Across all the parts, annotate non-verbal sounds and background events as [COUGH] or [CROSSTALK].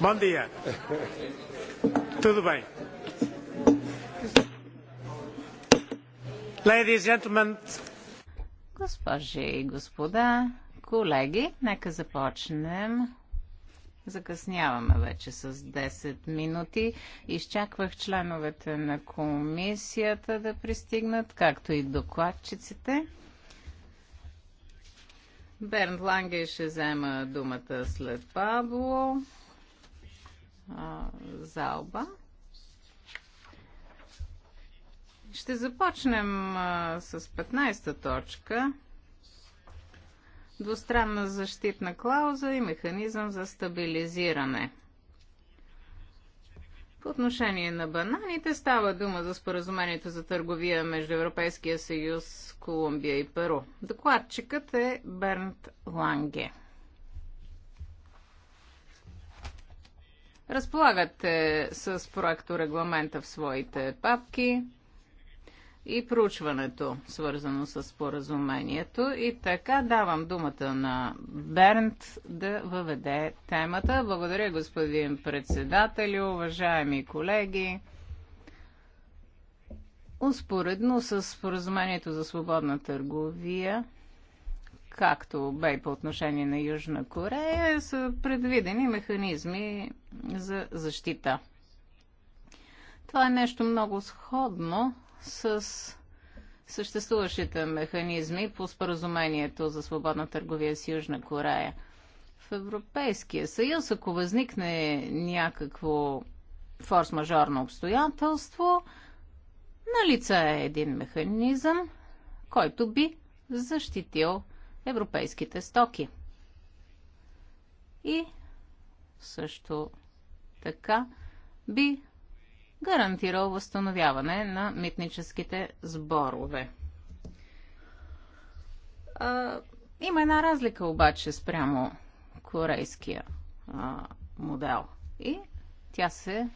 Bom dia. Tudo bem. Ladies and gentlemen. Госпожи и господа, колеги, нека започнем. Закъсняваме вече с 10 минути. Изчаквах членовете на комисията да пристигнат, както и докладчиците. Бернт Ланге ще взема думата след Пабло залба. Ще започнем а, с 15-та точка. Двустранна защитна клауза и механизъм за стабилизиране. По отношение на бананите става дума за споразумението за търговия между Европейския съюз, Колумбия и Перу. Докладчикът е Бернт Ланге. Разполагате с проекто регламента в своите папки и проучването, свързано с споразумението. И така давам думата на Бернт да въведе темата. Благодаря, господин председател, уважаеми колеги. Успоредно с споразумението за свободна търговия, както бе и по отношение на Южна Корея, са предвидени механизми за защита. Това е нещо много сходно с съществуващите механизми по споразумението за свободна търговия с Южна Корея. В Европейския съюз, ако възникне някакво форс-мажорно обстоятелство, налица е един механизъм, който би защитил европейските стоки. И също така би гарантирал възстановяване на митническите сборове. А, има една разлика обаче спрямо корейския а, модел и тя се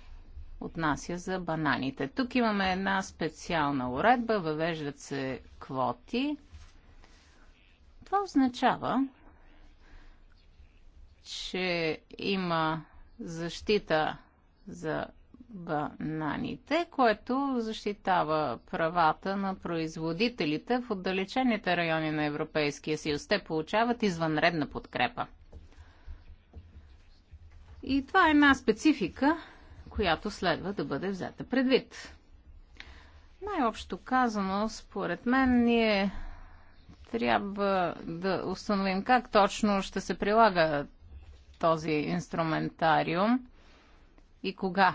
отнася за бананите. Тук имаме една специална уредба, въвеждат се квоти това означава, че има защита за бананите, което защитава правата на производителите в отдалечените райони на Европейския съюз. Те получават извънредна подкрепа. И това е една специфика, която следва да бъде взета предвид. Най-общо казано, според мен, ние трябва да установим как точно ще се прилага този инструментариум и кога.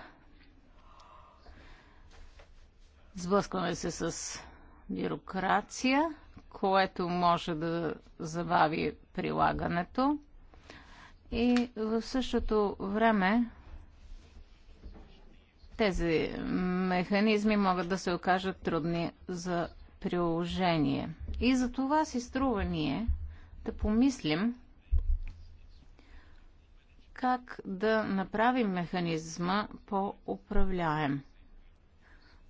Сблъскваме се с бюрокрация, което може да забави прилагането. И в същото време тези механизми могат да се окажат трудни за приложение. И за това си струва ние да помислим как да направим механизма по-управляем.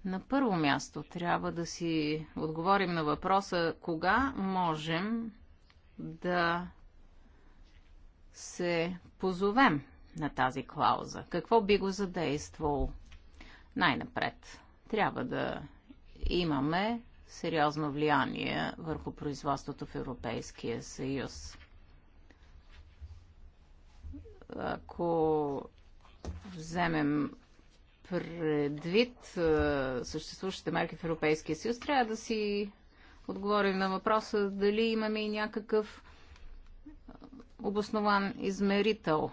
На първо място трябва да си отговорим на въпроса кога можем да се позовем на тази клауза. Какво би го задействало? Най-напред трябва да имаме сериозно влияние върху производството в Европейския съюз. Ако вземем предвид е, съществуващите мерки в Европейския съюз, трябва да си отговорим на въпроса дали имаме и някакъв е, обоснован измерител.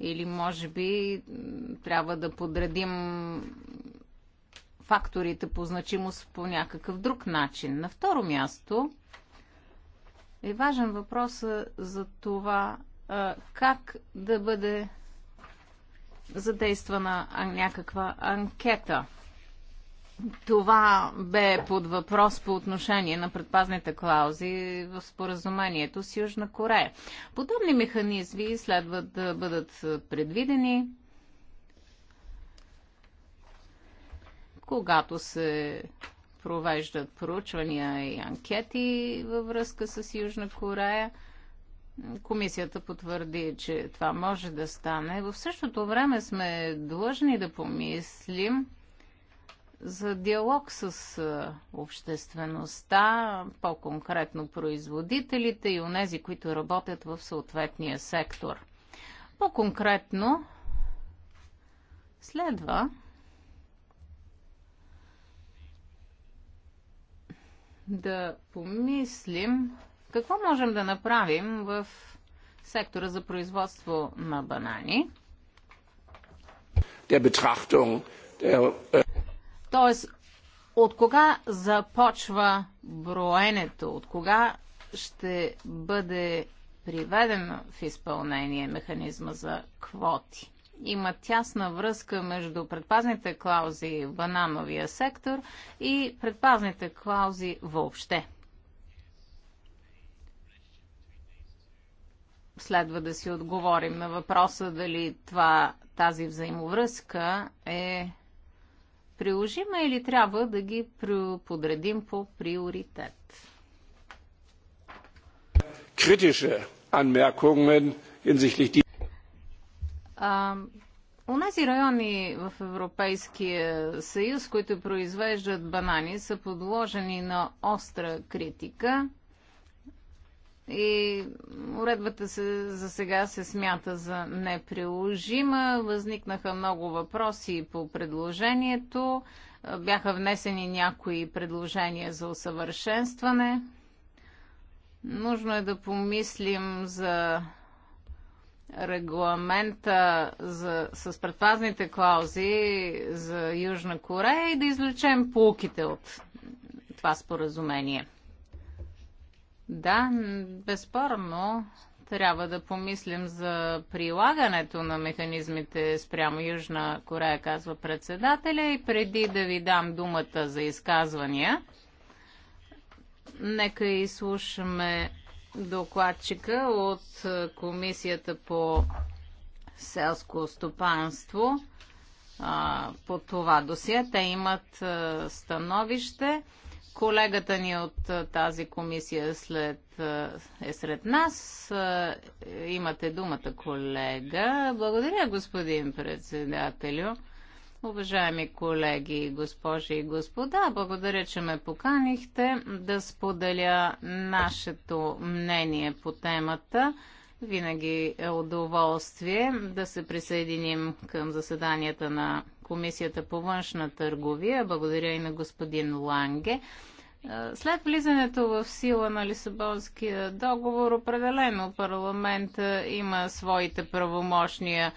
Или може би трябва да подредим факторите по значимост по някакъв друг начин. На второ място е важен въпрос за това как да бъде задействана някаква анкета. Това бе под въпрос по отношение на предпазните клаузи в споразумението с Южна Корея. Подобни механизми следва да бъдат предвидени когато се провеждат проучвания и анкети във връзка с Южна Корея. Комисията потвърди, че това може да стане. В същото време сме длъжни да помислим за диалог с обществеността, по-конкретно производителите и онези, които работят в съответния сектор. По-конкретно следва да помислим какво можем да направим в сектора за производство на банани. Äh, Тоест, от кога започва броенето? От кога ще бъде приведен в изпълнение механизма за квоти? има тясна връзка между предпазните клаузи в банановия сектор и предпазните клаузи въобще. Следва да си отговорим на въпроса дали това, тази взаимовръзка е приложима или трябва да ги подредим по приоритет. Критични anmerkungen hinsichtlich а, Онези райони в Европейския съюз, които произвеждат банани, са подложени на остра критика и уредбата се, за сега се смята за неприложима. Възникнаха много въпроси по предложението. Бяха внесени някои предложения за усъвършенстване. Нужно е да помислим за регламента за, с предпазните клаузи за Южна Корея и да извлечем полуките от това споразумение. Да, безспорно трябва да помислим за прилагането на механизмите спрямо Южна Корея, казва председателя. И преди да ви дам думата за изказвания, нека изслушаме докладчика от е, Комисията по селско стопанство е, по това досие. Те имат е, становище. Колегата ни от тази комисия след, е сред нас. Имате думата, колега. Благодаря, господин председателю. Уважаеми колеги, госпожи и господа, благодаря, че ме поканихте да споделя нашето мнение по темата. Винаги е удоволствие да се присъединим към заседанията на Комисията по външна търговия. Благодаря и на господин Ланге. След влизането в сила на Лисабонския договор, определено парламент има своите правомощния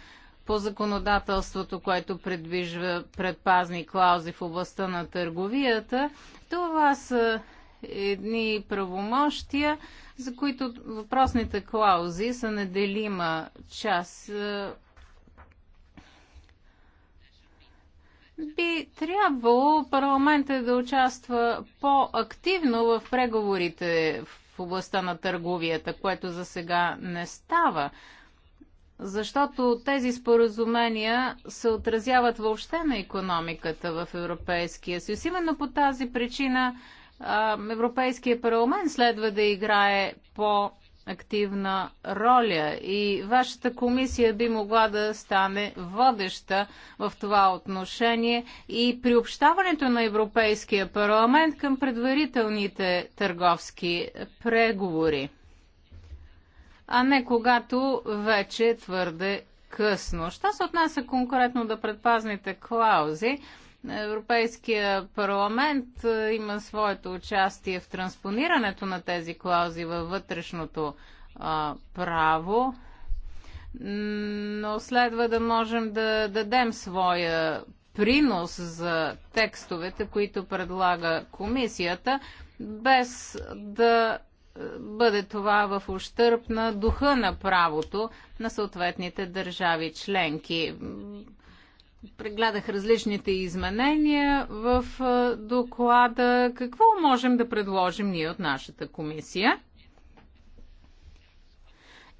по законодателството, което предвижда предпазни клаузи в областта на търговията. Това са едни правомощия, за които въпросните клаузи са неделима част. Би трябвало парламентът да участва по-активно в преговорите в областта на търговията, което за сега не става защото тези споразумения се отразяват въобще на економиката в Европейския съюз. Именно по тази причина Европейския парламент следва да играе по активна роля и вашата комисия би могла да стане водеща в това отношение и приобщаването на Европейския парламент към предварителните търговски преговори а не когато вече е твърде късно. Що се отнася конкретно да предпазните клаузи? Европейския парламент е, има своето участие в транспонирането на тези клаузи във вътрешното а, право, но следва да можем да дадем своя принос за текстовете, които предлага комисията, без да бъде това в ущърп на духа на правото на съответните държави членки. Прегледах различните изменения в доклада. Какво можем да предложим ние от нашата комисия?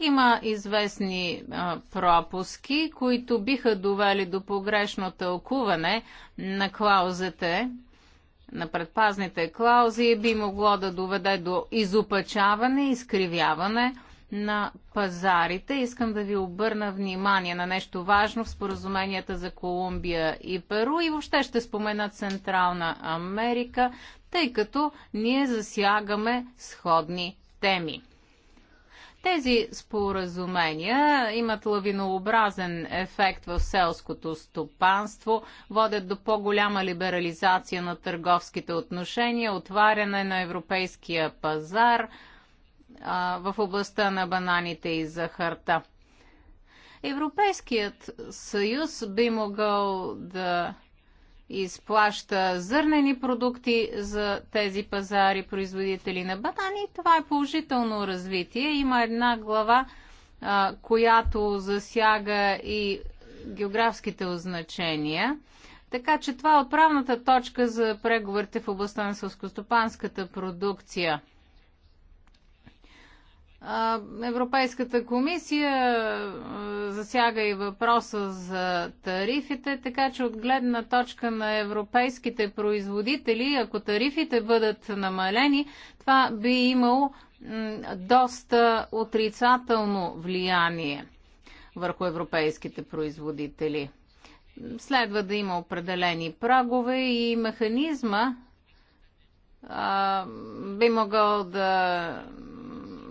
Има известни пропуски, които биха довели до погрешно тълкуване на клаузите на предпазните клаузи би могло да доведе до изопачаване, изкривяване на пазарите. Искам да ви обърна внимание на нещо важно в споразуменията за Колумбия и Перу и въобще ще спомена Централна Америка, тъй като ние засягаме сходни теми. Тези споразумения имат лавинообразен ефект в селското стопанство, водят до по-голяма либерализация на търговските отношения, отваряне на европейския пазар а, в областта на бананите и захарта. Европейският съюз би могъл да изплаща зърнени продукти за тези пазари, производители на банани. Това е положително развитие. Има една глава, а, която засяга и географските означения. Така че това е отправната точка за преговорите в областта на сълскостопанската продукция – Европейската комисия засяга и въпроса за тарифите, така че от гледна точка на европейските производители, ако тарифите бъдат намалени, това би имало доста отрицателно влияние върху европейските производители. Следва да има определени прагове и механизма а, би могъл да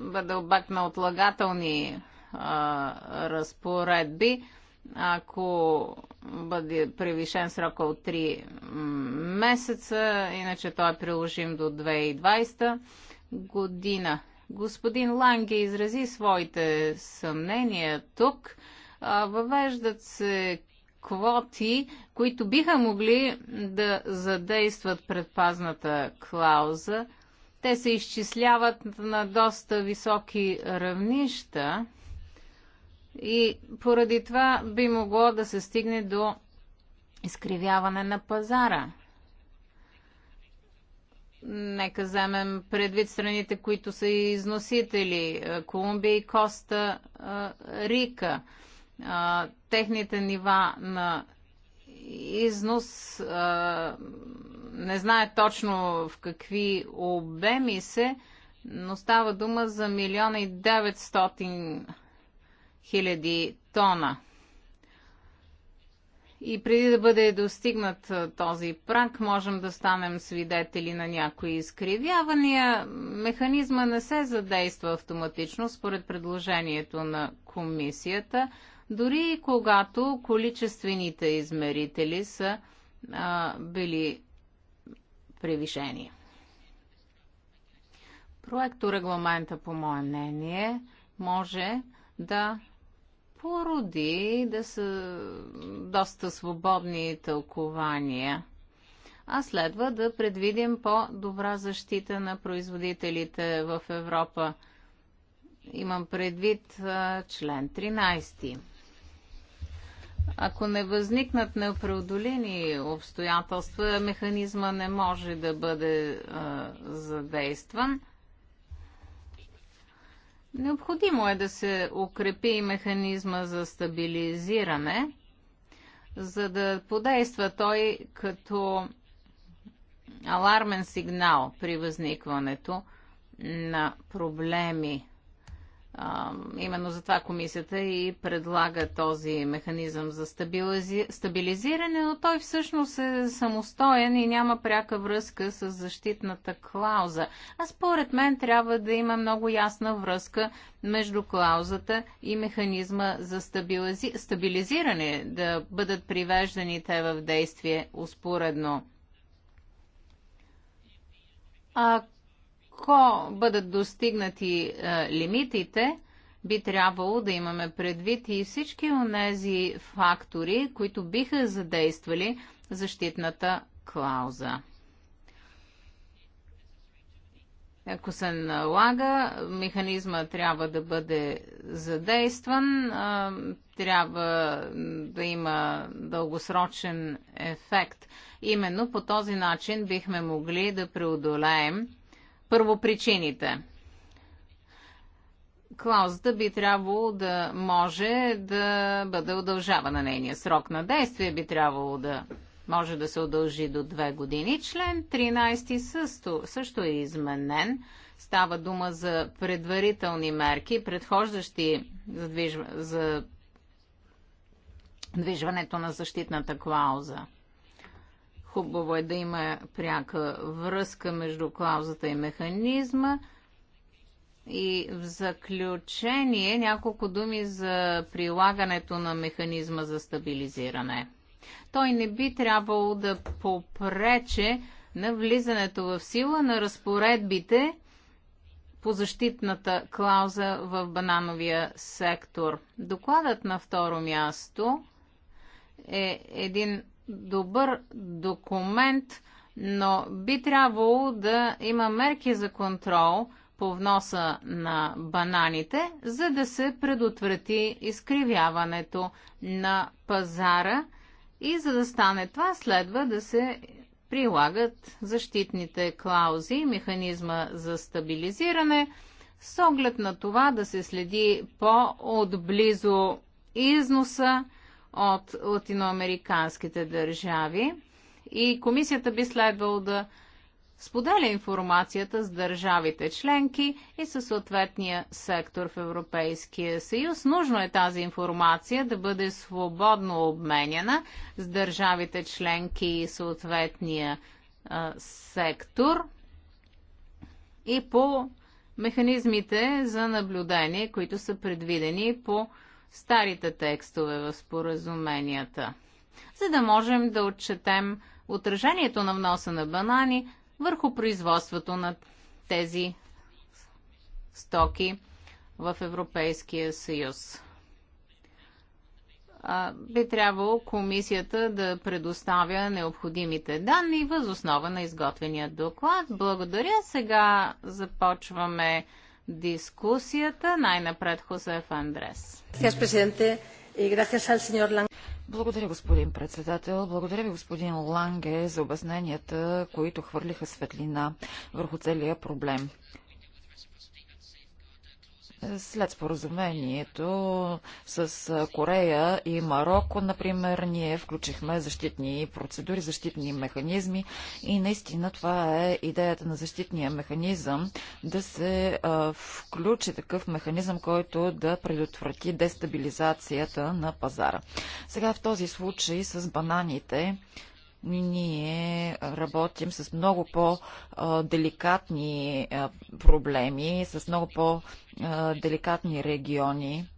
бъде обект на отлагателни а, разпоредби, ако бъде превишен срока от 3 месеца, иначе той е приложим до 2020 година. Господин Ланге изрази своите съмнения тук. А, въвеждат се квоти, които биха могли да задействат предпазната клауза – те се изчисляват на доста високи равнища и поради това би могло да се стигне до изкривяване на пазара. Нека вземем предвид страните, които са износители Колумбия и Коста Рика. Техните нива на износ не знае точно в какви обеми се, но става дума за милиона и 900 хиляди тона. И преди да бъде достигнат този прак, можем да станем свидетели на някои изкривявания. Механизма не се задейства автоматично според предложението на комисията, дори и когато количествените измерители са а, били превишение. Проекто регламента, по мое мнение, може да породи да са доста свободни тълкования а следва да предвидим по-добра защита на производителите в Европа. Имам предвид член 13. Ако не възникнат неопреодолени обстоятелства, механизма не може да бъде а, задействан. Необходимо е да се укрепи механизма за стабилизиране, за да подейства той като алармен сигнал при възникването на проблеми. Именно затова комисията и предлага този механизъм за стабилизиране, но той всъщност е самостоен и няма пряка връзка с защитната клауза. А според мен трябва да има много ясна връзка между клаузата и механизма за стабилизи... стабилизиране, да бъдат привеждани те в действие успоредно. А ако бъдат достигнати е, лимитите, би трябвало да имаме предвид и всички онези фактори, които биха задействали защитната клауза. Ако се налага, механизма трябва да бъде задействан, е, трябва да има дългосрочен ефект. Именно по този начин бихме могли да преодолеем първопричините. Клаузата би трябвало да може да бъде удължава на нейния срок на действие, би трябвало да може да се удължи до две години. Член 13 също, също е изменен. Става дума за предварителни мерки, предхождащи задвижва, за движването на защитната клауза. Хубаво е да има пряка връзка между клаузата и механизма. И в заключение няколко думи за прилагането на механизма за стабилизиране. Той не би трябвало да попрече на влизането в сила на разпоредбите по защитната клауза в банановия сектор. Докладът на второ място е един добър документ, но би трябвало да има мерки за контрол по вноса на бананите, за да се предотврати изкривяването на пазара и за да стане това следва да се прилагат защитните клаузи и механизма за стабилизиране с оглед на това да се следи по-отблизо износа от латиноамериканските държави и комисията би следвало да споделя информацията с държавите членки и със съответния сектор в Европейския съюз. Нужно е тази информация да бъде свободно обменяна с държавите членки и съответния а, сектор и по механизмите за наблюдение, които са предвидени по старите текстове в споразуменията, за да можем да отчетем отражението на вноса на банани върху производството на тези стоки в Европейския съюз. би трябвало комисията да предоставя необходимите данни въз основа на изготвения доклад. Благодаря. Сега започваме дискусията. Най-напред Хосеф Андрес. Благодаря, господин председател. Благодаря ви, господин Ланге, за обясненията, които хвърлиха светлина върху целия проблем. След споразумението с Корея и Марокко, например, ние включихме защитни процедури, защитни механизми и наистина това е идеята на защитния механизъм да се включи такъв механизъм, който да предотврати дестабилизацията на пазара. Сега в този случай с бананите ние работим с много по-деликатни проблеми, с много по-деликатни региони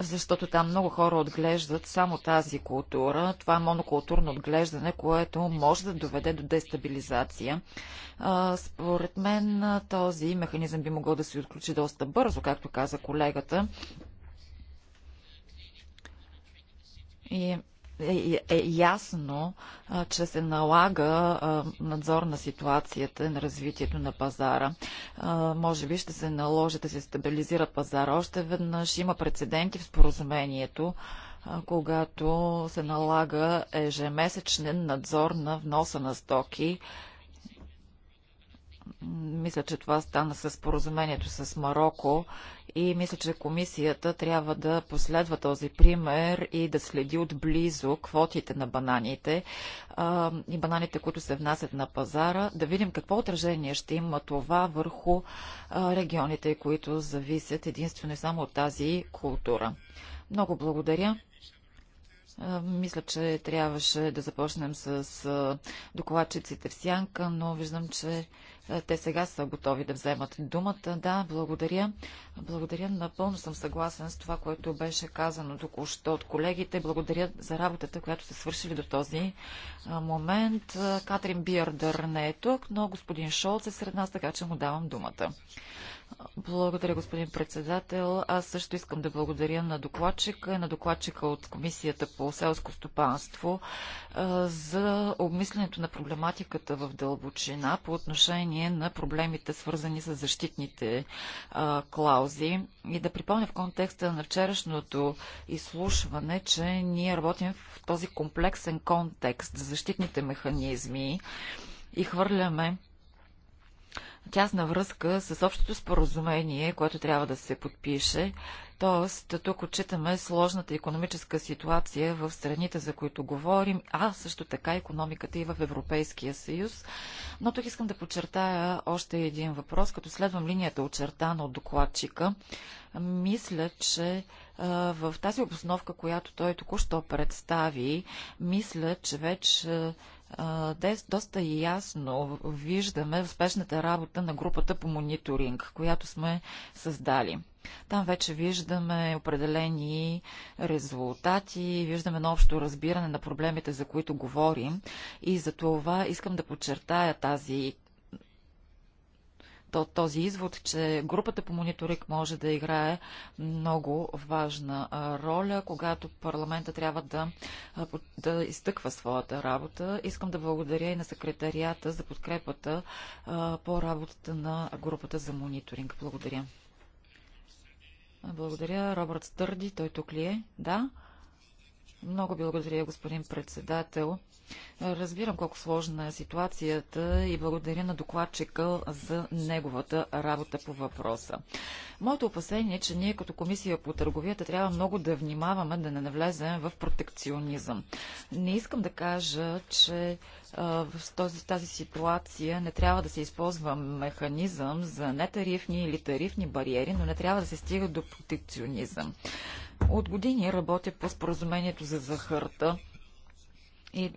защото там много хора отглеждат само тази култура. Това е монокултурно отглеждане, което може да доведе до дестабилизация. Според мен този механизъм би могъл да се отключи доста бързо, както каза колегата. И е, е, е, ясно, че се налага надзор на ситуацията, на развитието на пазара. може би ще се наложи да се стабилизира пазара още веднъж. Има прецеденти в споразумението, когато се налага ежемесечен надзор на вноса на стоки мисля, че това стана с поразумението с Марокко и мисля, че комисията трябва да последва този пример и да следи отблизо квотите на бананите а, и бананите, които се внасят на пазара, да видим какво отражение ще има това върху а, регионите, които зависят единствено и само от тази култура. Много благодаря. Мисля, че трябваше да започнем с докладчиците в сянка, но виждам, че те сега са готови да вземат думата. Да, благодаря. Благодаря. Напълно съм съгласен с това, което беше казано току-що от колегите. Благодаря за работата, която са свършили до този момент. Катрин Биардър не е тук, но господин Шолц е сред нас, така че му давам думата. Благодаря, господин председател. Аз също искам да благодаря на докладчика и на докладчика от Комисията по селско стопанство за обмисленето на проблематиката в дълбочина по отношение на проблемите, свързани с защитните клаузи. И да припомня в контекста на вчерашното изслушване, че ние работим в този комплексен контекст за защитните механизми и хвърляме тясна връзка с общото споразумение, което трябва да се подпише. Тоест, тук отчитаме сложната економическа ситуация в страните, за които говорим, а също така економиката и в Европейския съюз. Но тук искам да подчертая още един въпрос, като следвам линията очертана от докладчика. Мисля, че в тази обосновка, която той току-що представи, мисля, че вече Дес доста ясно виждаме успешната работа на групата по мониторинг, която сме създали. Там вече виждаме определени резултати, виждаме на общо разбиране на проблемите, за които говорим и за това искам да подчертая тази от този извод, че групата по мониторинг може да играе много важна роля, когато парламента трябва да, да изтъква своята работа. Искам да благодаря и на секретарията за подкрепата по работата на групата за мониторинг. Благодаря. Благодаря. Робърт Стърди, той тук ли е? Да. Много благодаря, господин председател. Разбирам колко сложна е ситуацията и благодаря на докладчика за неговата работа по въпроса. Моето опасение е, че ние като комисия по търговията трябва много да внимаваме да не навлезем в протекционизъм. Не искам да кажа, че в този, тази ситуация не трябва да се използва механизъм за нетарифни или тарифни бариери, но не трябва да се стига до протекционизъм. От години работя по споразумението за захарта. И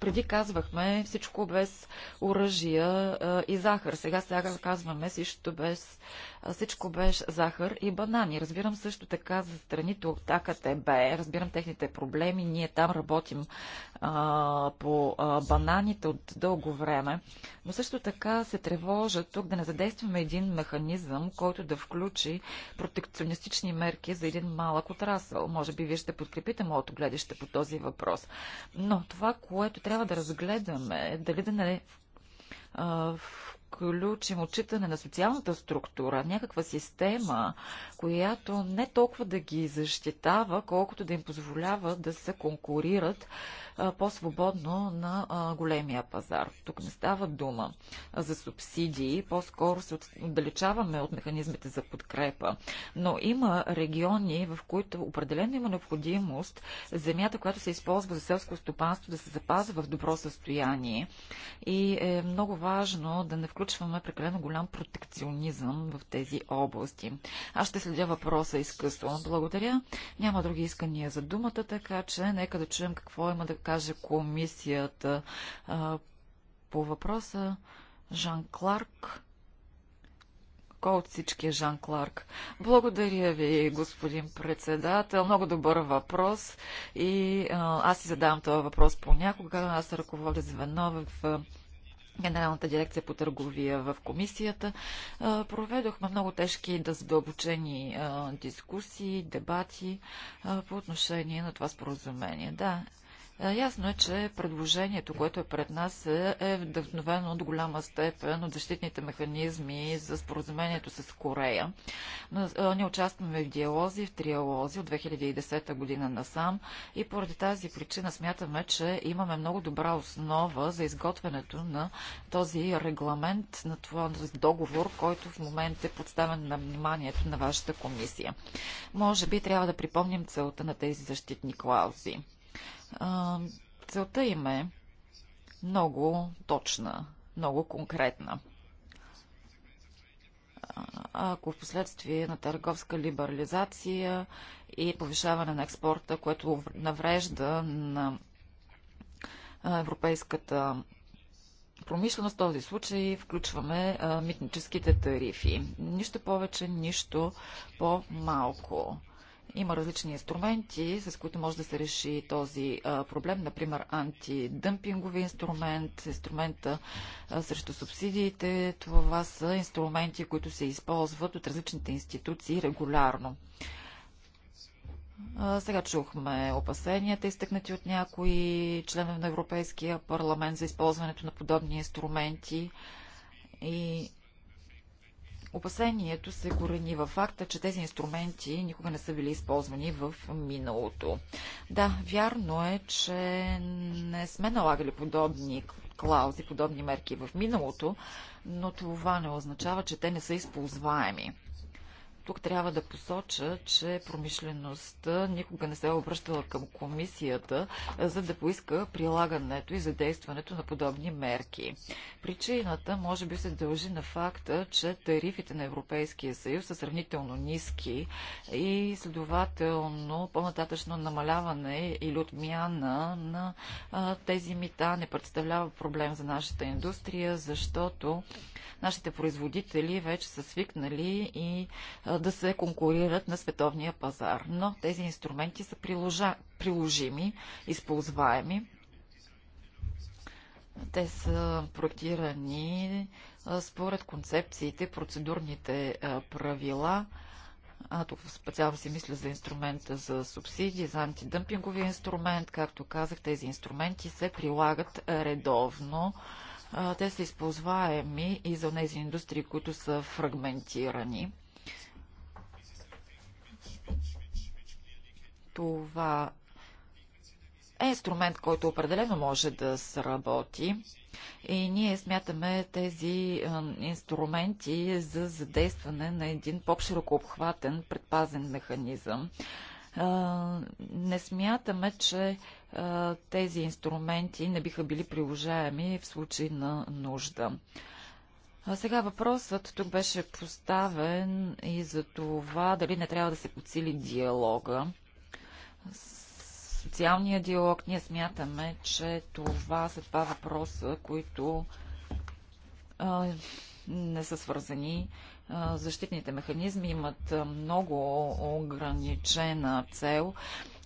преди казвахме всичко без оръжия и захар. Сега сега казваме всичко без всичко беше захар и банани. Разбирам също така за страните от АКТБ, разбирам техните проблеми. Ние там работим а, по а, бананите от дълго време, но също така се тревожа тук да не задействаме един механизъм, който да включи протекционистични мерки за един малък отрасъл. Може би вие ще подкрепите моето гледаще по този въпрос. Но това, което трябва да разгледаме, е дали да не в включим отчитане на социалната структура, някаква система, която не толкова да ги защитава, колкото да им позволява да се конкурират по-свободно на а, големия пазар. Тук не става дума за субсидии, по-скоро се отдалечаваме от механизмите за подкрепа. Но има региони, в които определено има необходимост земята, която се използва за селско стопанство, да се запазва в добро състояние. И е много важно да не включим включваме прекалено голям протекционизъм в тези области. Аз ще следя въпроса изкъсно. Благодаря. Няма други искания за думата, така че нека да чуем какво има да каже комисията а, по въпроса. Жан Кларк. Кой от всички е Жан Кларк? Благодаря ви, господин председател. Много добър въпрос. И а, аз си задавам този въпрос понякога. Аз ръководя звено в Генералната дирекция по търговия в комисията. Проведохме много тежки да задълбочени дискусии, дебати по отношение на това споразумение. Да, е, ясно е, че предложението, което е пред нас, е, е вдъхновено от голяма степен от защитните механизми за споразумението с Корея. Е, ние участваме в диалози, в триалози от 2010 година насам и поради тази причина смятаме, че имаме много добра основа за изготвянето на този регламент, на този договор, който в момент е подставен на вниманието на вашата комисия. Може би трябва да припомним целта на тези защитни клаузи. Целта им е много точна, много конкретна. А ако в последствие на търговска либерализация и повишаване на експорта, което наврежда на европейската промишленост, в този случай включваме митническите тарифи. Нищо повече, нищо по-малко. Има различни инструменти, с които може да се реши този а, проблем, например антидъмпингови инструмент, инструмента а, срещу субсидиите. Това са инструменти, които се използват от различните институции регулярно. Сега чухме опасенията, изтъкнати от някои членове на Европейския парламент за използването на подобни инструменти. И Опасението се корени във факта, че тези инструменти никога не са били използвани в миналото. Да, вярно е, че не сме налагали подобни клаузи, подобни мерки в миналото, но това не означава, че те не са използваеми. Тук трябва да посоча, че промишлеността никога не се е обръщала към комисията, за да поиска прилагането и задействането на подобни мерки. Причината може би се дължи на факта, че тарифите на Европейския съюз са сравнително ниски и следователно по-нататъчно намаляване или отмяна на тези мита не представлява проблем за нашата индустрия, защото нашите производители вече са свикнали и а, да се конкурират на световния пазар. Но тези инструменти са приложа, приложими, използваеми. Те са проектирани според концепциите, процедурните правила. А, тук специално си мисля за инструмента за субсидии, за антидъмпингови инструмент. Както казах, тези инструменти се прилагат редовно. те са използваеми и за тези индустрии, които са фрагментирани. Това е инструмент, който определено може да сработи. И ние смятаме тези е, инструменти за задействане на един по-широко обхватен предпазен механизъм. Е, не смятаме, че е, тези инструменти не биха били приложаеми в случай на нужда. А сега въпросът тук беше поставен и за това дали не трябва да се подсили диалога социалния диалог. Ние смятаме, че това са два въпроса, които а, не са свързани. А, защитните механизми имат много ограничена цел,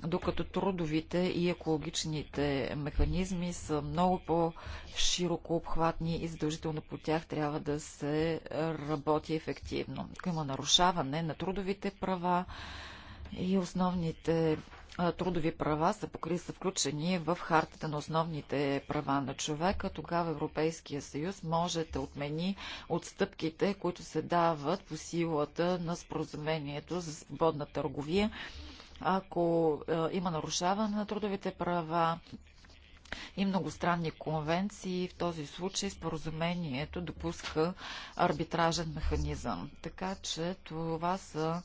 докато трудовите и екологичните механизми са много по-широко обхватни и задължително по тях трябва да се работи ефективно. Има нарушаване на трудовите права и основните трудови права са покри са включени в хартата на основните права на човека, тогава Европейския съюз може да отмени отстъпките, които се дават по силата на споразумението за свободна търговия, ако има нарушаване на трудовите права, и многостранни конвенции. В този случай споразумението допуска арбитражен механизъм. Така че това са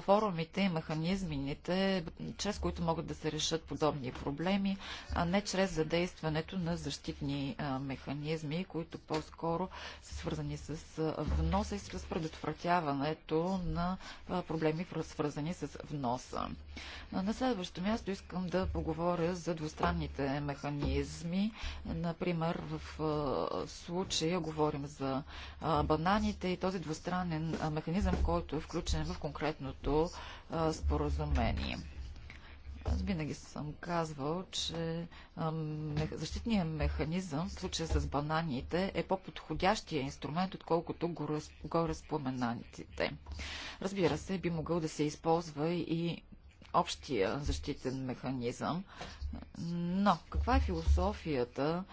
форумите и механизмите, чрез които могат да се решат подобни проблеми, а не чрез задействането на защитни механизми, които по-скоро са свързани с вноса и с предотвратяването на проблеми, свързани с вноса. На следващо място искам да поговоря за двустранните механизми. Например, в случая говорим за бананите и този двустранен механизъм, който е включен в конкретно тяхното споразумение. Аз винаги съм казвал, че защитният механизъм в случая с бананите е по-подходящия инструмент, отколкото горе, споменаните. Разбира се, би могъл да се използва и общия защитен механизъм. Но каква е философията,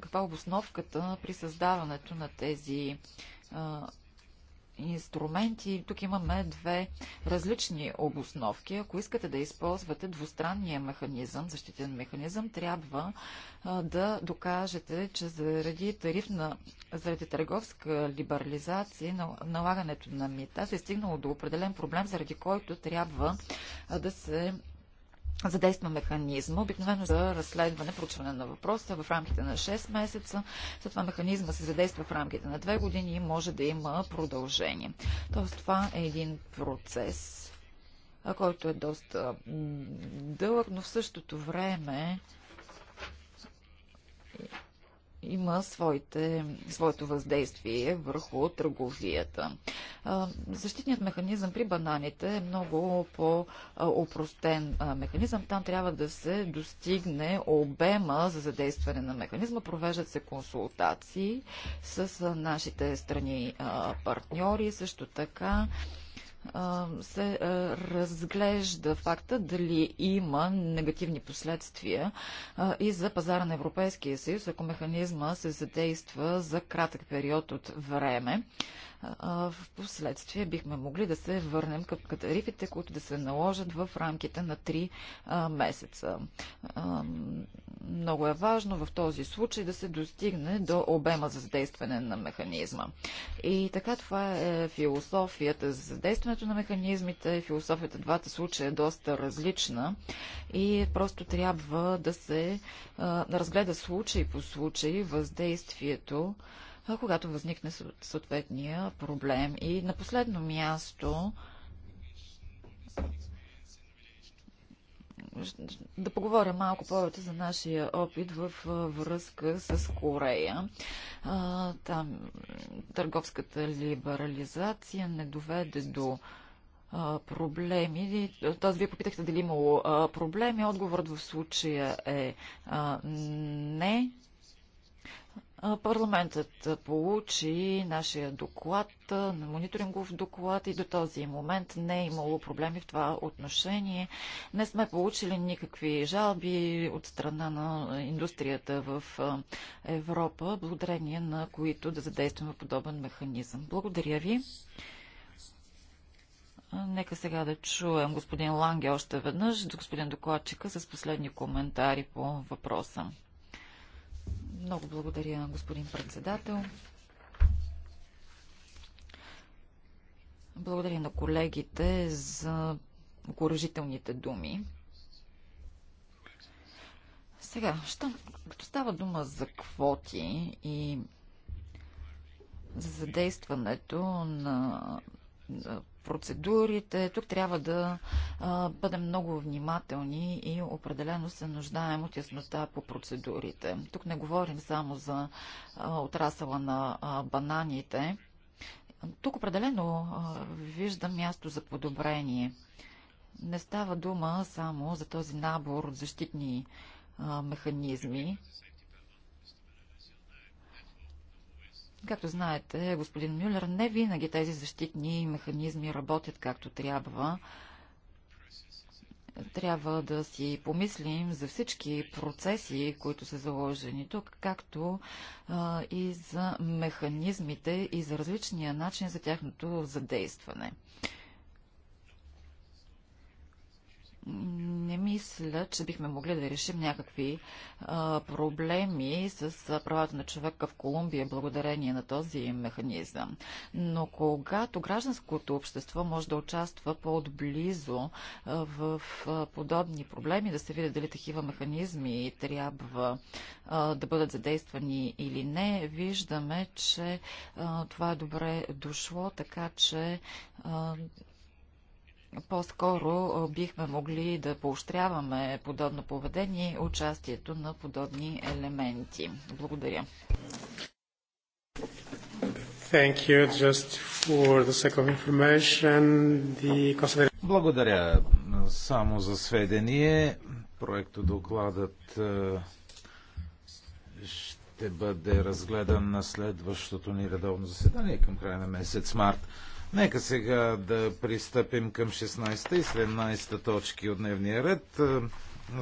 каква е обосновката при създаването на тези инструменти. Тук имаме две различни обосновки. Ако искате да използвате двустранния механизъм, защитен механизъм, трябва да докажете, че заради тарифна, заради търговска либерализация, налагането на мита се е стигнало до определен проблем, заради който трябва да се задейства механизма, обикновено за разследване, проучване на въпроса в рамките на 6 месеца. След това механизма се задейства в рамките на 2 години и може да има продължение. Тоест това е един процес, който е доста дълъг, но в същото време има своите, своето въздействие върху търговията. Защитният механизъм при бананите е много по-опростен механизъм. Там трябва да се достигне обема за задействане на механизма. Провеждат се консултации с нашите страни партньори, също така се разглежда факта дали има негативни последствия и за пазара на Европейския съюз, ако механизма се задейства за кратък период от време в последствие бихме могли да се върнем към тарифите, които да се наложат в рамките на 3 месеца. Много е важно в този случай да се достигне до обема за задействане на механизма. И така това е философията за задействането на механизмите. Философията в двата случая е доста различна и просто трябва да се разгледа случай по случай въздействието когато възникне съответния проблем. И на последно място да поговоря малко повече за нашия опит в връзка с Корея. Там търговската либерализация не доведе до проблеми. Тоест, вие попитахте дали имало проблеми. Отговорът в случая е не. Парламентът получи нашия доклад, мониторингов доклад и до този момент не е имало проблеми в това отношение. Не сме получили никакви жалби от страна на индустрията в Европа, благодарение на които да задействаме подобен механизъм. Благодаря ви. Нека сега да чуем господин Ланге още веднъж, господин докладчика, с последни коментари по въпроса. Много благодаря, господин председател. Благодаря на колегите за окоръжителните думи. Сега, що, като става дума за квоти и за задействането на, на процедурите. Тук трябва да а, бъдем много внимателни и определено се нуждаем от яснота по процедурите. Тук не говорим само за а, отрасъла на а, бананите. Тук определено а, виждам място за подобрение. Не става дума само за този набор от защитни а, механизми, Както знаете, господин Мюллер, не винаги тези защитни механизми работят както трябва. Трябва да си помислим за всички процеси, които са заложени тук, както а, и за механизмите и за различния начин за тяхното задействане. Не мисля, че бихме могли да решим някакви а, проблеми с правата на човека в Колумбия благодарение на този механизъм. Но когато гражданското общество може да участва по-отблизо в а, подобни проблеми, да се видят дали такива механизми трябва а, да бъдат задействани или не, виждаме, че а, това е добре дошло, така че по-скоро бихме могли да поощряваме подобно поведение и участието на подобни елементи. Благодаря. Thank you. Just for the sake of information, the Благодаря. Само за сведение, проекто докладът ще бъде разгледан на следващото ни редовно заседание към края на месец март. Нека сега да пристъпим към 16 и 17 точки от дневния ред. Е,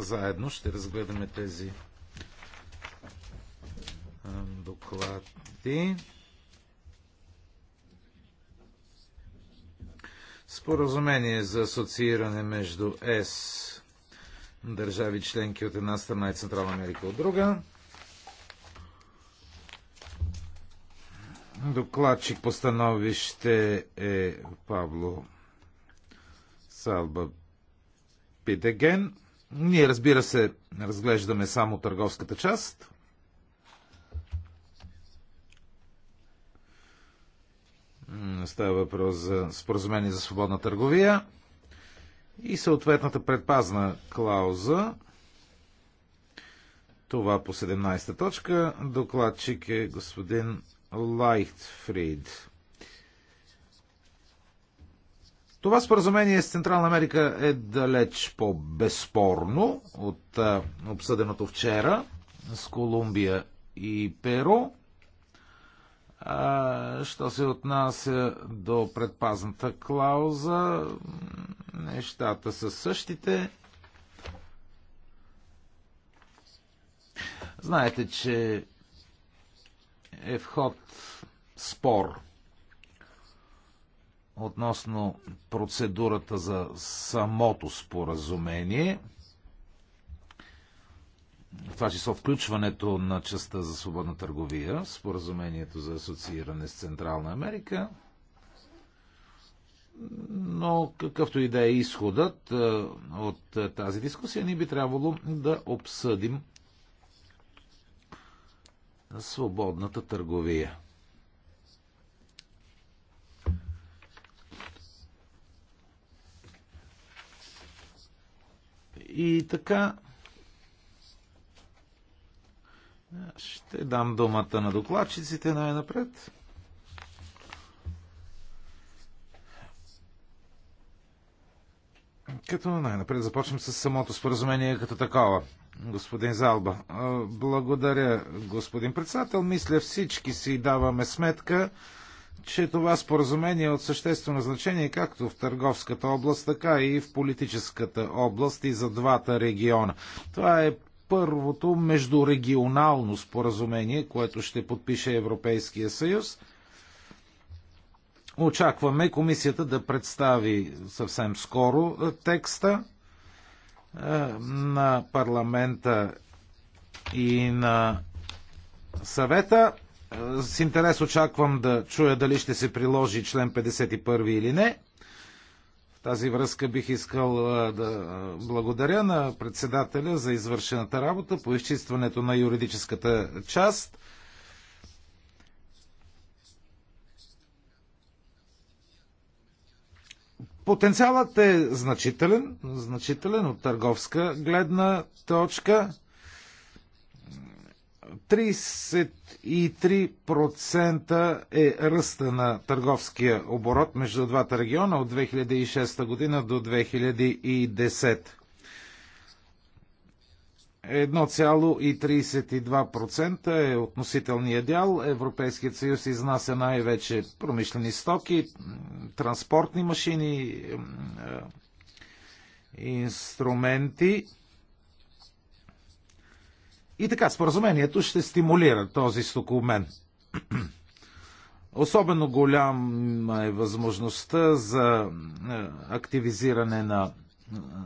заедно ще разгледаме тези е, доклади. Споразумение за асоцииране между ЕС, държави членки от една страна и Централна Америка от друга. Докладчик по становище е Павло Салба Питеген. Ние, разбира се, разглеждаме само търговската част. Става въпрос за споразумение за свободна търговия и съответната предпазна клауза. Това по 17-та точка. Докладчик е господин Лайтфрид. Това споразумение с Централна Америка е далеч по-безспорно от а, обсъденото вчера с Колумбия и Перо. А, що се отнася до предпазната клауза, нещата са същите. Знаете, че е в ход спор относно процедурата за самото споразумение, това число включването на частта за свободна търговия, споразумението за асоцииране с Централна Америка, но какъвто и да е изходът е, от е, тази дискусия, ни би трябвало да обсъдим свободната търговия. И така, ще дам думата на докладчиците най-напред. Като най-напред започнем с самото споразумение като такова господин Залба. Благодаря, господин председател. Мисля, всички си даваме сметка, че това споразумение е от съществено значение както в търговската област, така и в политическата област и за двата региона. Това е първото междурегионално споразумение, което ще подпише Европейския съюз. Очакваме комисията да представи съвсем скоро текста е, на парламента и на съвета. Е, с интерес очаквам да чуя дали ще се приложи член 51 или не. В тази връзка бих искал е, да благодаря на председателя за извършената работа по изчистването на юридическата част Потенциалът е значителен, значителен от търговска гледна точка. 33% е ръста на търговския оборот между двата региона от 2006 година до 2010. 1,32% е относителния дял. Европейският съюз изнася най-вече промишлени стоки, транспортни машини, е, инструменти. И така, споразумението ще стимулира този стокомен. Особено голяма е възможността за е, активизиране на е,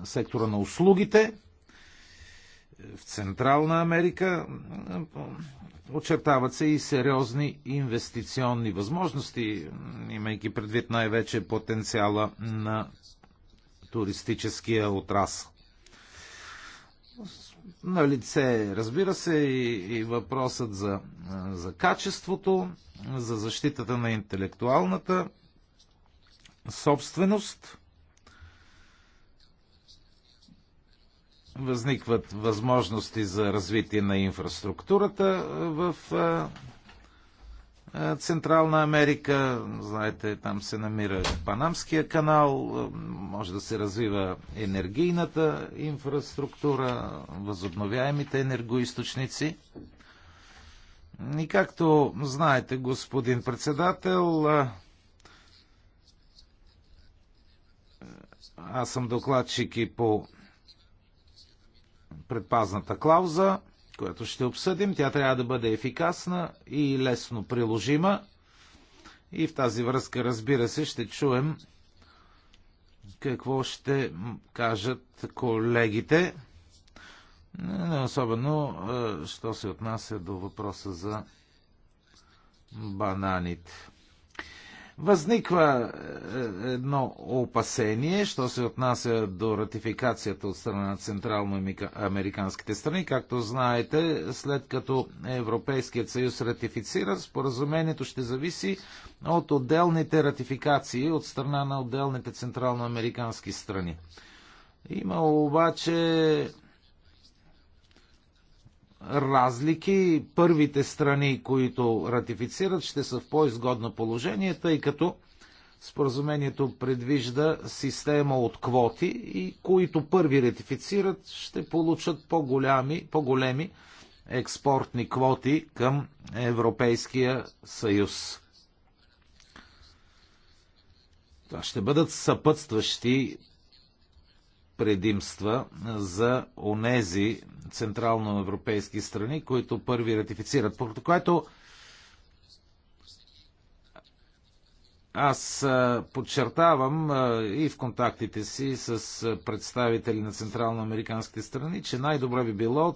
сектора на услугите – в Централна Америка. Очертават се и сериозни инвестиционни възможности, имайки предвид най-вече потенциала на туристическия отрасъл. На лице, разбира се, и, и въпросът за, за качеството, за защитата на интелектуалната собственост – Възникват възможности за развитие на инфраструктурата в Централна Америка. Знаете, там се намира Панамския канал. Може да се развива енергийната инфраструктура, възобновяемите енергоисточници. И както знаете, господин председател, аз съм докладчик и по предпазната клауза, която ще обсъдим. Тя трябва да бъде ефикасна и лесно приложима. И в тази връзка, разбира се, ще чуем какво ще кажат колегите. Не особено, що се отнася до въпроса за бананите. Възниква е, е, едно опасение, що се отнася до ратификацията от страна на Централно-американските страни. Както знаете, след като Европейският съюз ратифицира, споразумението ще зависи от отделните ратификации от страна на отделните Централно-американски страни. Има обаче разлики. Първите страни, които ратифицират, ще са в по-изгодно положение, тъй като споразумението предвижда система от квоти и които първи ратифицират, ще получат по-голями, по-големи експортни квоти към Европейския съюз. Това ще бъдат съпътстващи предимства за онези централноевропейски страни, които първи ратифицират. Поради което аз подчертавам и в контактите си с представители на централноамериканските страни, че най-добре би било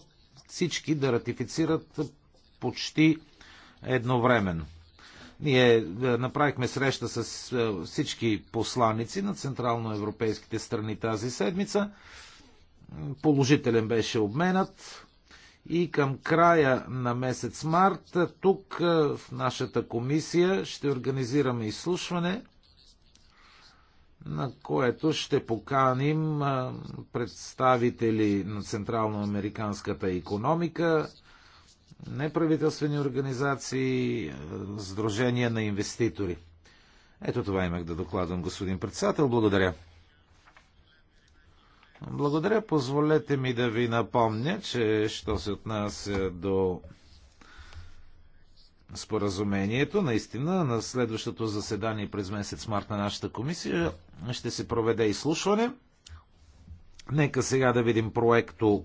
всички да ратифицират почти едновременно. Ние е, направихме среща с е, всички посланици на централноевропейските страни тази седмица. Положителен беше обменът. И към края на месец март е, тук в нашата комисия ще организираме изслушване, на което ще поканим представители на централноамериканската економика, неправителствени организации, е, сдружения на инвеститори. Ето това имах да докладвам, господин председател. Благодаря. Благодаря. Позволете ми да ви напомня, че що се отнася до споразумението, наистина на следващото заседание през месец март на нашата комисия ще се проведе изслушване. Нека сега да видим проекто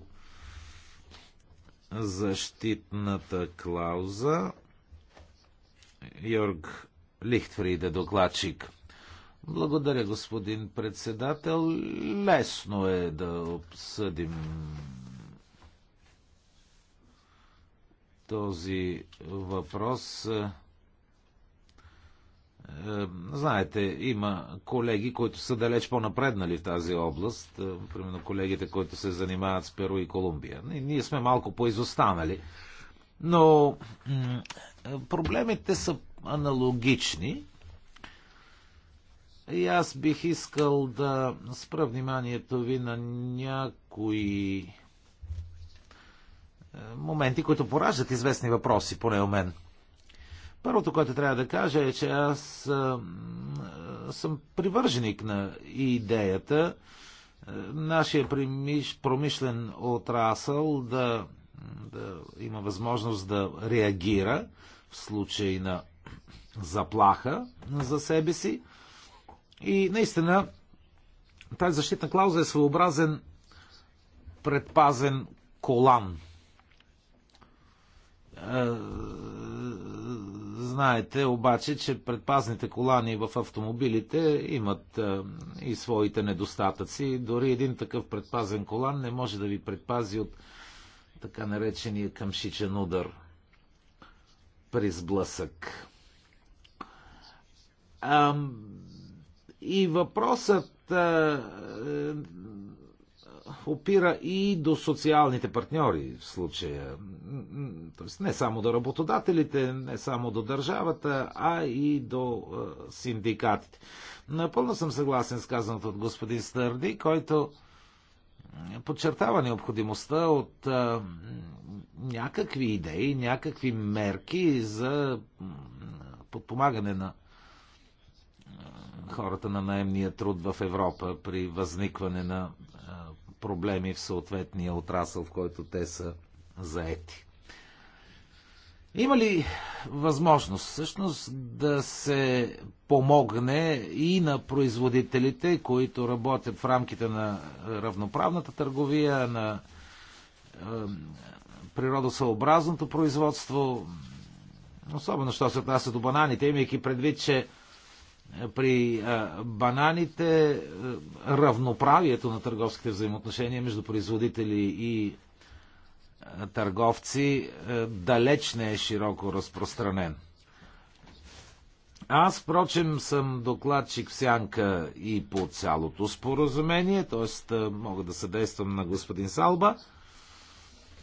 защитната клауза. Йорг Лихтфрид е докладчик. Благодаря, господин председател. Лесно е да обсъдим този въпрос. Е, знаете, има колеги, които са далеч по-напреднали в тази област, е, примерно колегите, които се занимават с Перу и Колумбия. Ние сме малко поизостанали, но е, проблемите са аналогични. И аз бих искал да спра вниманието ви на някои моменти, които пораждат известни въпроси, поне у мен – Първото, което трябва да кажа е, че аз съм привърженик на идеята нашия промишлен отрасъл да, да има възможност да реагира в случай на заплаха за себе си. И наистина тази защитна клауза е своеобразен предпазен колан Знаете обаче, че предпазните колани в автомобилите имат е, и своите недостатъци. Дори един такъв предпазен колан не може да ви предпази от така наречения къмшичен удар при сблъсък. и въпросът е, е, опира и до социалните партньори в случая. Тоест не само до работодателите, не само до държавата, а и до синдикатите. Напълно съм съгласен с казаното от господин Стърди, който подчертава необходимостта от някакви идеи, някакви мерки за подпомагане на хората на наемния труд в Европа при възникване на проблеми в съответния отрасъл, в който те са заети. Има ли възможност всъщност да се помогне и на производителите, които работят в рамките на равноправната търговия, на природосъобразното производство, особено що се отнася до бананите, имайки предвид, че при бананите равноправието на търговските взаимоотношения между производители и търговци далеч не е широко разпространен. Аз, впрочем, съм докладчик в сянка и по цялото споразумение, т.е. мога да съдействам на господин Салба.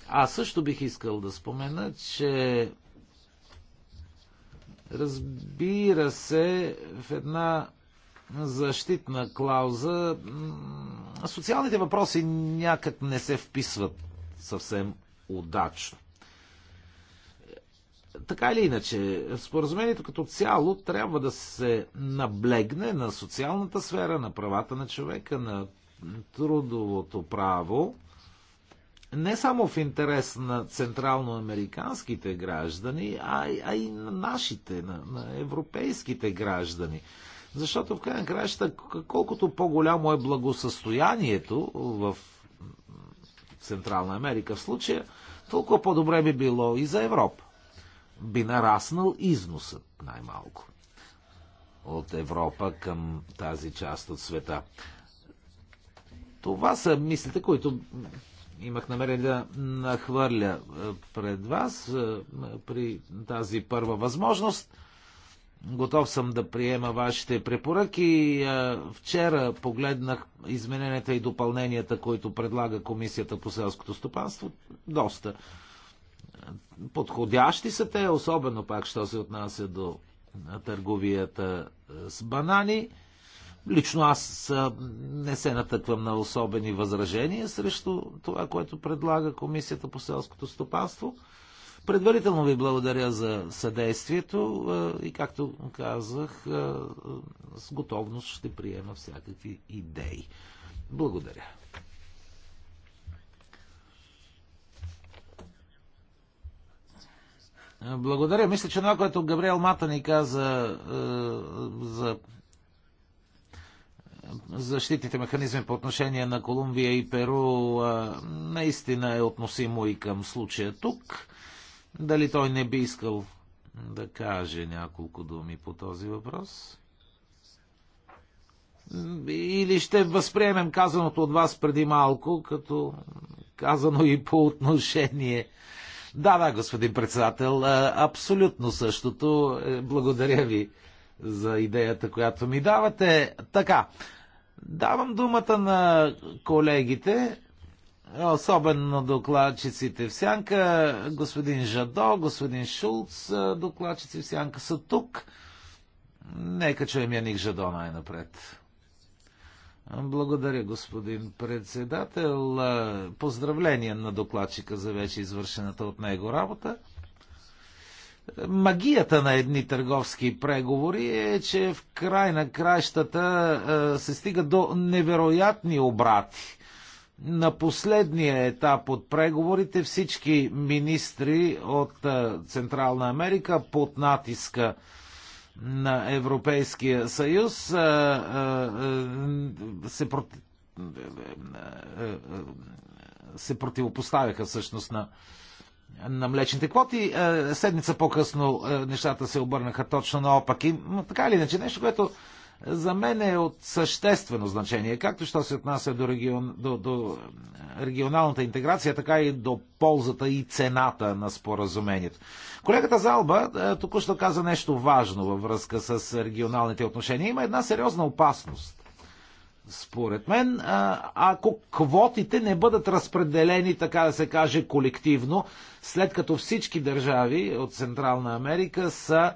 Аз също бих искал да спомена, че Разбира се, в една защитна клауза социалните въпроси някак не се вписват съвсем удачно. Така или иначе, споразумението като цяло трябва да се наблегне на социалната сфера, на правата на човека, на трудовото право не само в интерес на централноамериканските граждани, а, а и на нашите, на, на европейските граждани. Защото в крайна краща, колкото по-голямо е благосъстоянието в Централна Америка в случая, толкова по-добре би било и за Европа. Би нараснал износът най-малко от Европа към тази част от света. Това са мислите, които имах намерение да нахвърля е, пред вас е, при тази първа възможност. Готов съм да приема вашите препоръки. Е, вчера погледнах измененията и допълненията, които предлага Комисията по селското стопанство. Доста подходящи са те, особено пак, що се отнася до търговията с банани. Лично аз не се натъквам на особени възражения срещу това, което предлага Комисията по селското стопанство. Предварително ви благодаря за съдействието и, както казах, с готовност ще приема всякакви идеи. Благодаря. Благодаря. Мисля, че това, което Габриел Мата ни каза за защитните механизми по отношение на Колумбия и Перу наистина е относимо и към случая тук. Дали той не би искал да каже няколко думи по този въпрос? Или ще възприемем казаното от вас преди малко, като казано и по отношение. Да, да, господин председател, абсолютно същото. Е, благодаря ви за идеята, която ми давате. Така, Давам думата на колегите, особено на докладчиците в Сянка, господин Жадо, господин Шулц, докладчици в Сянка са тук. Нека чуем Яник Жадо най-напред. Благодаря, господин председател. Поздравления на докладчика за вече извършената от него работа магията на едни търговски преговори е, че в край на кращата е, се стига до невероятни обрати. На последния етап от преговорите всички министри от е, Централна Америка под натиска на Европейския съюз е, се, проти... се противопоставяха всъщност на на млечните квоти. Е, седмица по-късно е, нещата се обърнаха точно наопаки. Но така или иначе, нещо, което за мен е от съществено значение, както що се отнася до, регион, до, до е, регионалната интеграция, така и до ползата и цената на споразумението. Колегата Залба току-що каза нещо важно във връзка с регионалните отношения. Има една сериозна опасност според мен, ако квотите не бъдат разпределени, така да се каже, колективно, след като всички държави от Централна Америка са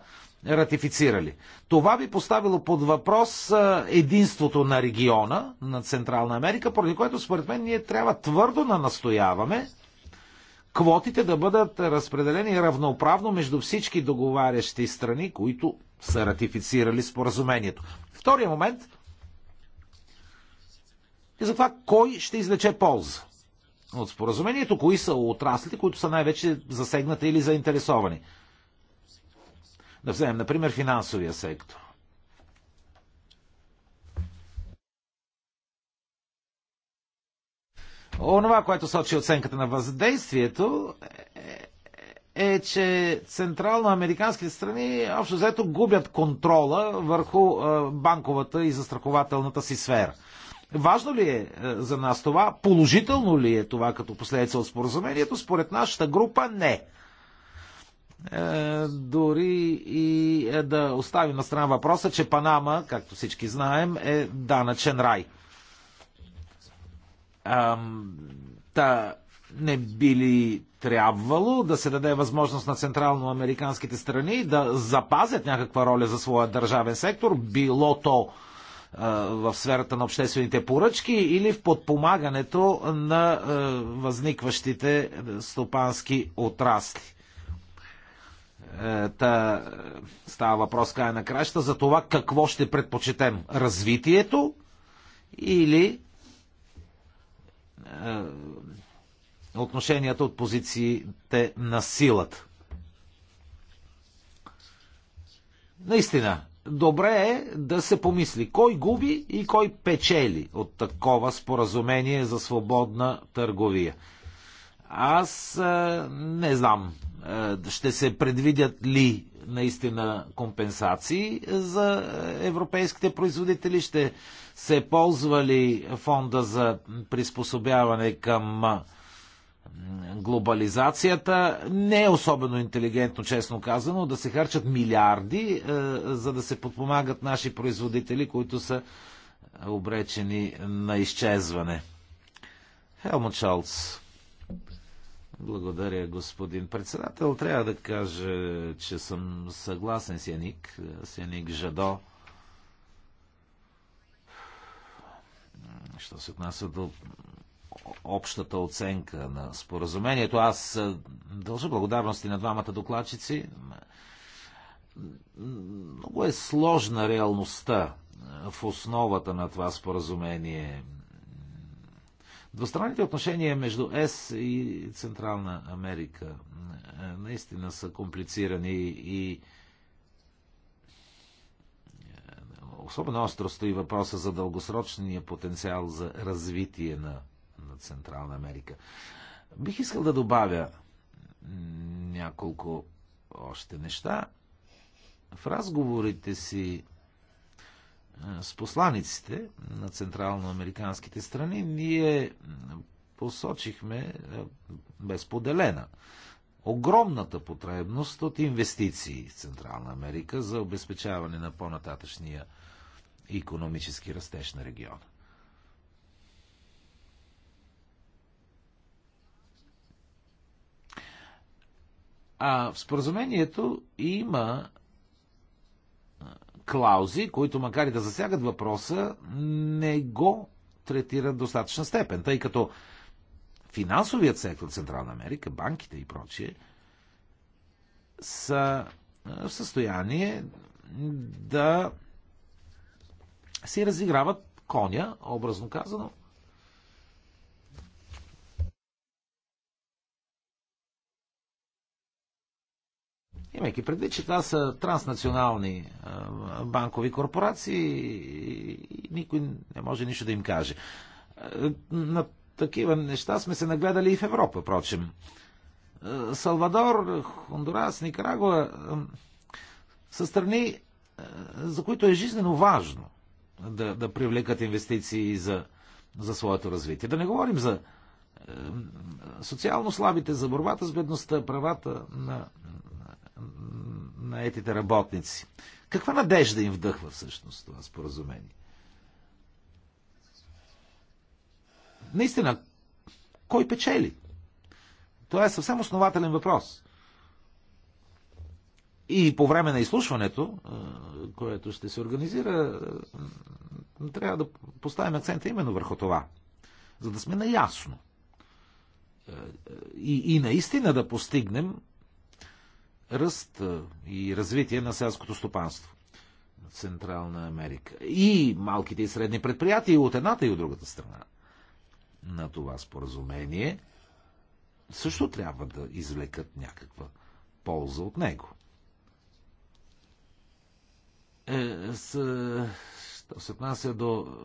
ратифицирали. Това би поставило под въпрос единството на региона, на Централна Америка, поради което според мен ние трябва твърдо да настояваме квотите да бъдат разпределени равноправно между всички договарящи страни, които са ратифицирали споразумението. Втория момент – и за това кой ще излече полза от споразумението, кои са отраслите, които са най-вече засегнати или заинтересовани. Да вземем, например, финансовия сектор. Онова, което сочи оценката на въздействието, е, е, е че централноамериканските страни общо взето губят контрола върху банковата и застрахователната си сфера – Важно ли е, е за нас това? Положително ли е това като последица от споразумението? Според нашата група не. Е, дори и е, да оставим на страна въпроса, че Панама, както всички знаем, е данъчен рай. та не би ли трябвало да се даде възможност на централноамериканските страни да запазят някаква роля за своя държавен сектор, било то в сферата на обществените поръчки или в подпомагането на възникващите стопански отрасли. Е, та, става въпрос края на краща за това какво ще предпочетем. Развитието или е, отношенията от позициите на силата. Наистина, добре е да се помисли кой губи и кой печели от такова споразумение за свободна търговия. Аз а, е, не знам, а, е, ще се предвидят ли наистина компенсации за европейските производители, ще се ползва ли фонда за приспособяване към е, глобализацията. Не е особено интелигентно, честно казано, да се харчат милиарди, е, за да се подпомагат наши производители, които са обречени на изчезване. Хелмут Шалц. Благодаря, господин председател. Трябва да кажа, че съм съгласен с Яник, с Яник Жадо. Що се отнася до общата оценка на споразумението. Аз е, дължа благодарности на двамата докладчици. Много е сложна реалността е, в основата на това споразумение. Двустранните отношения между ЕС и Централна Америка е, наистина са комплицирани и особено остро стои въпроса за дългосрочния потенциал за развитие на Централна Америка. Бих искал да добавя няколко още неща. В разговорите си с посланиците на централноамериканските страни ние посочихме безподелена огромната потребност от инвестиции в Централна Америка за обезпечаване на по-нататъчния економически растеж на региона. А в споразумението има клаузи, които макар и да засягат въпроса, не го третират достатъчна степен, тъй като финансовият сектор Централна Америка, банките и прочие, са в състояние да си разиграват коня, образно казано, Имайки предвид, че това са транснационални банкови корпорации и никой не може нищо да им каже. На такива неща сме се нагледали и в Европа, прочим. Салвадор, Хондурас, Никарагуа са страни, за които е жизненно важно да, да привлекат инвестиции за, за своето развитие. Да не говорим за социално слабите, за борбата с бедността, правата на на етите работници. Каква надежда им вдъхва всъщност това споразумение? Наистина, кой печели? Това е съвсем основателен въпрос. И по време на изслушването, което ще се организира, трябва да поставим акцента именно върху това. За да сме наясно. И, и наистина да постигнем ръст и развитие на селското стопанство в Централна Америка. И малките и средни предприятия от едната и от другата страна на това споразумение също трябва да извлекат някаква полза от него. Е, с, що се отнася до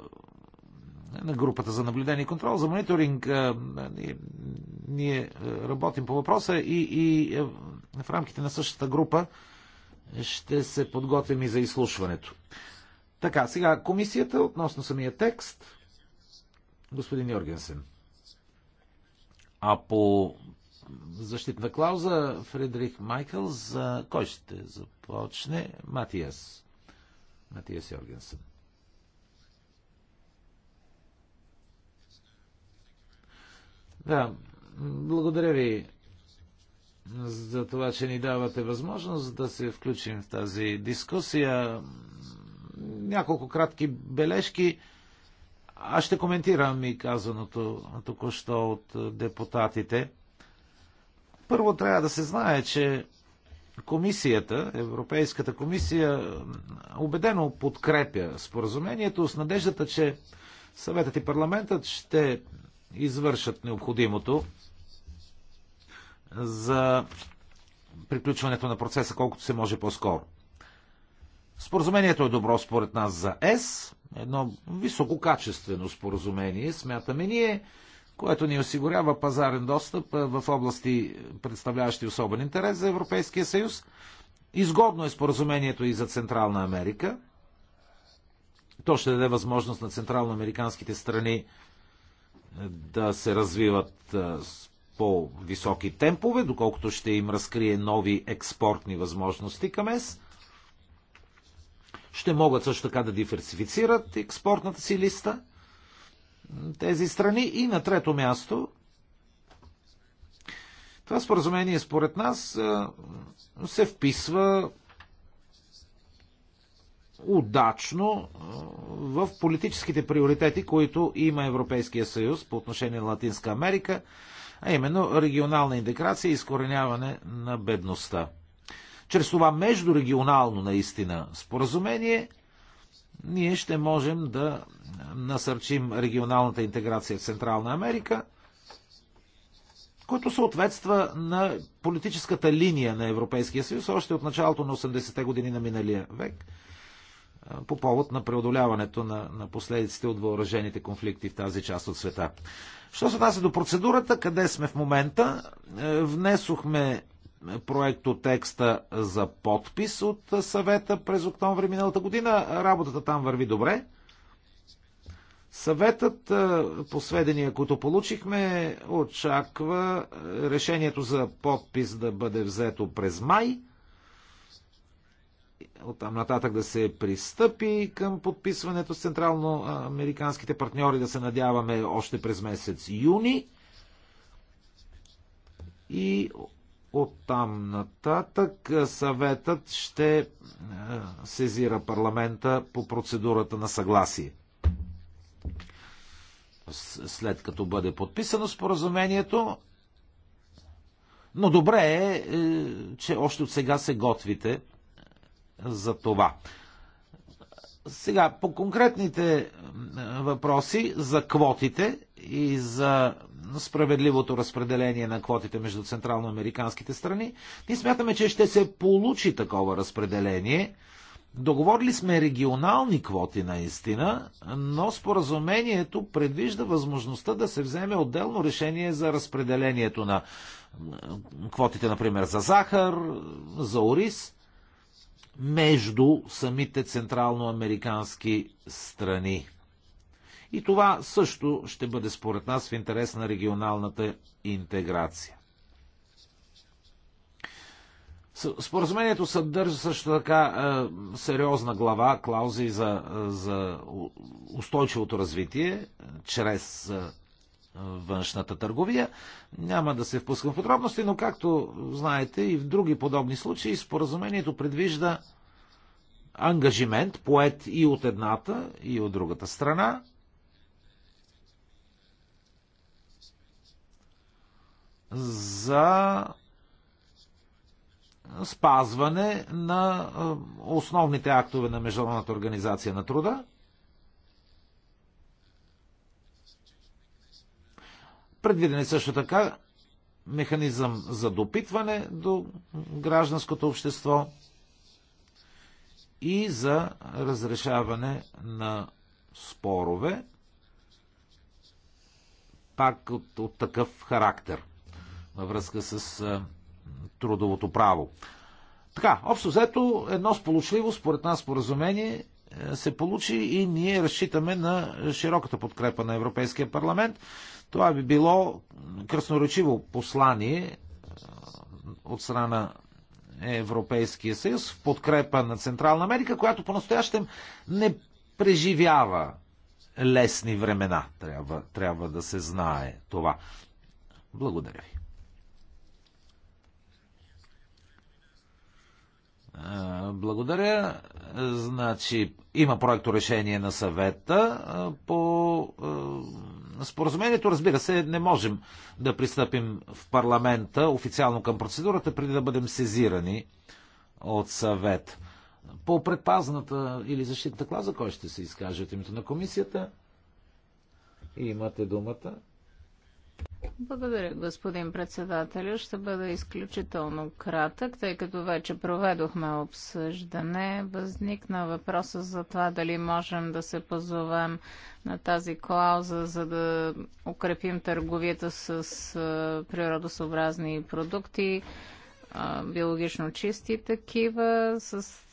е, на групата за наблюдение и контрол, за мониторинг. Е, е, ние, ние работим по въпроса и, и в рамките на същата група ще се подготвим и за изслушването. Така, сега комисията относно самия текст. Господин Йоргенсен. А по защитна клауза Фредрих Майкъл за кой ще започне? Матиас. Матиас Йоргенсен. Да, благодаря ви, за това, че ни давате възможност да се включим в тази дискусия. Няколко кратки бележки. Аз ще коментирам и казаното току-що от депутатите. Първо трябва да се знае, че комисията, Европейската комисия, убедено подкрепя споразумението с надеждата, че съветът и парламентът ще извършат необходимото за приключването на процеса колкото се може по-скоро. Споразумението е добро според нас за ЕС, едно висококачествено споразумение, смятаме ние, което ни осигурява пазарен достъп в области, представляващи особен интерес за Европейския съюз. Изгодно е споразумението и за Централна Америка. То ще даде възможност на централноамериканските страни да се развиват по-високи темпове, доколкото ще им разкрие нови експортни възможности към ЕС. Ще могат също така да диверсифицират експортната си листа тези страни. И на трето място, това споразумение според нас се вписва удачно в политическите приоритети, които има Европейския съюз по отношение на Латинска Америка – а именно регионална интеграция и изкореняване на бедността. Чрез това междурегионално наистина споразумение ние ще можем да насърчим регионалната интеграция в Централна Америка, който съответства на политическата линия на Европейския съюз още от началото на 80-те години на миналия век – по повод на преодоляването на, на последиците от въоръжените конфликти в тази част от света. Що се отнася до процедурата, къде сме в момента? Е, внесохме проекто текста за подпис от съвета през октомври миналата година. Работата там върви добре. Съветът, е, по сведения, които получихме, очаква е, решението за подпис да бъде взето през май – оттам нататък да се пристъпи към подписването с централно-американските партньори, да се надяваме още през месец юни. И оттам нататък съветът ще е, сезира парламента по процедурата на съгласие. След като бъде подписано споразумението, но добре е, е че още от сега се готвите за това. Сега, по конкретните въпроси за квотите и за справедливото разпределение на квотите между централноамериканските страни, ние смятаме, че ще се получи такова разпределение. Договорили сме регионални квоти наистина, но споразумението предвижда възможността да се вземе отделно решение за разпределението на квотите, например, за захар, за ориз – между самите централноамерикански страни. И това също ще бъде според нас в интерес на регионалната интеграция. Споразумението съдържа също така е, сериозна глава, клаузи за, за устойчивото развитие е, чрез е, външната търговия. Няма да се впускам в подробности, но както знаете и в други подобни случаи, споразумението предвижда ангажимент, поет и от едната, и от другата страна. за спазване на основните актове на Международната организация на труда Предвиден е също така механизъм за допитване до гражданското общество и за разрешаване на спорове, пак от, от такъв характер във връзка с а, трудовото право. Така, общо взето едно сполучливо, според нас, споразумение се получи и ние разчитаме на широката подкрепа на Европейския парламент. Това би било красноречиво послание от страна Европейския съюз в подкрепа на Централна Америка, която по-настоящем не преживява лесни времена. Трябва, трябва да се знае това. Благодаря ви. Благодаря. Значи, има проекто решение на съвета по споразумението. Разбира се, не можем да пристъпим в парламента официално към процедурата, преди да бъдем сезирани от съвет. По предпазната или защитната клаза, кой ще се изкаже от името на комисията? имате думата. Благодаря, господин председател. Ще бъда изключително кратък, тъй като вече проведохме обсъждане. Възникна въпроса за това дали можем да се позовем на тази клауза, за да укрепим търговията с природосъобразни продукти биологично чисти такива, с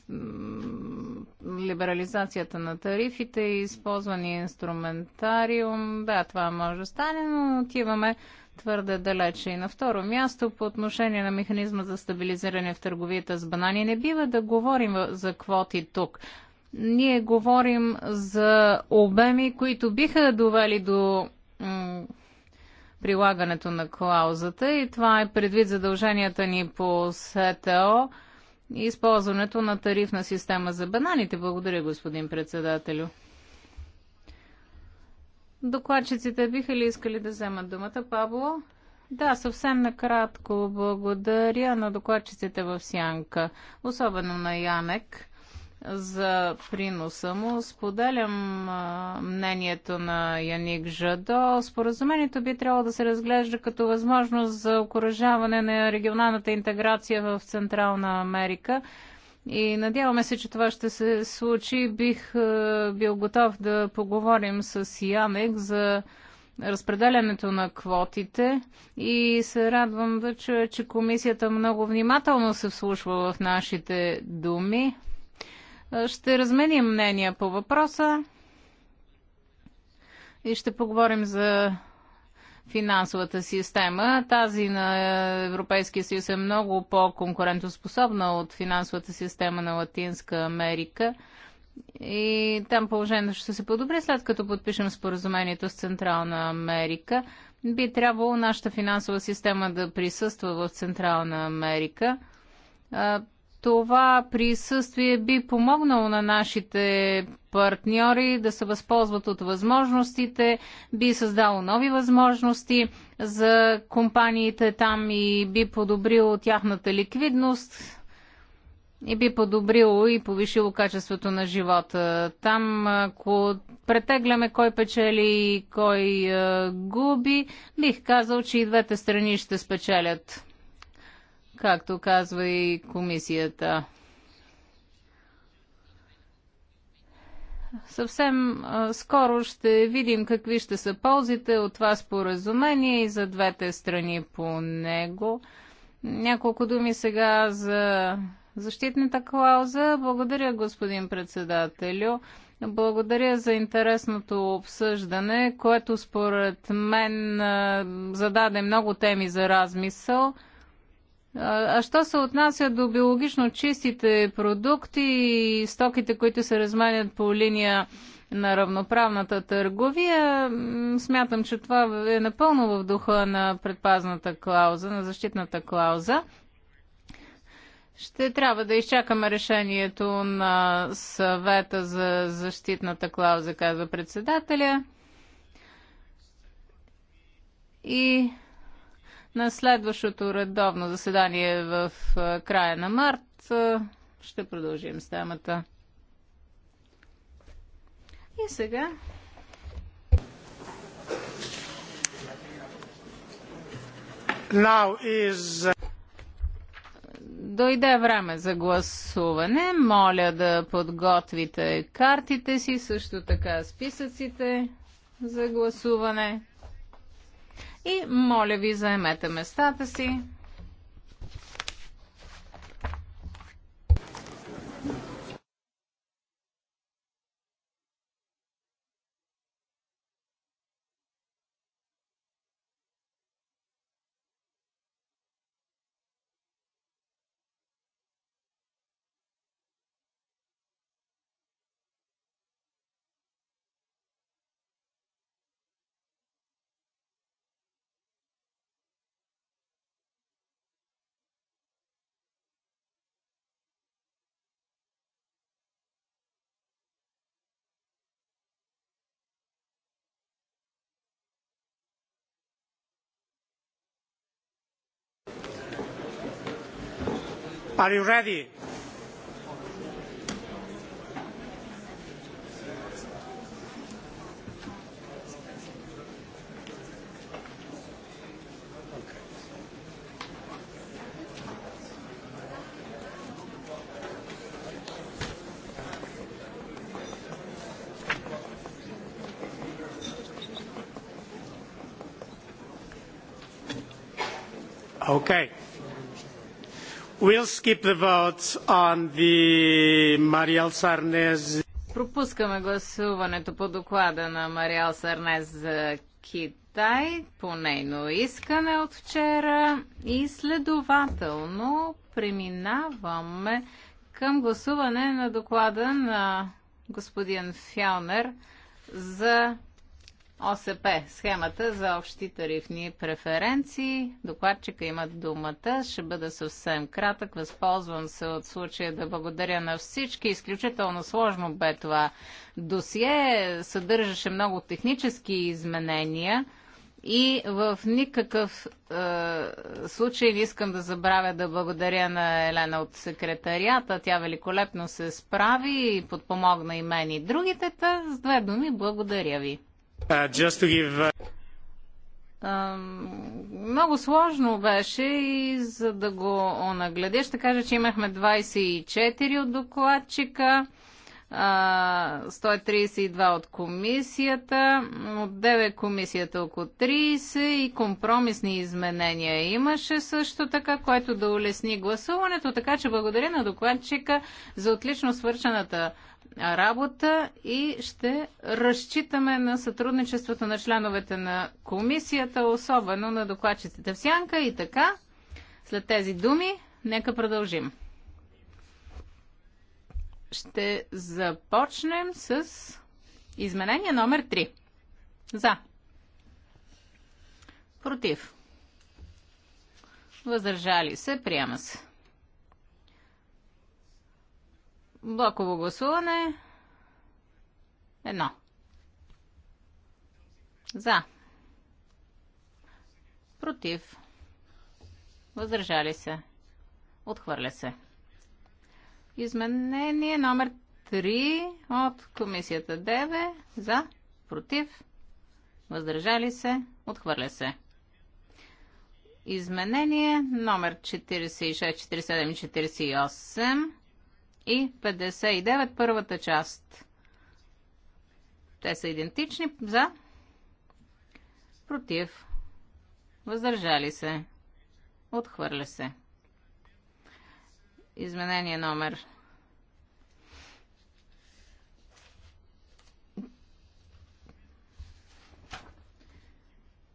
либерализацията на тарифите и използвани инструментариум. Да, това може да стане, но отиваме твърде далече. И на второ място, по отношение на механизма за стабилизиране в търговията с банани, не бива да говорим за квоти тук. Ние говорим за обеми, които биха довели до прилагането на клаузата и това е предвид задълженията ни по СТО – и използването на тарифна система за бананите. Благодаря, господин председателю. Докладчиците биха ли искали да вземат думата, Пабло? Да, съвсем накратко благодаря на докладчиците в Сянка, особено на Янек за приноса му. Споделям мнението на Яник Жадо. Споразумението би трябвало да се разглежда като възможност за окоръжаване на регионалната интеграция в Централна Америка. И надяваме се, че това ще се случи. Бих бил готов да поговорим с Янек за разпределянето на квотите и се радвам да чуя, че комисията много внимателно се вслушва в нашите думи. Е, ще разменим мнения по въпроса и ще поговорим за финансовата система. Тази на Европейския съюз е много по-конкурентоспособна от финансовата система на Латинска Америка. И там положението ще се подобри след като подпишем споразумението с Централна Америка. Би трябвало нашата финансова система да присъства в Централна Америка това присъствие би помогнало на нашите партньори да се възползват от възможностите, би създало нови възможности за компаниите там и би подобрило тяхната ликвидност и би подобрило и повишило качеството на живота. Там, ако претегляме кой печели и кой губи, бих казал, че и двете страни ще спечелят както казва и комисията. Съвсем а, скоро ще видим какви ще са ползите от това споразумение и за двете страни по него. Няколко думи сега за защитната клауза. Благодаря, господин председателю. Благодаря за интересното обсъждане, което според мен зададе много теми за размисъл. А, що се отнася до биологично чистите продукти и стоките, които се разменят по линия на равноправната търговия, смятам, че това е напълно в духа на предпазната клауза, на защитната клауза. Ще трябва да изчакаме решението на съвета за защитната клауза, казва председателя. И на следващото редовно заседание в края на март ще продължим с темата. И сега Is... Uh, Дойде време за гласуване. Моля да подготвите картите си, също така списъците за гласуване. И моля ви, заемете местата си. Are you ready We'll skip the votes on the Mariel Sarnez. Пропускаме гласуването по доклада на Мариал Сарнез за Китай по нейно искане от вчера и следователно преминаваме към гласуване на доклада на господин Фялнер за ОСП, схемата за общи тарифни преференции. Докладчика имат думата. Ще бъда съвсем кратък. Възползвам се от случая да благодаря на всички. Изключително сложно бе това досие. Съдържаше много технически изменения. И в никакъв е, случай не искам да забравя да благодаря на Елена от секретарията. Тя великолепно се справи и подпомогна и мен и другите. Та, с две думи, благодаря ви. Uh, give... Uh, много сложно беше и за да го онагледя, ще кажа, че имахме 24 от докладчика. 132 от комисията, от 9 комисията около 30 и компромисни изменения имаше също така, което да улесни гласуването, така че благодаря на докладчика за отлично свършената работа и ще разчитаме на сътрудничеството на членовете на комисията, особено на докладчиците в Сянка и така. След тези думи, нека продължим ще започнем с изменение номер 3. За. Против. Въздържали се. Приема се. Блоково гласуване. Едно. За. Против. Въздържали се. Отхвърля се. Изменение номер 3 от комисията 9 за, против, въздържали се, отхвърля се. Изменение номер 46, 47, 48 и 59, първата част. Те са идентични за, против, въздържали се, отхвърля се. Изменение номер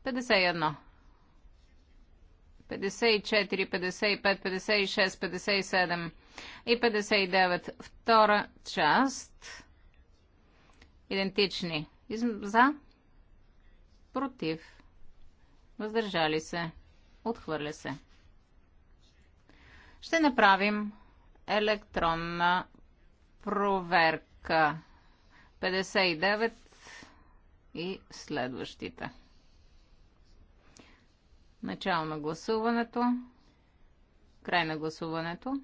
51. 54, 55, 56, 57 и 59. Втора част. Идентични. За. Против. Въздържали се. Отхвърля се. Ще направим електронна проверка. 59 и следващите. Начало на гласуването. Край на гласуването.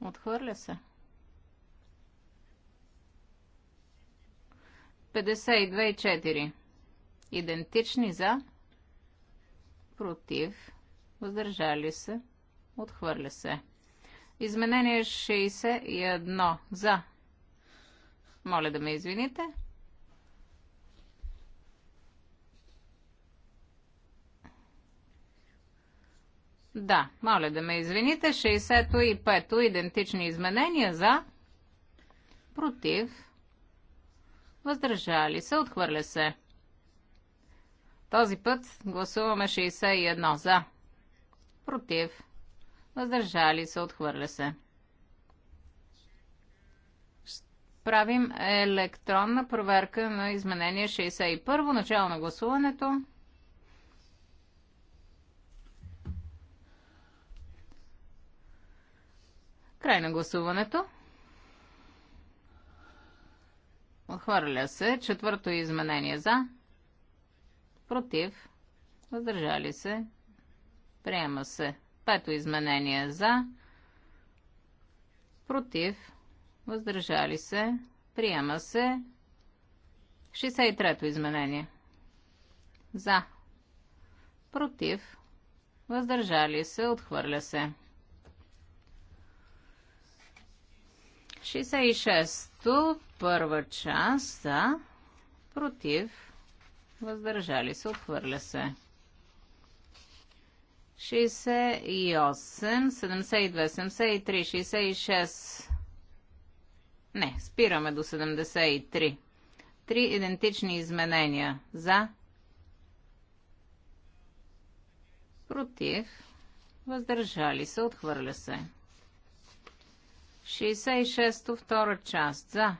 Отхвърля се. 52 и 4. Идентични за. Против въздържали се, отхвърля се. Изменение 61 за. Моля да ме извините. Да, моля да ме извините. 60 и 5-то идентични изменения за. Против. Въздържали се, отхвърля се. Този път гласуваме 61 за против, въздържали се, отхвърля се. Правим електронна проверка на изменение 61, начало на гласуването. Край на гласуването. Отхвърля се. Четвърто изменение за. Против. Въздържали се. Приема се. Пето изменение за. Против. Въздържали се. Приема се. 63-то изменение. За. Против. Въздържали се. Отхвърля се. 66-то. Първа част. За. Против. Въздържали се. Отхвърля се. 68, 72, 73, 66. Не, спираме до 73. Три идентични изменения. За. Против. Въздържали се. Отхвърля се. 66-то втора част. За.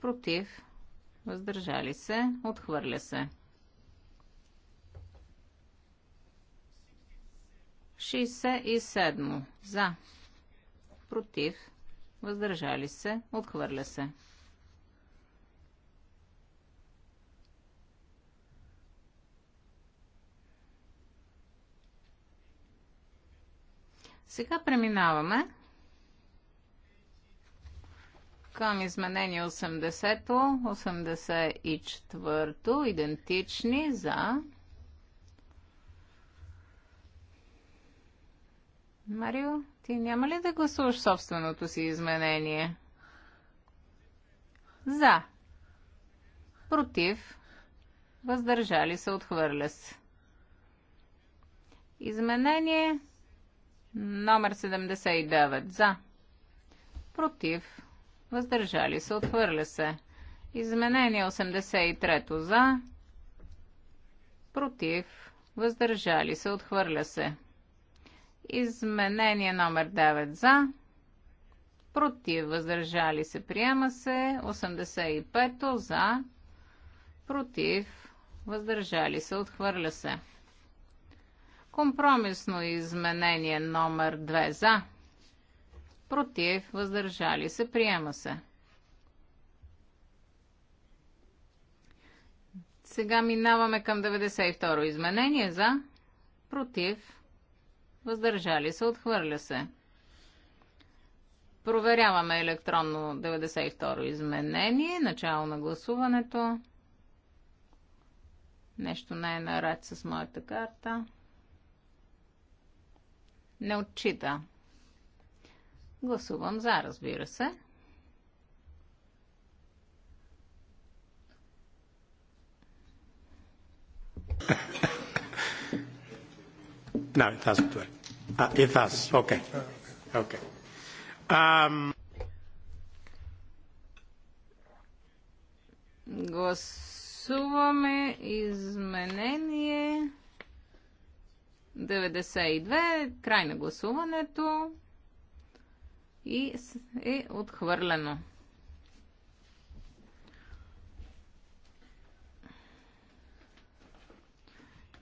Против. Въздържали се. Отхвърля се. 67. За. Против. Въздържали се. Отхвърля се. Сега преминаваме към изменение 80-то, 84-то, идентични за Марио, ти няма ли да гласуваш собственото си изменение? За. Против. Въздържали се, отхвърля се. Изменение номер 79. За. Против. Въздържали се, отхвърля се. Изменение 83. За. Против. Въздържали се, отхвърля се. Изменение номер 9 за. Против. Въздържали се. Приема се. 85 за. Против. Въздържали се. Отхвърля се. Компромисно изменение номер 2 за. Против. Въздържали се. Приема се. Сега минаваме към 92 изменение за. Против въздържали се, отхвърля се. Проверяваме електронно 92 изменение, начало на гласуването. Нещо не е наред с моята карта. Не отчита. Гласувам за, разбира се. [LAUGHS] No, it doesn't work it does. Okay. Okay. Um... Гласуваме изменение 92, край на гласуването и е отхвърлено.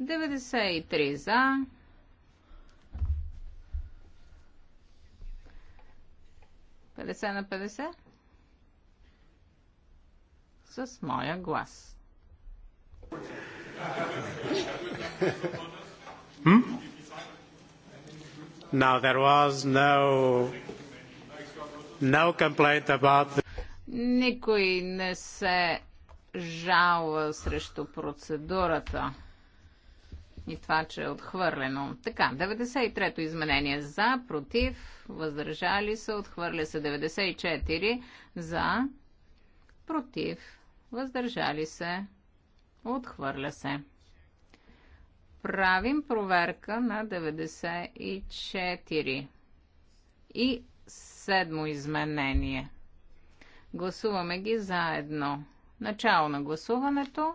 Деветдесет и три за 50 на 50 с моя глас. Hmm? Now there was no no complaint about the... Никой не се жалва срещу процедурата и това, че е отхвърлено. Така, 93-то изменение за, против, въздържали се, отхвърля се 94 за, против, въздържали се, отхвърля се. Правим проверка на 94 и седмо изменение. Гласуваме ги заедно. Начало на гласуването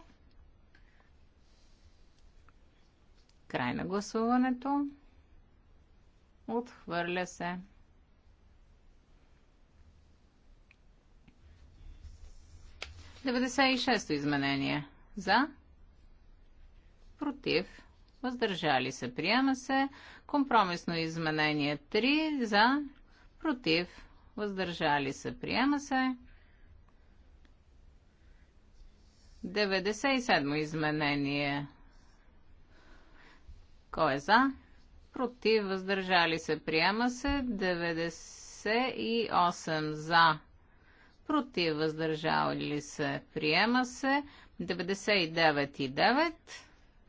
Край на гласуването. Отхвърля се. Деведесет и шесто изменение. За. Против. Въздържали се. Приема се. Компромисно изменение 3. За. Против. Въздържали се. Приема се. 97 изменение кой е за? Против, въздържали се, приема се. 98 за. Против, въздържали се, приема се. 99 и 9.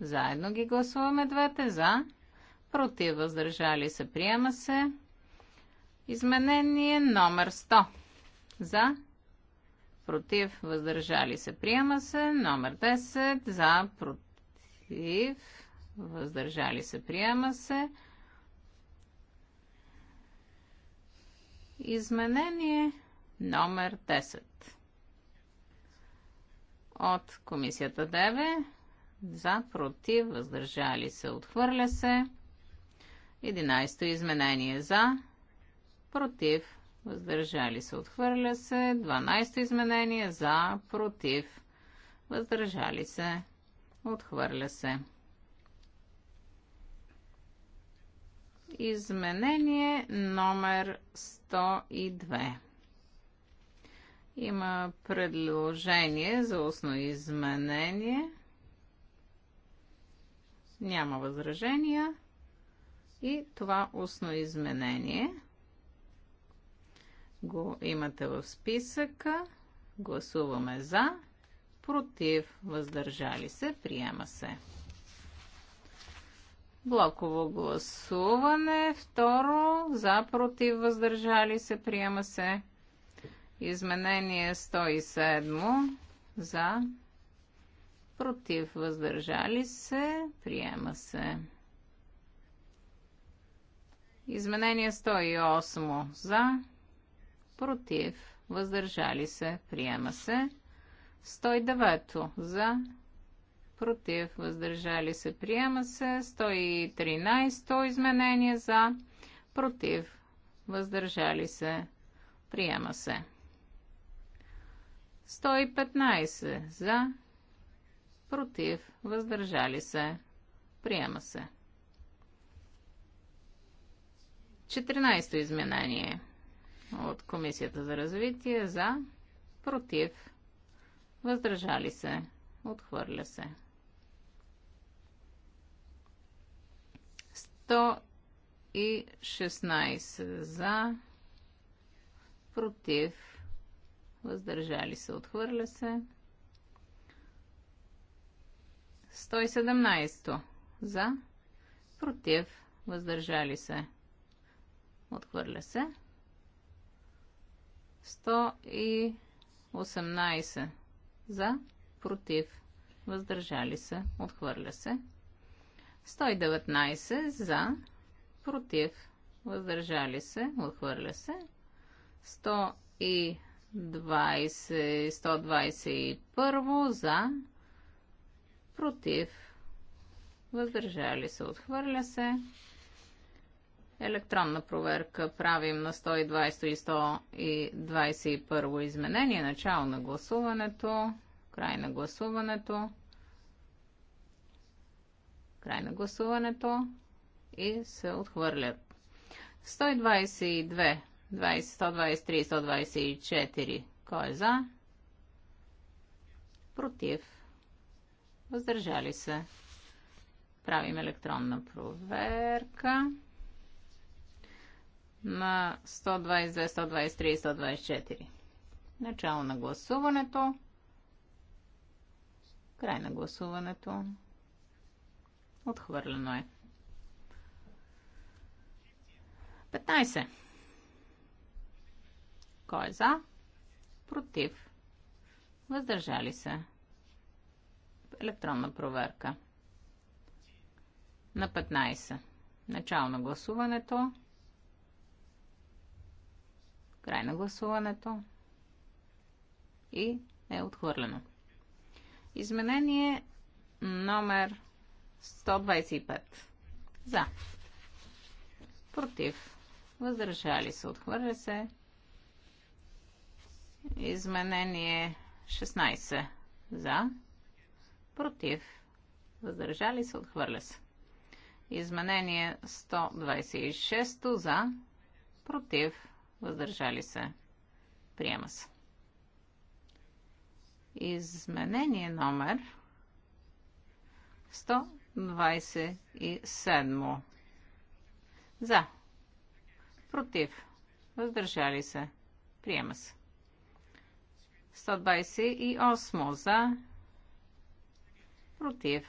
Заедно ги гласуваме двете. За. Против, въздържали се, приема се. Изменение номер 100. За. Против, въздържали се, приема се. Номер 10. За. Против въздържали се, приема се. Изменение номер 10 от комисията 9 за, против, въздържали се, отхвърля се. 11 изменение за, против, въздържали се, отхвърля се. 12 изменение за, против, въздържали се, отхвърля се. Изменение номер 102. Има предложение за устно изменение. Няма възражения. И това устно изменение го имате в списъка. Гласуваме за, против, въздържали се, приема се. Блоково гласуване. Второ, за, против, въздържали се, приема се. Изменение 107. За, против, въздържали се, приема се. Изменение 108. За, против, въздържали се, приема се. 109. За, против, въздържали се, приема се. 113 изменение за, против, въздържали се, приема се. 115 за, против, въздържали се, приема се. 14 изменение от Комисията за развитие за, против, въздържали се, отхвърля се. 116 за, против, въздържали се, отхвърля се. 117 за, против, въздържали се, отхвърля се. 118 за, против, въздържали се, отхвърля се. 119 за, против, въздържали се, отхвърля се. 120, 121 за, против, въздържали се, отхвърля се. Електронна проверка правим на 120 и 121 изменение, начало на гласуването, край на гласуването. Край на гласуването и се отхвърлят. 122, 20, 123, 124. Кой е за? Против. Въздържали се. Правим електронна проверка на 122, 123 и 124. Начало на гласуването. Край на гласуването. Отхвърлено е. 15. Кой е за? Против. Въздържали се. Електронна проверка. На 15. Начало на гласуването. Край на гласуването. И е отхвърлено. Изменение номер 125. За. Против. Въздържали се. Отхвърля се. Изменение 16. За. Против. Въздържали се. Отхвърля се. Изменение 126. За. Против. Въздържали се. Приема се. Изменение номер 27. За. Против. Въздържали се. Приема се. 128. За. Против.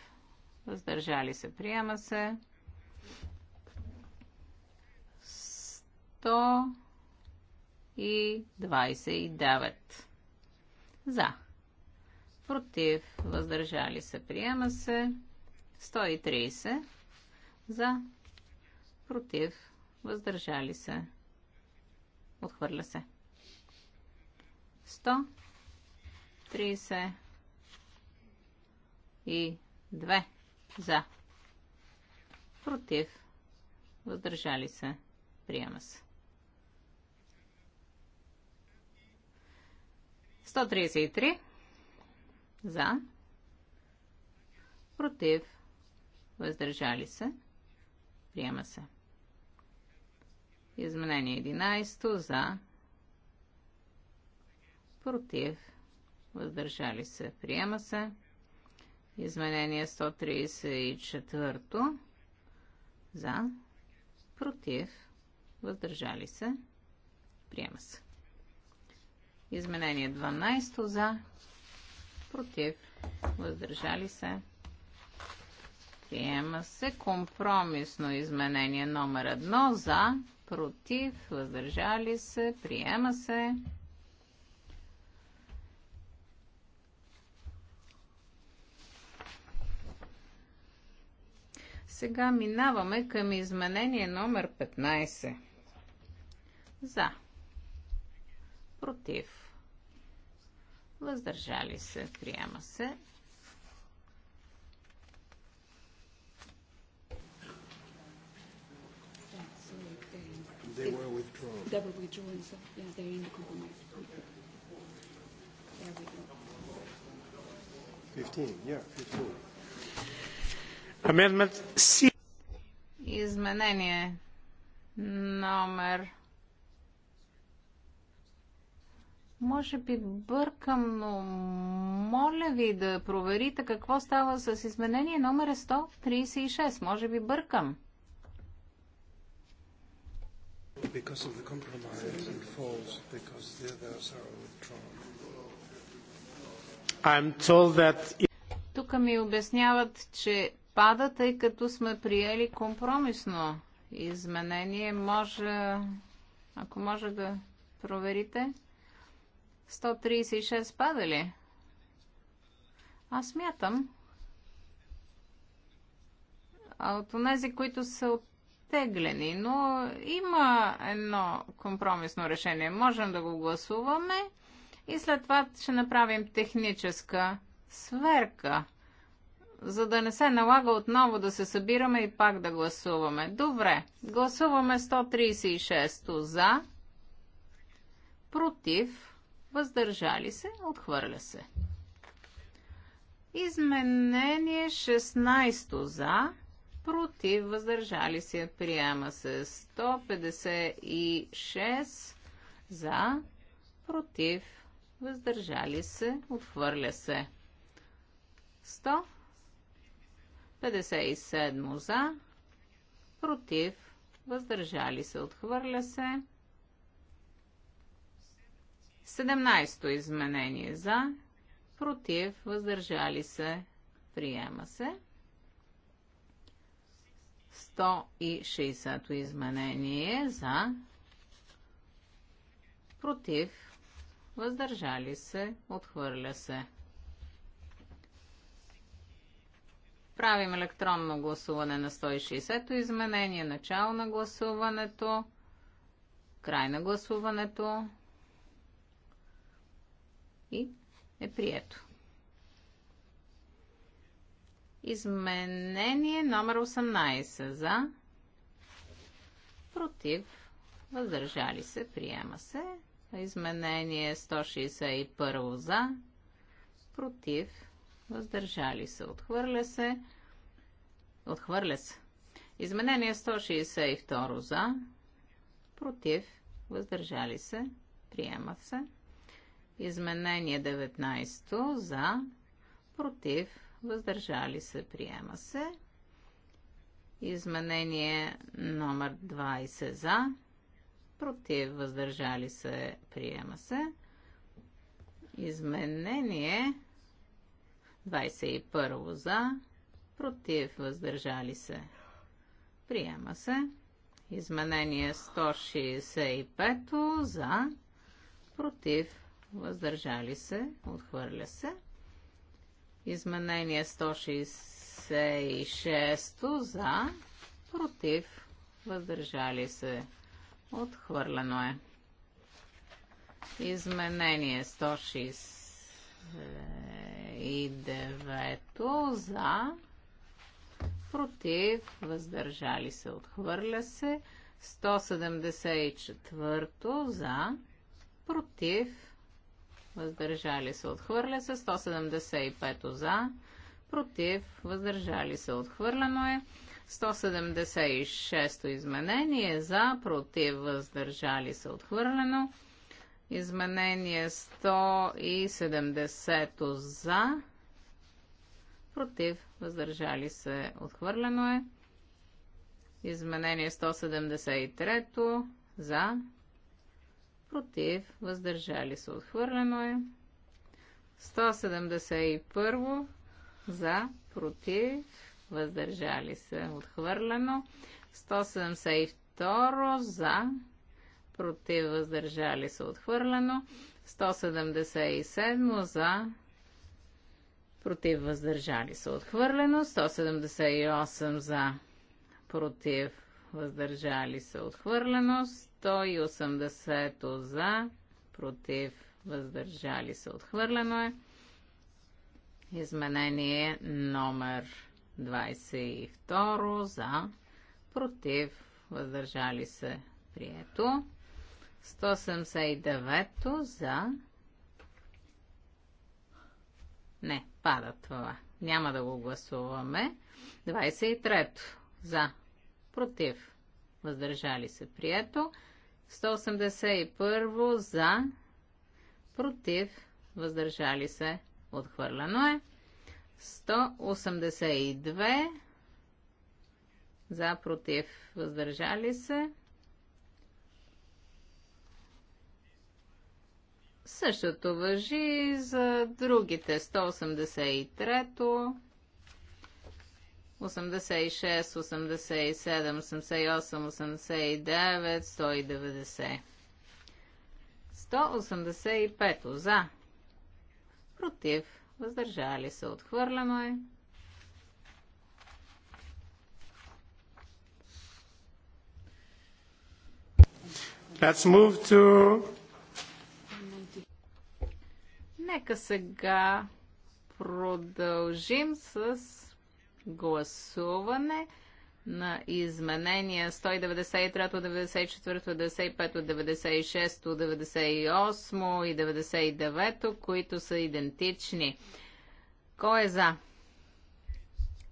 Въздържали се. Приема се. 129. За. Против. Въздържали се. Приема се. 130 за, против, въздържали се, отхвърля се. 130 и 2 за, против, въздържали се, приема се. 133 за, против, въздържали се, приема се. Изменение 11 за, против, въздържали се, приема се. Изменение 134 за, против, въздържали се, приема се. Изменение 12 за, против, въздържали се, Приема се компромисно изменение номер едно за, против, въздържали се, приема се. Сега минаваме към изменение номер 15. За. Против. Въздържали се. Приема се. They were withdrawn. They were withdrawn, so yeah, they're in the compromise. There we go. 15, yeah, 15. Amendment C. Изменение номер. Може би бъркам, но моля ви да проверите какво става с изменение номер 136. Може би бъркам. because of the compromise it falls because the others are withdrawn. I'm told that... Тук ми обясняват, че пада, тъй като сме приели компромисно изменение. Може, ако може да проверите, 136 пада ли? Аз мятам. А от тези, които са от изтеглени, но има едно компромисно решение. Можем да го гласуваме и след това ще направим техническа сверка, за да не се налага отново да се събираме и пак да гласуваме. Добре, гласуваме 136 за, против, въздържали се, отхвърля се. Изменение 16 за, против, въздържали се, приема се 156 за, против, въздържали се, отхвърля се 157 за, против, въздържали се, отхвърля се 17 изменение за, против, въздържали се, приема се 160-то изменение за против въздържали се, отхвърля се. Правим електронно гласуване на 160-то изменение, начало на гласуването, край на гласуването и е прието. Изменение номер 18 за против въздържали се, приема се. Изменение 161 за против въздържали се, отхвърля се. Отхвърля се. Изменение 162 за против въздържали се, приема се. Изменение 19 за против въздържали се, приема се. Изменение номер 20 за, против, въздържали се, приема се. Изменение 21 за, против, въздържали се, приема се. Изменение 165 за, против, въздържали се, отхвърля се. Изменение 166 за, против, въздържали се, отхвърлено е. Изменение 169 за, против, въздържали се, отхвърля се. 174 за, против, въздържали се, отхвърля се. 175 за, против, въздържали се, отхвърлено е. 176 изменение за, против, въздържали се, отхвърлено. Изменение 170 за, против, въздържали се, отхвърлено е. Изменение 173 за, против, въздържали се, отхвърлено е. 171 за, против, въздържали се, отхвърлено. 172 за, против, въздържали се, отхвърлено. 177 за, против, въздържали се, отхвърлено. 178 за, против, въздържали се отхвърлено, 180 за, против, въздържали се отхвърлено е. Изменение номер 22 за, против, въздържали се прието. 179 за. Не, пада това. Няма да го гласуваме. 23 за, против, въздържали се, прието. 181 за, против, въздържали се, отхвърлено е. 182 за, против, въздържали се. Същото въжи за другите 183-то. 86, 87, 88, 190. 185 за. Против. Въздържали се. Отхвърлено е. Let's move to... Нека сега продължим с гласуване на изменения 193, 94, 95, 96, 98 и 99, които са идентични. Кой е за?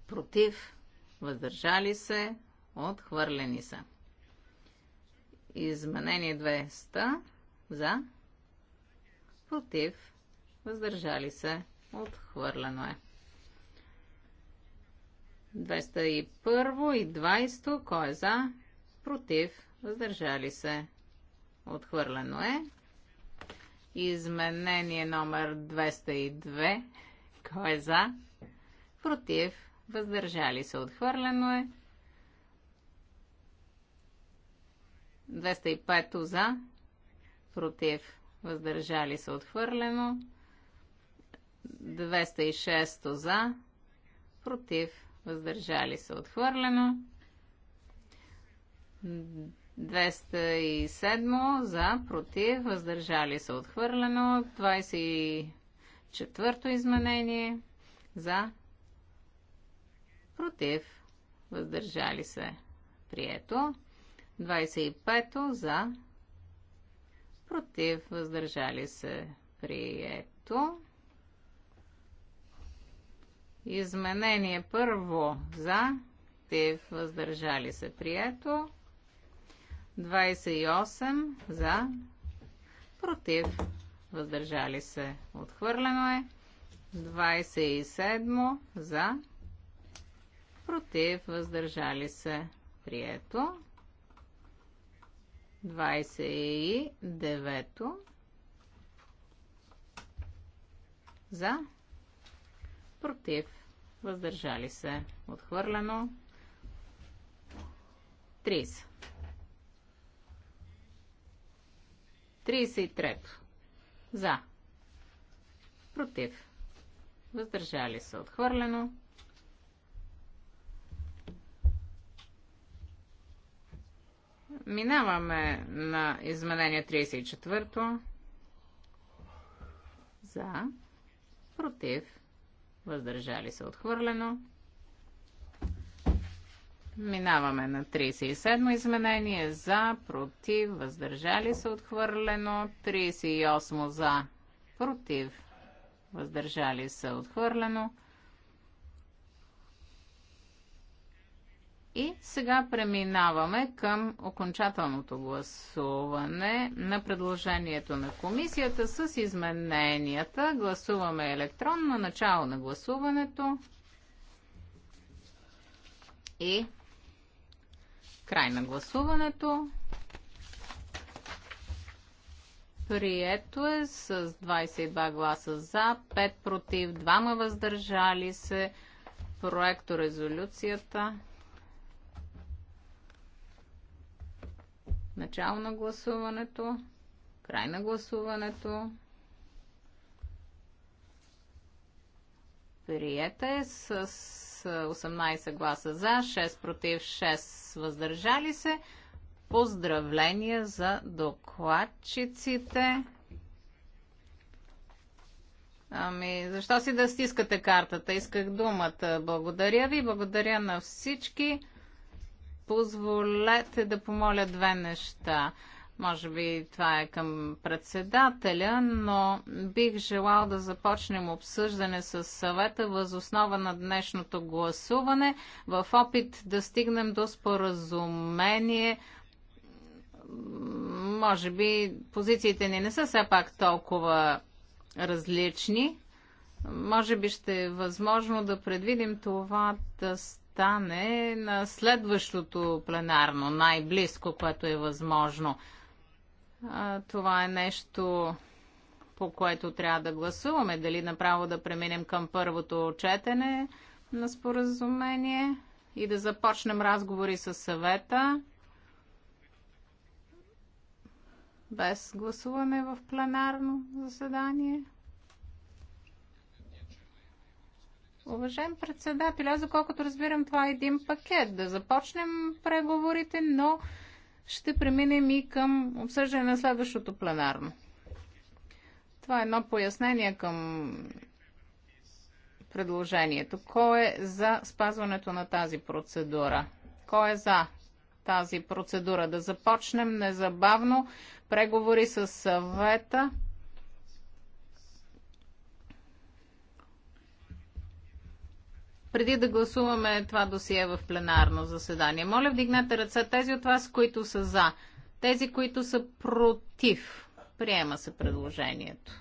Против? Въздържали се? Отхвърлени са. Изменение 200. За? Против? Въздържали се? Отхвърлено е. 201 и 20. Кой е за? Против. Въздържали се. Отхвърлено е. Изменение номер 202. Кой е за? Против. Въздържали се. Отхвърлено е. 205 за. Против. Въздържали се. Отхвърлено. 206 за. Против въздържали се отхвърлено. 207 за, против, въздържали се отхвърлено. 24-то изменение за, против, въздържали се прието. 25-то за, против, въздържали се прието. Изменение първо за, против, въздържали се, прието. 28 за, против, въздържали се, отхвърлено е. 27 за, против, въздържали се, прието. 29 за, против, въздържали се, отхвърлено. 30. 33. За. Против. Въздържали се. Отхвърлено. 34. Минаваме на изменение 34. За. Против въздържали се отхвърлено. Минаваме на 37 изменение за, против, въздържали се отхвърлено, 38 за, против, въздържали се отхвърлено, И сега преминаваме към окончателното гласуване на предложението на комисията с измененията. Гласуваме електронно начало на гласуването и край на гласуването. Прието е с 22 гласа за, 5 против, 2 въздържали се. Проекто резолюцията Начало на гласуването. Край на гласуването. е с 18 гласа за, 6 против, 6 въздържали се. Поздравления за докладчиците. Ами, защо си да стискате картата? Исках думата. Благодаря ви, благодаря на всички. Позволете да помоля две неща. Може би това е към председателя, но бих желал да започнем обсъждане с съвета възоснова на днешното гласуване в опит да стигнем до споразумение може би позициите ни не са все пак толкова различни. Може би ще е възможно да предвидим това да стане на следващото пленарно, най-близко, което е възможно. Това е нещо, по което трябва да гласуваме. Дали направо да преминем към първото четене на споразумение и да започнем разговори с съвета без гласуване в пленарно заседание. Уважаем председател, аз заколкото разбирам, това е един пакет. Да започнем преговорите, но ще преминем и към обсъждане на следващото пленарно. Това е едно пояснение към предложението. Кой е за спазването на тази процедура? Кой е за тази процедура? Да започнем незабавно преговори с съвета преди да гласуваме това досие в пленарно заседание. Моля, вдигнете ръце тези от вас, които са за, тези, които са против. Приема се предложението.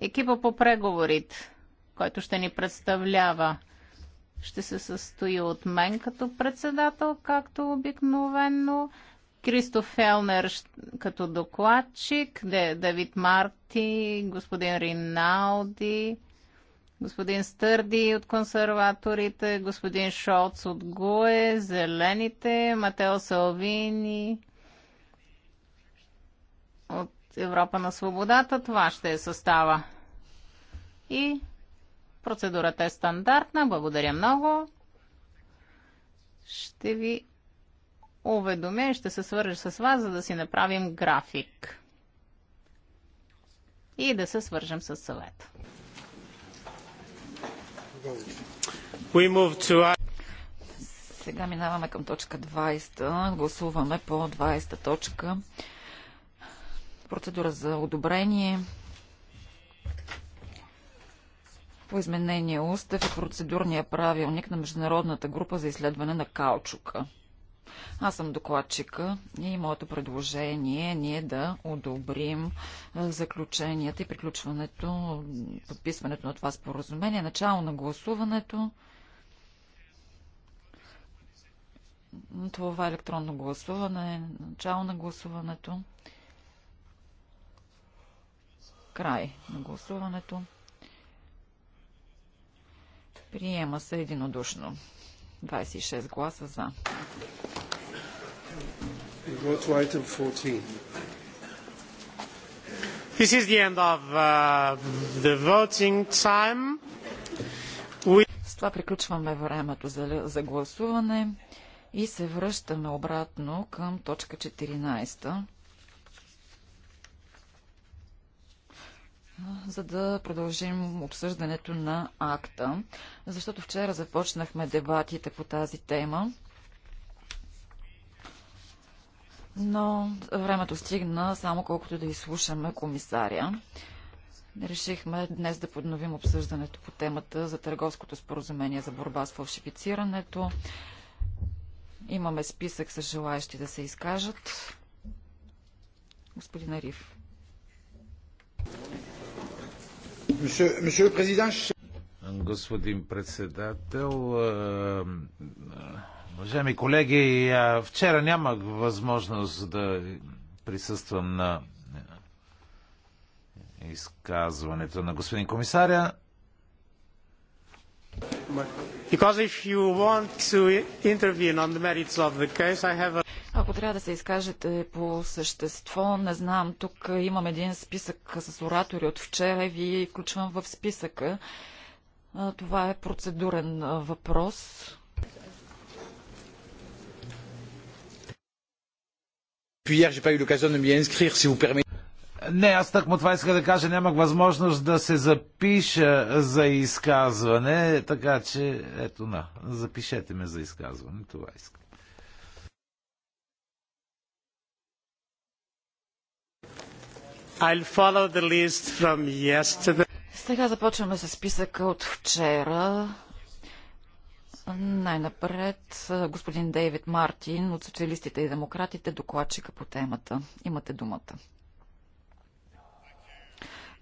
Екипа по преговорите, който ще ни представлява, ще се състои от мен като председател, както обикновено. Кристоф Фелнер като докладчик, Давид Марти, господин Риналди, господин Стърди от консерваторите, господин Шолц от ГУЕ, Зелените, Матео Салвини от Европа на свободата. Това ще е състава. И процедурата е стандартна. Благодаря много. Ще ви уведомя и ще се свържа с вас, за да си направим график и да се свържем с съвет. Сега минаваме към точка 20. Гласуваме по 20 точка. Процедура за одобрение по изменение устав и процедурния правилник на Международната група за изследване на каучука. Аз съм докладчика и моето предложение е ние да одобрим е, заключенията и приключването, подписването на това споразумение, начало на гласуването. Това е електронно гласуване, начало на гласуването, край на гласуването. Приема се единодушно. 26 гласа за. We go to item 14. This is the end of uh, the voting time. We... С това приключваме времето за, за гласуване и се връщаме обратно към точка 14. за да продължим обсъждането на акта, защото вчера започнахме дебатите по тази тема но времето стигна само колкото да изслушаме комисаря. Решихме днес да подновим обсъждането по темата за търговското споразумение за борба с фалшифицирането. Имаме списък с желаящи да се изкажат. Господин Ариф. Господин председател, Уважаеми колеги, вчера нямах възможност да присъствам на изказването на господин комисаря. Case, a... Ако трябва да се изкажете по същество, не знам, тук имам един списък с оратори от вчера и ви включвам в списъка. Това е процедурен въпрос. Не, аз так му това иска да кажа, нямах възможност да се запиша за изказване, така че ето на, запишете ме за изказване, това иска. I'll follow the list from yesterday. Сега започваме с списъка от вчера. Най-напред господин Дейвид Мартин от Социалистите и Демократите, докладчика по темата. Имате думата.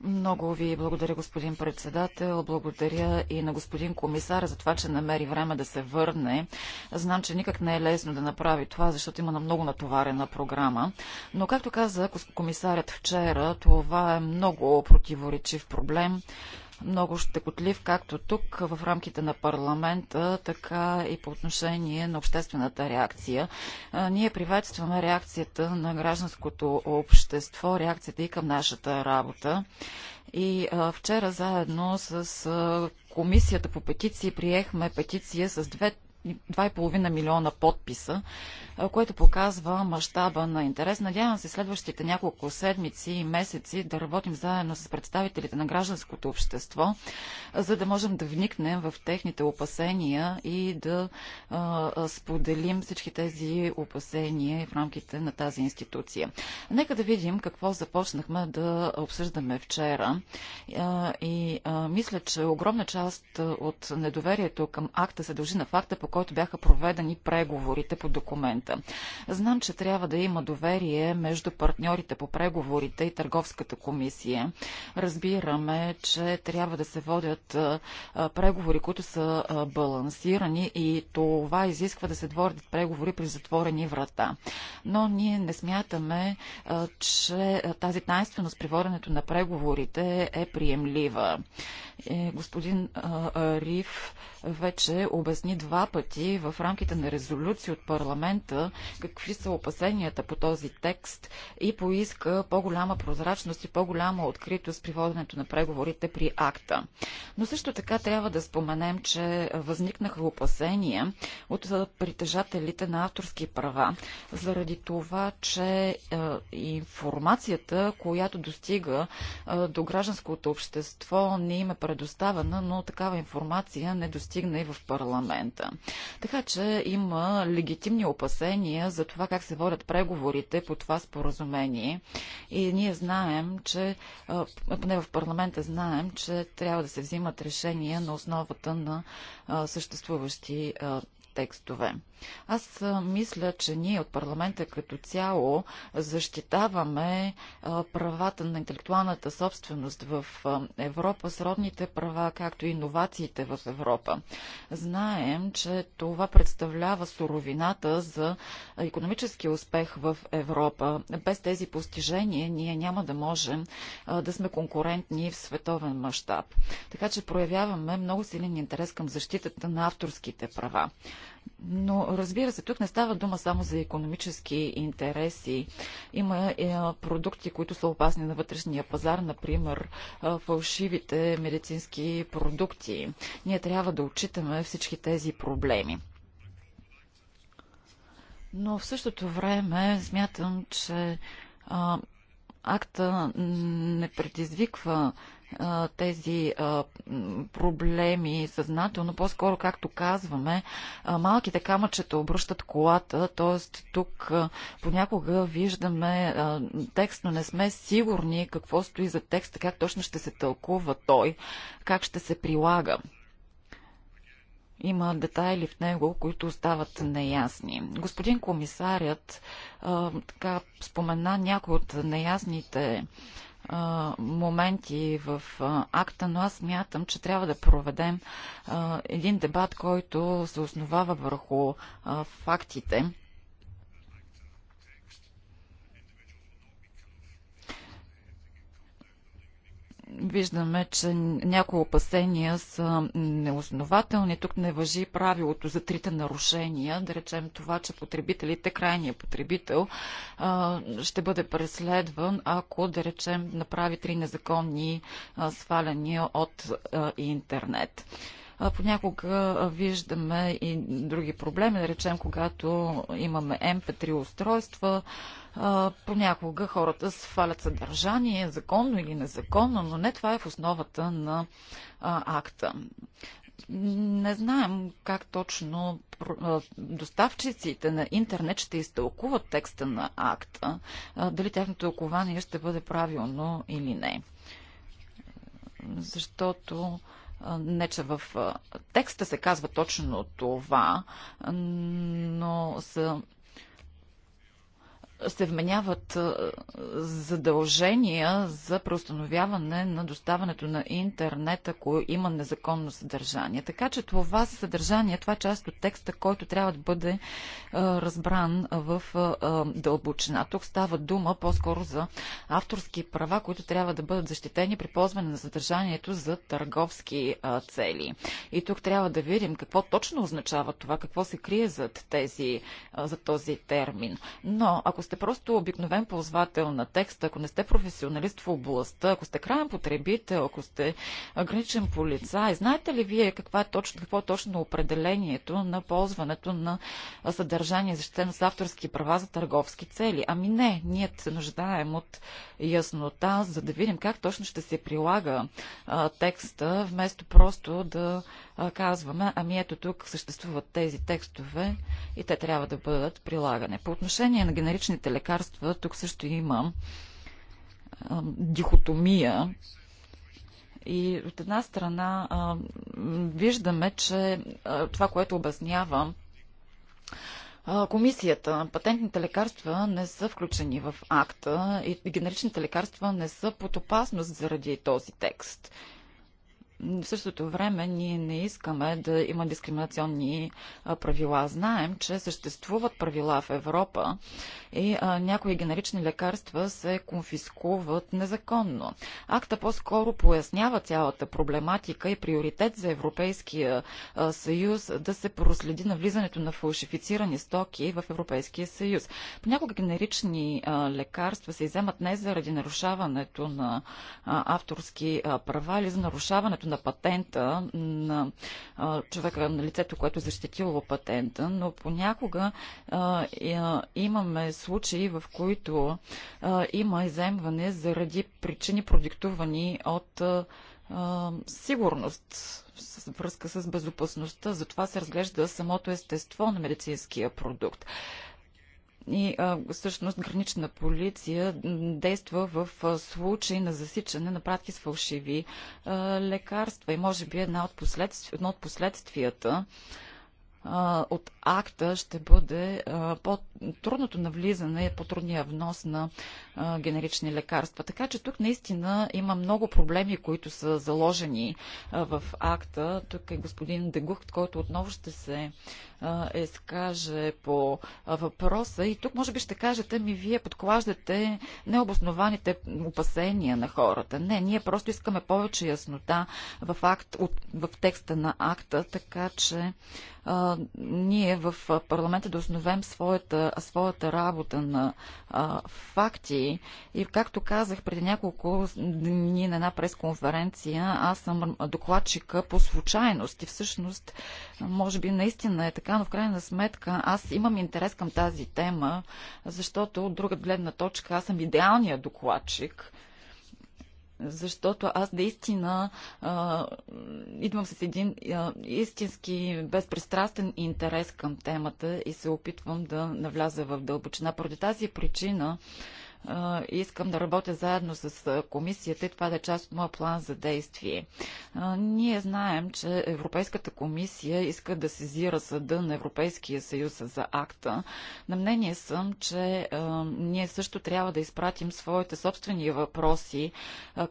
Много ви благодаря, господин председател. Благодаря и на господин комисар за това, че намери време да се върне. Знам, че никак не е лесно да направи това, защото има на много натоварена програма. Но, както каза комисарят вчера, това е много противоречив проблем много щекотлив, както тук в рамките на парламента, така и по отношение на обществената реакция. Ние приветстваме реакцията на гражданското общество, реакцията и към нашата работа. И а, вчера заедно с а, Комисията по петиции приехме петиция с 2,5 милиона подписа, което показва мащаба на интерес. Надявам се следващите няколко седмици и месеци да работим заедно с представителите на гражданското общество, за да можем да вникнем в техните опасения и да а, споделим всички тези опасения в рамките на тази институция. Нека да видим какво започнахме да обсъждаме вчера. А, и а, мисля, че огромна част от недоверието към акта се дължи на факта, по който бяха проведени преговорите по документа комисията. Знам, че трябва да има доверие между партньорите по преговорите и търговската комисия. Разбираме, че трябва да се водят преговори, които са балансирани и това изисква да се водят преговори при затворени врата. Но ние не смятаме, че тази тайнственост при воденето на преговорите е приемлива. И е, господин Риф вече обясни два пъти в рамките на резолюции от парламента какви са опасенията по този текст и поиска по-голяма прозрачност и по-голяма откритост при воденето на преговорите при акта. Но също така трябва да споменем, че възникнаха опасения от притежателите на авторски права заради това, че информацията, която достига до гражданското общество, не има предоставена, но такава информация не достигна и в парламента. Така че има легитимни опасения за това как се водят преговорите по това споразумение. И ние знаем, че, поне в парламента знаем, че трябва да се взимат решения на основата на съществуващи текстове. Аз мисля, че ние от парламента като цяло защитаваме правата на интелектуалната собственост в Европа, сродните права, както и иновациите в Европа. Знаем, че това представлява суровината за економически успех в Европа. Без тези постижения ние няма да можем да сме конкурентни в световен мащаб. Така че проявяваме много силен интерес към защитата на авторските права. Но разбира се, тук не става дума само за економически интереси. Има е, продукти, които са опасни на вътрешния пазар, например е, фалшивите медицински продукти. Ние трябва да отчитаме всички тези проблеми. Но в същото време смятам, че е, акта не предизвиква а, тези а, проблеми съзнателно, по-скоро, както казваме, а, малките камъчета обръщат колата, т.е. тук а, понякога виждаме а, текст, но не сме сигурни какво стои за текста, как точно ще се тълкува той, как ще се прилага. Има детайли в него, които остават неясни. Господин комисарят а, така спомена някои от неясните моменти в а, акта, но аз мятам, че трябва да проведем а, един дебат, който се основава върху а, фактите Виждаме, че някои опасения са неоснователни. Тук не въжи правилото за трите нарушения. Да речем това, че потребителите, крайният потребител ще бъде преследван, ако, да речем, направи три незаконни сваляния от интернет. Понякога виждаме и други проблеми, да речем, когато имаме MP3 устройства, понякога хората свалят съдържание, законно или незаконно, но не това е в основата на акта не знаем как точно доставчиците на интернет ще изтълкуват текста на акта, дали тяхното тълкование ще бъде правилно или не. Защото не, че в текста се казва точно това, но са се вменяват задължения за преустановяване на доставането на интернет, ако има незаконно съдържание. Така че това съдържание, това е част от текста, който трябва да бъде разбран в дълбочина. Тук става дума по-скоро за авторски права, които трябва да бъдат защитени при ползване на съдържанието за търговски цели. И тук трябва да видим какво точно означава това, какво се крие зад, тези, този термин. Но ако сте просто обикновен ползвател на текста, ако не сте професионалист в областта, ако сте крайен потребител, ако сте граничен полицай, знаете ли вие каква е точно, какво е точно определението на ползването на съдържание, защитено с авторски права за търговски цели? Ами не, ние се нуждаем от яснота, за да видим как точно ще се прилага а, текста, вместо просто да казваме, ами ето тук съществуват тези текстове и те трябва да бъдат прилагане. По отношение на генеричните лекарства, тук също има дихотомия. И от една страна виждаме, че това, което обяснява Комисията, патентните лекарства не са включени в акта и генеричните лекарства не са под опасност заради този текст в същото време ние не искаме да има дискриминационни правила. Знаем, че съществуват правила в Европа и някои генерични лекарства се конфискуват незаконно. Акта по-скоро пояснява цялата проблематика и приоритет за Европейския съюз да се проследи на влизането на фалшифицирани стоки в Европейския съюз. Понякога генерични лекарства се иземат не заради нарушаването на авторски права или за нарушаването на патента на човека, на лицето, което е защитило патента, но понякога имаме случаи, в които има иземване заради причини, продиктувани от сигурност с връзка с безопасността. Затова се разглежда самото естество на медицинския продукт. И а, всъщност гранична полиция действа в а, случай на засичане на пратки с фалшиви а, лекарства. И може би една от последств... едно от последствията от акта ще бъде по-трудното навлизане, е по-трудния внос на генерични лекарства. Така че тук наистина има много проблеми, които са заложени в акта. Тук е господин Дегухт, който отново ще се изкаже по въпроса. И тук може би ще кажете ми, вие подклаждате необоснованите опасения на хората. Не, ние просто искаме повече яснота в, акт, в текста на акта, така че ние в парламента да основем своята, своята работа на а, факти. И както казах преди няколко дни на една пресконференция, аз съм докладчика по случайност и всъщност, може би наистина е така, но в крайна сметка аз имам интерес към тази тема, защото от друга гледна точка аз съм идеалният докладчик защото аз наистина а, идвам с един а, истински безпристрастен интерес към темата и се опитвам да навляза в дълбочина. Поради тази причина искам да работя заедно с комисията и това да е част от моя план за действие. Ние знаем, че Европейската комисия иска да сезира съда на Европейския съюз за акта. На мнение съм, че ние също трябва да изпратим своите собствени въпроси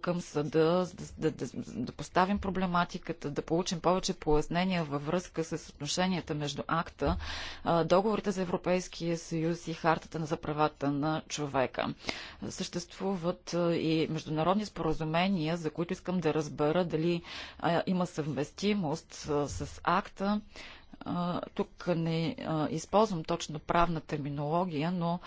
към съда, да, да, да поставим проблематиката, да получим повече пояснения във връзка с отношенията между акта, договорите за Европейския съюз и хартата за правата на човека. Съществуват и международни споразумения, за които искам да разбера дали има съвместимост с акта. Тук не използвам точно правна терминология, но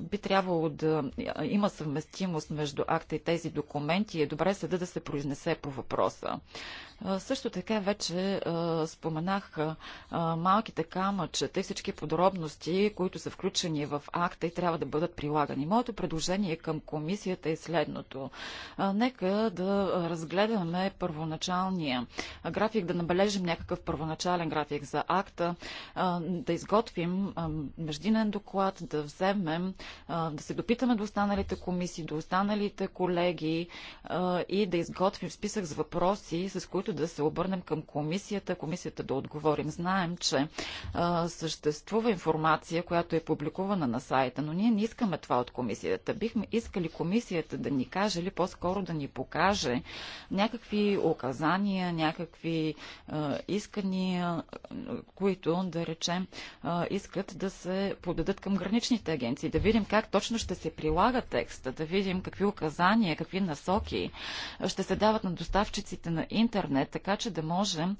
би трябвало да има съвместимост между акта и тези документи и е добре съда да се произнесе по въпроса. Също така вече споменах малките камъчета и всички подробности, които са включени в акта и трябва да бъдат прилагани. Моето предложение към комисията е следното. Нека да разгледаме първоначалния график, да набележим някакъв първоначален график за акта, да изготвим междинен доклад, да вземем можем да се допитаме до останалите комисии, до останалите колеги и да изготвим списък с въпроси, с които да се обърнем към комисията, комисията да отговорим. Знаем, че съществува информация, която е публикувана на сайта, но ние не искаме това от комисията. Бихме искали комисията да ни каже или по-скоро да ни покаже някакви указания, някакви искания, които, да речем, искат да се подадат към граничните агенции да видим как точно ще се прилага текста, да видим какви указания, какви насоки ще се дават на доставчиците на интернет, така че да можем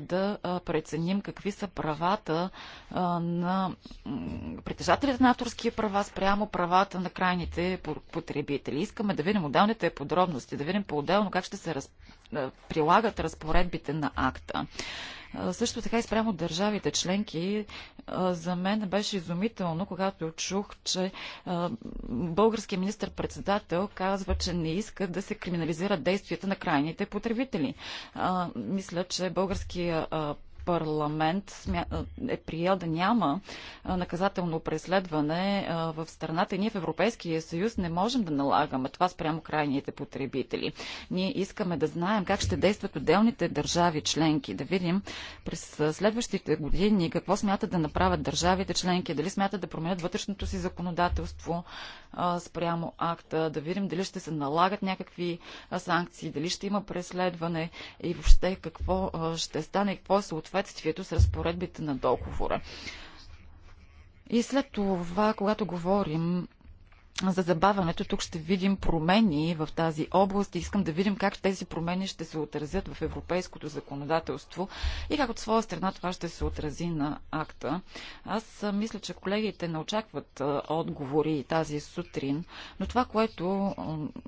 да преценим какви са правата на притежателите на авторски права спрямо правата на крайните потребители. Искаме да видим отделните подробности, да видим по-отделно как ще се раз... прилагат разпоредбите на акта. Също така и спрямо държавите членки, за мен беше изумително, когато чух, че българският министр-председател казва, че не иска да се криминализират действията на крайните потребители. Мисля, че българският парламент е приел да няма наказателно преследване в страната и ние в Европейския съюз не можем да налагаме това спрямо крайните потребители. Ние искаме да знаем как ще действат отделните държави членки, да видим през следващите години какво смятат да направят държавите членки, дали смятат да променят вътрешното си законодателство спрямо акта, да видим дали ще се налагат някакви санкции, дали ще има преследване и въобще какво ще стане и какво е съответно съответствието с разпоредбите на договора. И след това, когато говорим за забавянето. Тук ще видим промени в тази област и искам да видим как тези промени ще се отразят в европейското законодателство и как от своя страна това ще се отрази на акта. Аз мисля, че колегите не очакват отговори тази сутрин, но това, което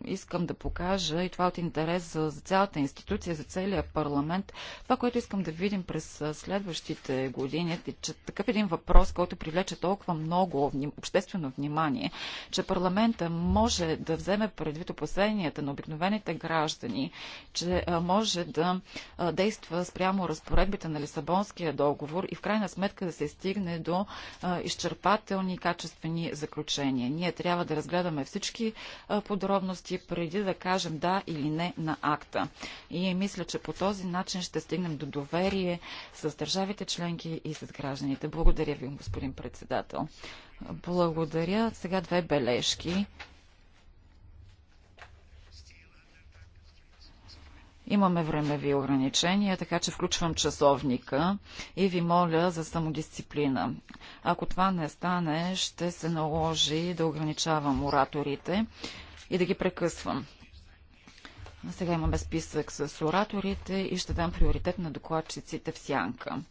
искам да покажа и това е от интерес за, цялата институция, за целия парламент, това, което искам да видим през следващите години, е, че такъв един въпрос, който привлече толкова много обществено внимание, че парламента може да вземе предвид опасенията на обикновените граждани, че може да действа спрямо разпоредбите на Лисабонския договор и в крайна сметка да се стигне до изчерпателни и качествени заключения. Ние трябва да разгледаме всички подробности преди да кажем да или не на акта. И мисля, че по този начин ще стигнем до доверие с държавите членки и с гражданите. Благодаря ви, господин председател. Благодаря. Сега две бележки. Имаме времеви ограничения, така че включвам часовника и ви моля за самодисциплина. Ако това не стане, ще се наложи да ограничавам ораторите и да ги прекъсвам. Сега имаме списък с ораторите и ще дам приоритет на докладчиците в сянка.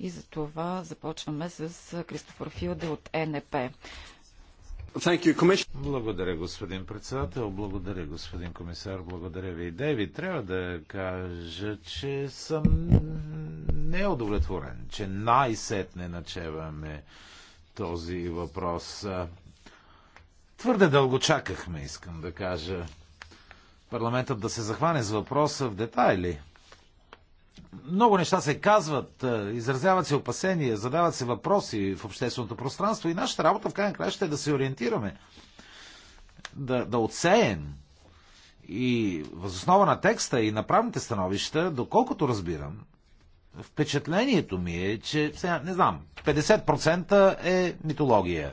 И за това започваме с Кристофор Филде от НП. You, благодаря, господин председател. Благодаря, господин комисар. Благодаря ви. Дейви, трябва да кажа, че съм неудовлетворен, че най-сетне начеваме този въпрос. Твърде дълго чакахме, искам да кажа. Парламентът да се захване с въпроса в детайли много неща се казват, е, изразяват се опасения, задават се въпроси в общественото пространство и нашата работа в крайна края ще е да се ориентираме, да, да отсеем и възоснова на текста и на правните становища, доколкото разбирам, впечатлението ми е, че, сега, не знам, 50% е митология.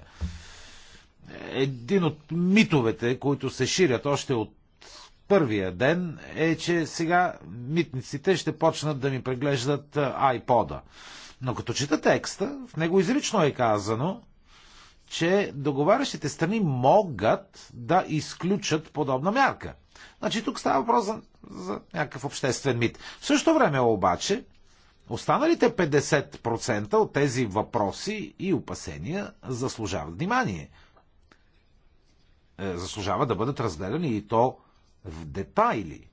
Един от митовете, които се ширят още от първия ден е, че сега митниците ще почнат да ми преглеждат айпода. Но като чета текста, в него изрично е казано, че договарящите страни могат да изключат подобна мярка. Значи тук става въпрос за, за някакъв обществен мит. В същото време обаче, останалите 50% от тези въпроси и опасения заслужават внимание. Е, заслужава да бъдат разгледани и то в детайли.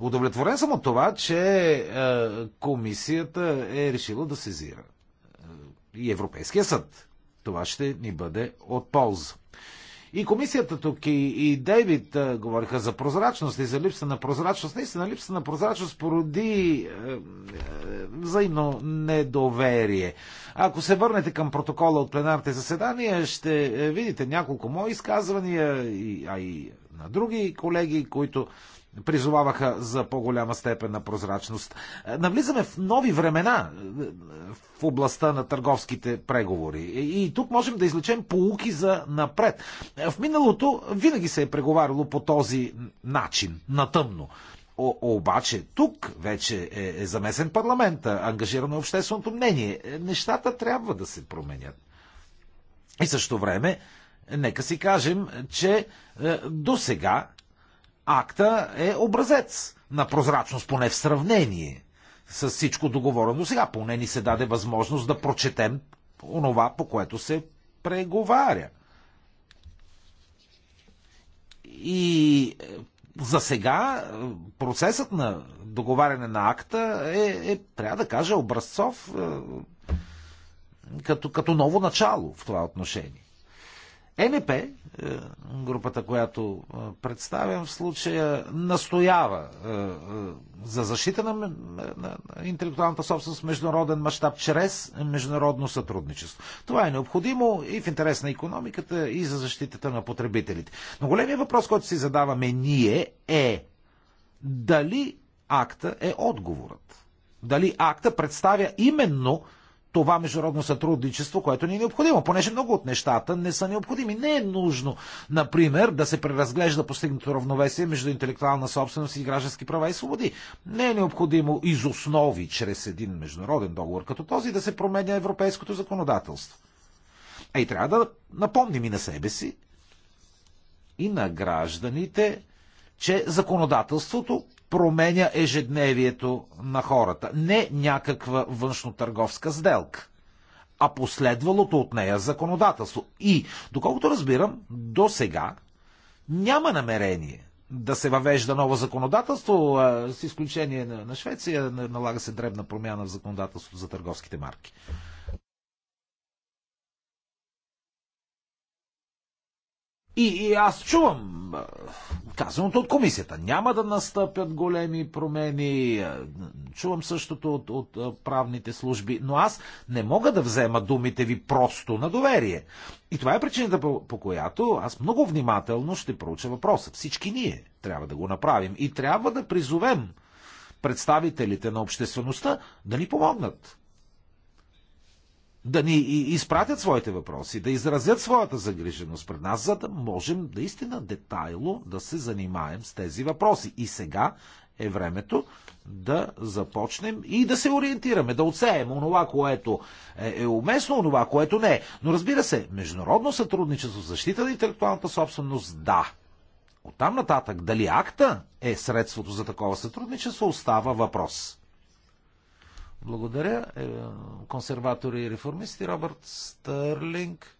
Удовлетворен съм от това, че е, комисията е решила да сезира е, и Европейския съд. Това ще ни бъде от полза. И комисията тук и, и Дейвид е, говориха за прозрачност и за липса на прозрачност. Наистина липса на прозрачност породи е, е, взаимно недоверие. Ако се върнете към протокола от пленарните заседания, ще е, видите няколко мои изказвания, а и на други колеги, които призоваваха за по-голяма степен на прозрачност. Е, навлизаме в нови времена е, в областта на търговските преговори. И тук можем да излечем полуки за напред. Е, в миналото винаги се е преговаряло по този начин, натъмно. О, обаче тук вече е, е замесен парламента, ангажирано общественото мнение. Нещата трябва да се променят. И също време нека си кажем, че е, до сега акта е образец на прозрачност, поне в сравнение с всичко договорено сега. Поне ни се даде възможност да прочетем онова, по което се преговаря. И е, за сега е, процесът на договаряне на акта е, е трябва да кажа, образцов е, като, като ново начало в това отношение. Е НП, е, групата, която е, представям в случая, настоява за защита на, интелектуалната собственост в международен мащаб чрез международно сътрудничество. Това е необходимо и в интерес на економиката, и за защитата на потребителите. Но големия въпрос, който си задаваме ние е дали акта е отговорът. Дали акта представя именно това международно сътрудничество, което ни е необходимо, понеже много от нещата не са необходими. Не е нужно, например, да се преразглежда постигнато равновесие между интелектуална собственост и граждански права и свободи. Не е необходимо из основи, чрез един международен договор като този, да се променя европейското законодателство. А и трябва да напомним и на себе си, и на гражданите, че законодателството променя ежедневието на хората. Не някаква външно-търговска сделка, а последвалото от нея законодателство. И, доколкото разбирам, до сега няма намерение да се въвежда ново законодателство, с изключение на, Швеция, налага се дребна промяна в законодателството за търговските марки. И, и аз чувам казаното от комисията. Няма да настъпят големи промени. Чувам същото от, от правните служби. Но аз не мога да взема думите ви просто на доверие. И това е причината, по, по която аз много внимателно ще проуча въпроса. Всички ние трябва да го направим. И трябва да призовем представителите на обществеността да ни помогнат да ни изпратят своите въпроси, да изразят своята загриженост пред нас, за да можем наистина детайло да се занимаем с тези въпроси. И сега е времето да започнем и да се ориентираме, да отсеем онова, което е, е уместно, онова, което не е. Но разбира се, международно сътрудничество, защита на интелектуалната собственост, да. Оттам нататък, дали акта е средството за такова сътрудничество, остава въпрос. Благодаря. Е, консерватори и реформисти Робърт Стърлинг.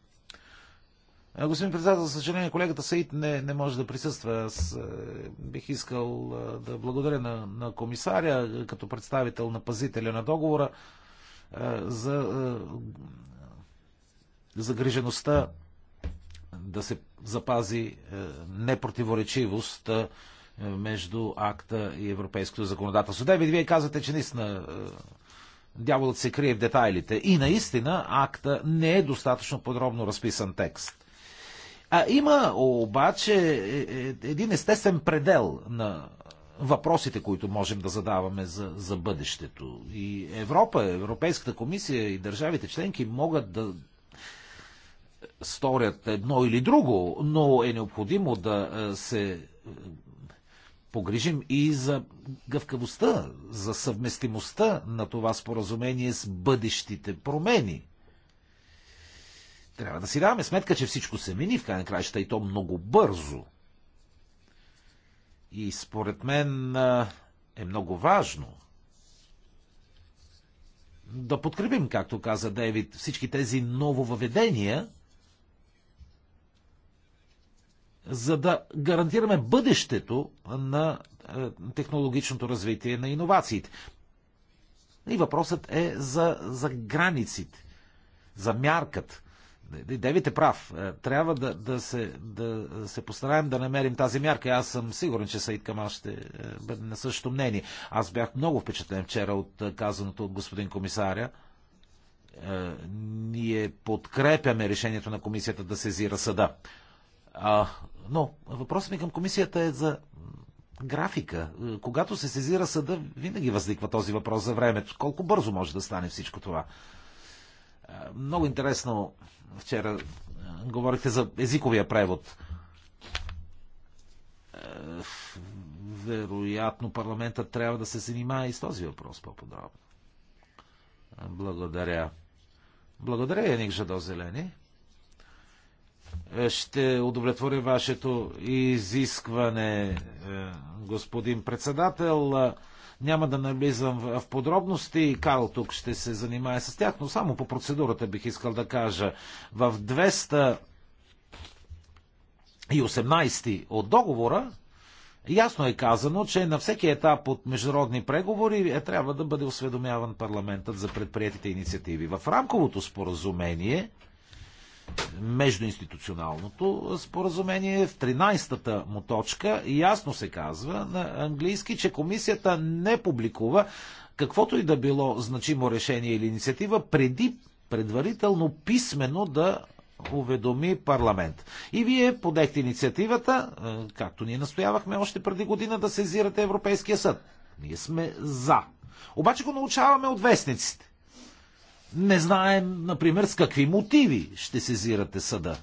Е, господин председател, за съжаление, колегата Саид не, не може да присъства. Аз е, бих искал да благодаря на, на комисаря, като представител на пазителя на договора, за загрижеността да се запази непротиворечивост между акта и европейското законодателство. Дай вие казвате, че наистина Дяволът се крие в детайлите. И наистина акта не е достатъчно подробно разписан текст. А има обаче е, е, един естествен предел на въпросите, които можем да задаваме за, за бъдещето. И Европа, Европейската комисия и държавите членки могат да сторят едно или друго, но е необходимо да е, се погрижим и за гъвкавостта, за съвместимостта на това споразумение с бъдещите промени. Трябва да си даваме сметка, че всичко се мини в крайна краища и то много бързо. И според мен е много важно да подкрепим, както каза Дейвид, всички тези нововъведения – за да гарантираме бъдещето на е, технологичното развитие на иновациите. И въпросът е за, за границите, за мярката. Девите прав. Е, трябва да, да, се, да се постараем да намерим тази мярка. Аз съм сигурен, че Саид Камал ще е, бъде на същото мнение. Аз бях много впечатлен вчера от казаното от господин комисаря. Ние подкрепяме решението на комисията да сезира съда. А, но въпросът ми към комисията е за графика. Когато се сезира съда, винаги възниква този въпрос за времето. Колко бързо може да стане всичко това? Много интересно вчера говорихте за езиковия превод. Вероятно парламентът трябва да се занимава и с този въпрос по-подробно. Благодаря. Благодаря, Яник Жадо Зелени ще удовлетворя вашето изискване, е, господин председател. Няма да навлизам в подробности. Карл тук ще се занимае с тях, но само по процедурата бих искал да кажа. В 218 от договора ясно е казано, че на всеки етап от международни преговори е, трябва да бъде осведомяван парламентът за предприятите инициативи. В рамковото споразумение междуинституционалното споразумение, в 13-та му точка ясно се казва на английски, че комисията не публикува каквото и да било значимо решение или инициатива преди предварително писменно да уведоми парламент. И вие подехте инициативата, е, както ние настоявахме още преди година да сезирате Европейския съд. Ние сме за. Обаче го научаваме от вестниците. Не знаем, например, с какви мотиви ще сезирате съда.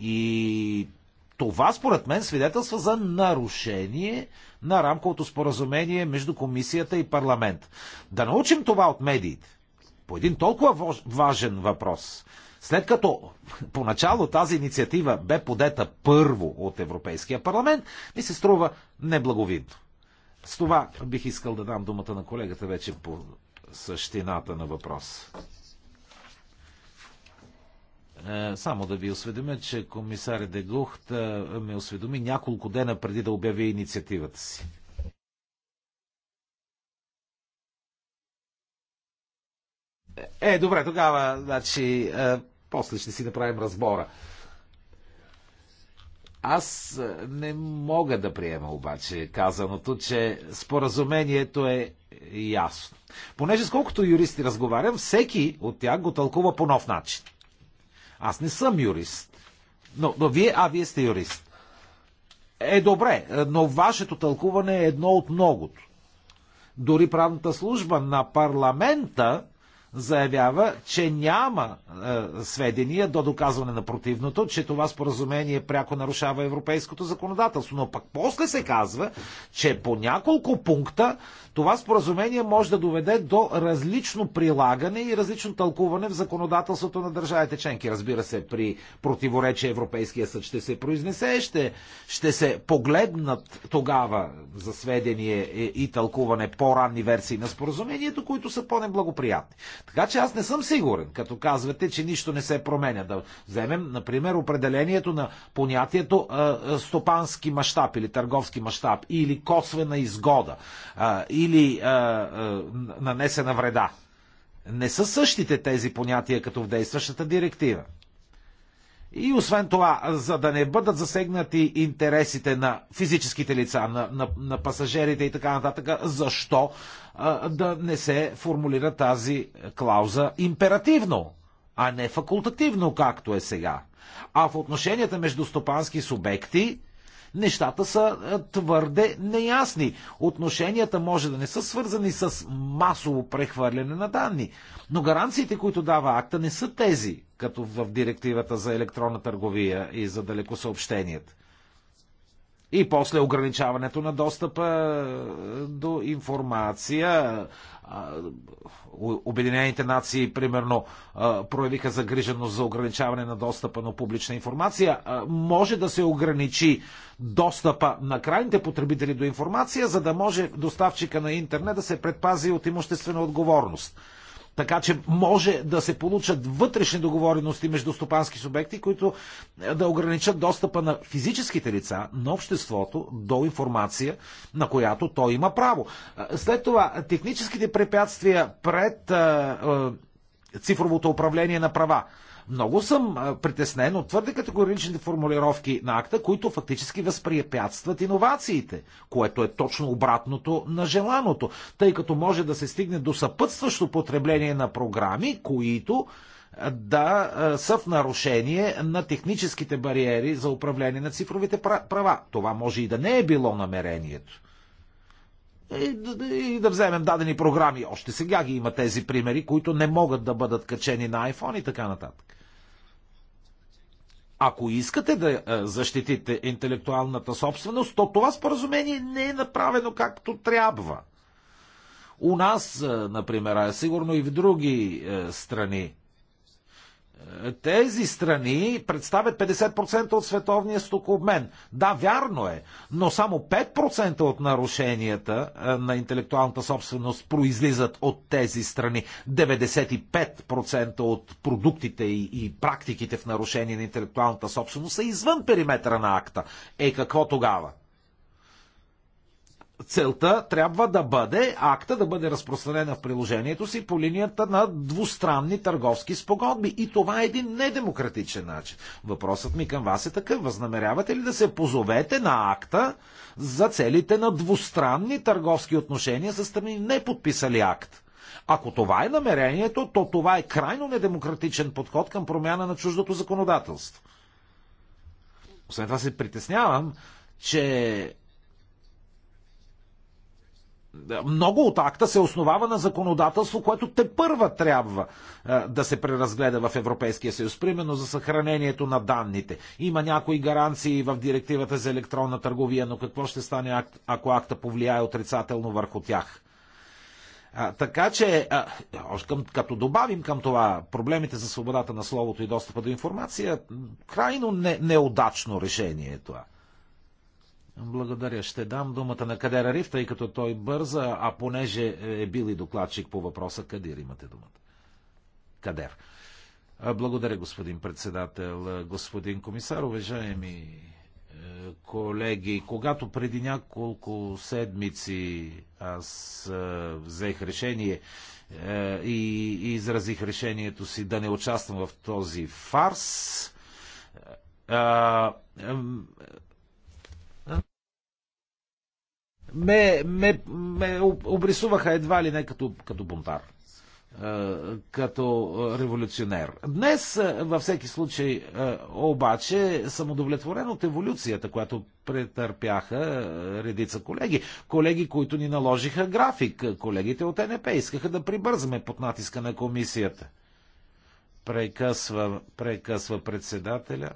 И това, според мен, свидетелства за нарушение на рамковото споразумение между комисията и парламент. Да научим това от медиите. По един толкова важен въпрос. След като поначало тази инициатива бе подета първо от Европейския парламент, ми се струва неблаговидно. С това бих искал да дам думата на колегата вече по същината на въпрос. Е, само да ви осведомя, че комисар Дегухт е, ме осведоми няколко дена преди да обяви инициативата си. Е, добре, тогава, значи, е, после ще си направим разбора. Аз е, не мога да приема обаче казаното, че споразумението е ясно. Понеже с колкото юристи разговарям, всеки от тях го тълкува по нов начин. Аз не съм юрист. Но, но вие, а вие сте юрист. Е, добре, е, но вашето тълкуване е едно от многото. Дори правната служба на парламента заявява, че няма е, сведения до доказване на противното, че това споразумение пряко нарушава европейското законодателство. Но пък после се казва, че по няколко пункта това споразумение може да доведе до различно прилагане и различно тълкуване в законодателството на държавите членки. Разбира се, при противоречие Европейския съд ще се произнесе, ще, ще се погледнат тогава за сведение и тълкуване по-ранни версии на споразумението, които са по-неблагоприятни. Така че аз не съм сигурен, като казвате, че нищо не се променя. Да вземем, например, определението на понятието стопански мащаб или търговски мащаб или косвена изгода или а, а, нанесена вреда. Не са същите тези понятия като в действащата директива. И освен това, за да не бъдат засегнати интересите на физическите лица, на, на, на пасажирите и така нататък, защо а, да не се формулира тази клауза императивно, а не факултативно, както е сега. А в отношенията между стопански субекти нещата са е, твърде неясни. Отношенията може да не са свързани с масово прехвърляне на данни, но гаранциите, които дава акта, не са тези, като в директивата за електронна търговия и за далекосъобщенията. И после ограничаването на достъпа е, до информация, Обединените нации, примерно, проявиха загриженост за ограничаване на достъпа на публична информация. Може да се ограничи достъпа на крайните потребители до информация, за да може доставчика на интернет да се предпази от имуществена отговорност. Така че може да се получат вътрешни договорености между стопански субекти, които е, да ограничат достъпа на физическите лица, на обществото, до информация, на която той има право. Е, след това, техническите препятствия пред е, цифровото управление на права. Много съм притеснен от твърде категоричните формулировки на акта, които фактически възпрепятстват иновациите, което е точно обратното на желаното, тъй като може да се стигне до съпътстващо потребление на програми, които да са в нарушение на техническите бариери за управление на цифровите права. Това може и да не е било намерението. И да, и да вземем дадени програми. Още сега ги има тези примери, които не могат да бъдат качени на iPhone и така нататък. Ако искате да е, защитите интелектуалната собственост, то това споразумение не е направено както трябва. У нас, е, например, а е сигурно и в други страни тези страни представят 50% от световния стокобмен. Да, вярно е, но само 5% от нарушенията на интелектуалната собственост произлизат от тези страни. 95% от продуктите и, и практиките в нарушение на интелектуалната собственост са извън периметра на акта. Е какво тогава? целта трябва да бъде акта да бъде разпространена в приложението си по линията на двустранни търговски спогодби. И това е един недемократичен начин. Въпросът ми към вас е такъв. Възнамерявате ли да се позовете на акта за целите на двустранни търговски отношения с страни не подписали акт? Ако това е намерението, то това е крайно недемократичен подход към промяна на чуждото законодателство. Освен това се притеснявам, че е, много от акта се основава на законодателство, което те първа трябва е, да се преразгледа в Европейския съюз, примерно за съхранението на данните. Има някои гаранции в директивата за електронна търговия, но какво ще стане, ако акта повлияе отрицателно върху тях? А, така че, а, към, като добавим към това проблемите за свободата на словото и достъпа до информация, крайно не, неудачно решение е това. Благодаря. Ще дам думата на Кадер Ариф, тъй като той бърза, а понеже е бил и докладчик по въпроса, Кадир имате думата. Кадер. Благодаря, господин председател, господин комисар, уважаеми колеги. Когато преди няколко седмици аз взех решение и изразих решението си да не участвам в този фарс, ме, ме, ме обрисуваха едва ли не като, като бунтар, като революционер. Днес, във всеки случай, обаче, съм удовлетворен от еволюцията, която претърпяха редица колеги. Колеги, които ни наложиха график. Колегите от НП искаха да прибързаме под натиска на комисията. Прекъсва, прекъсва председателя.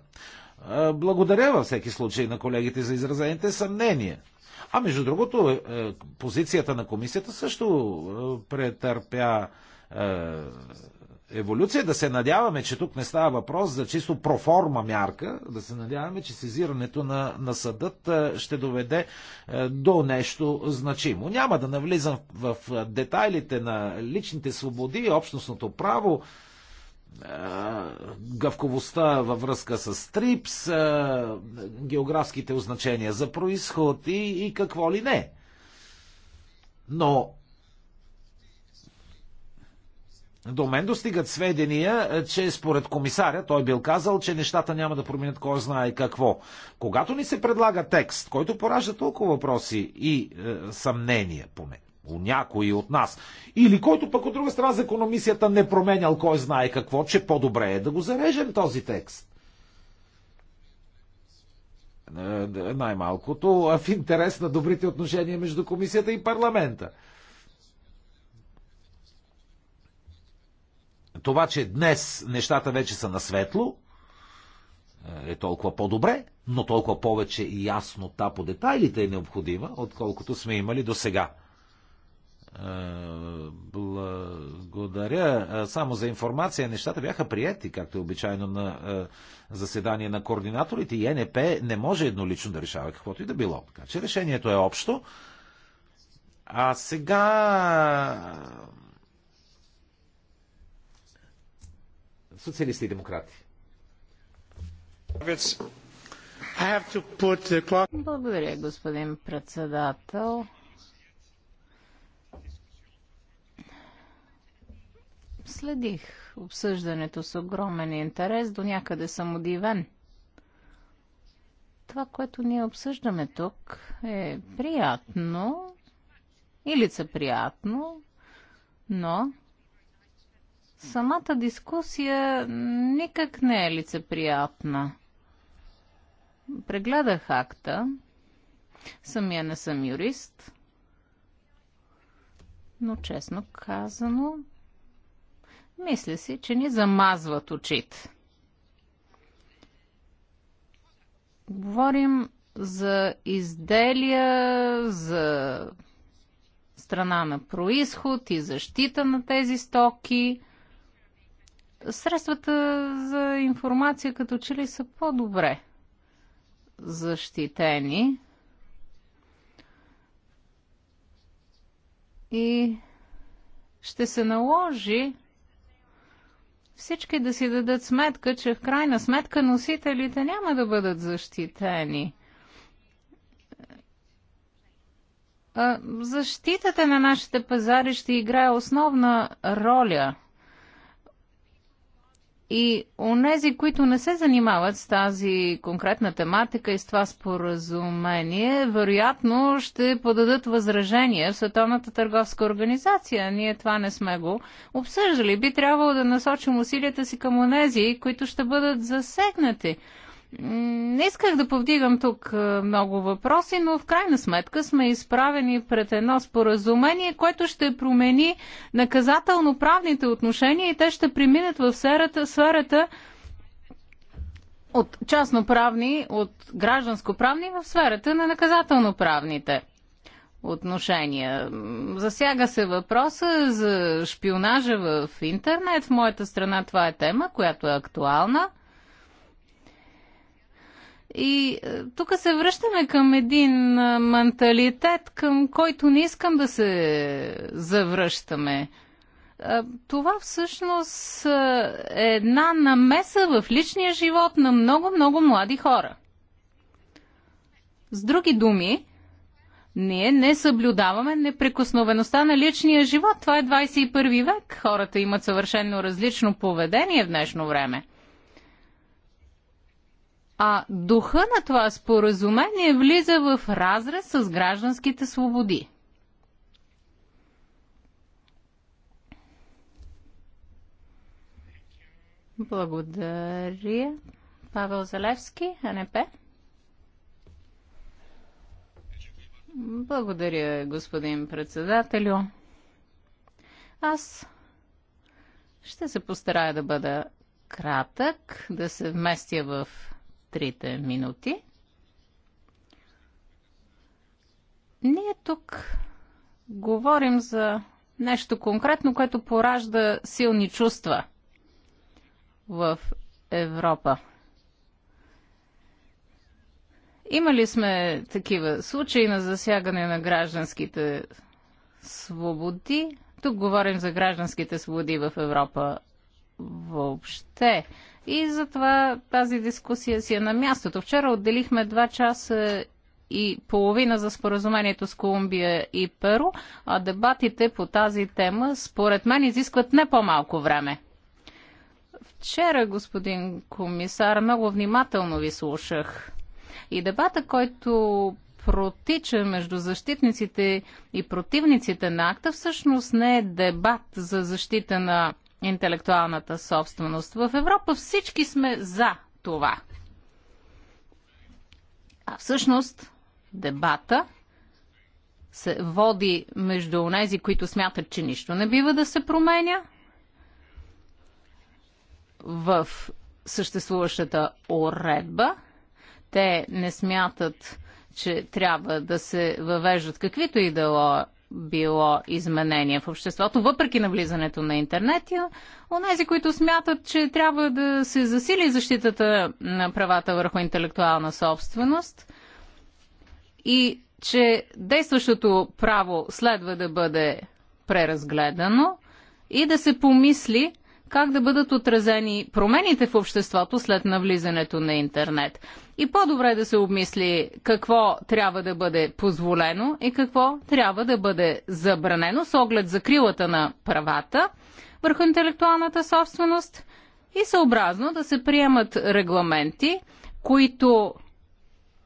Благодаря във всеки случай на колегите за изразените съмнения. А между другото, е, позицията на комисията също е, претърпя е, еволюция. Да се надяваме, че тук не става въпрос за чисто проформа мярка, да се надяваме, че сезирането на, на съдът ще доведе до нещо значимо. Няма да навлизам в детайлите на личните свободи, общностното право, е, гъвковостта във връзка с ТРИПС, е, географските означения за происход и, и какво ли не. Но до мен достигат сведения, е, че според комисаря, той бил казал, че нещата няма да променят кой знае какво. Когато ни се предлага текст, който поражда толкова въпроси и е, съмнения поне, у някои от нас. Или който пък от друга страна за економисията не променял кой знае какво, че по-добре е да го зарежем този текст. Е, е, най-малкото е в интерес на добрите отношения между комисията и парламента. Това, че днес нещата вече са на светло, е толкова по-добре, но толкова повече и яснота по детайлите е необходима, отколкото сме имали до сега. Е, благодаря. Е, само за информация, нещата бяха прияти, както е обичайно на е, заседание на координаторите и ЕНП не може еднолично да решава каквото и да било. Така че решението е общо. А сега... Социалисти и демократи. Благодаря, господин председател. Следих обсъждането с огромен интерес, до някъде съм удивен. Това, което ние обсъждаме тук, е приятно и лицеприятно, но самата дискусия никак не е лицеприятна. Прегледах акта, самия не съм юрист, но честно казано, мисля си, че ни замазват очите. Говорим за изделия, за страна на происход и защита на тези стоки. Средствата за информация като че ли са по-добре защитени. И ще се наложи всички да си дадат сметка, че в крайна сметка носителите няма да бъдат защитени. Защитата на нашите пазари ще играе основна роля и онези, които не се занимават с тази конкретна тематика и с това споразумение, вероятно ще подадат възражение в Световната търговска организация. Ние това не сме го обсъждали. Би трябвало да насочим усилията си към онези, които ще бъдат засегнати не исках да повдигам тук е, много въпроси, но в крайна сметка сме изправени пред едно споразумение, което ще промени наказателно-правните отношения и те ще преминат в сферата, сферата от частноправни, от гражданско-правни в сферата на наказателно-правните отношения. Засяга се въпроса за шпионажа в интернет. В моята страна това е тема, която е актуална – и е, тук се връщаме към един е, менталитет, към който не искам да се завръщаме. Е, това всъщност е една намеса в личния живот на много-много млади хора. С други думи, ние не съблюдаваме неприкосновеността на личния живот. Това е 21 век. Хората имат съвършено различно поведение в днешно време. А духа на това споразумение влиза в разрез с гражданските свободи. Благодаря. Павел Залевски, НП. Благодаря, господин председателю. Аз ще се постарая да бъда кратък, да се вместя в трите минути. Ние тук говорим за нещо конкретно, което поражда силни чувства в Европа. Имали сме такива случаи на засягане на гражданските свободи. Тук говорим за гражданските свободи в Европа въобще. И затова тази дискусия си е на мястото. Вчера отделихме 2 часа и половина за споразумението с Колумбия и Перу, а дебатите по тази тема според мен изискват не по-малко време. Вчера, господин комисар, много внимателно ви слушах. И дебата, който протича между защитниците и противниците на акта, всъщност не е дебат за защита на интелектуалната собственост. В Европа всички сме за това. А всъщност дебата се води между онези, които смятат, че нищо не бива да се променя в съществуващата уредба. Те не смятат, че трябва да се въвеждат каквито и да било изменение в обществото, въпреки навлизането на интернет и онези, които смятат, че трябва да се засили защитата на правата върху интелектуална собственост и че действащото право следва да бъде преразгледано и да се помисли как да бъдат отразени промените в обществото след навлизането на интернет. И по-добре да се обмисли какво трябва да бъде позволено и какво трябва да бъде забранено с оглед закрилата на правата върху интелектуалната собственост и съобразно да се приемат регламенти, които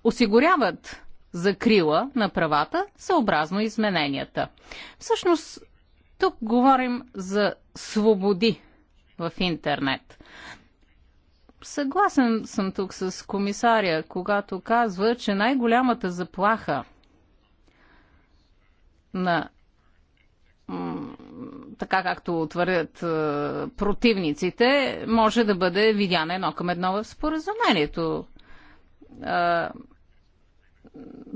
осигуряват закрила на правата съобразно измененията. Всъщност, тук говорим за свободи в интернет. Съгласен съм тук с комисаря, когато казва, че най-голямата заплаха на така както твърдят е, противниците, може да бъде видяна едно към едно в споразумението. Е,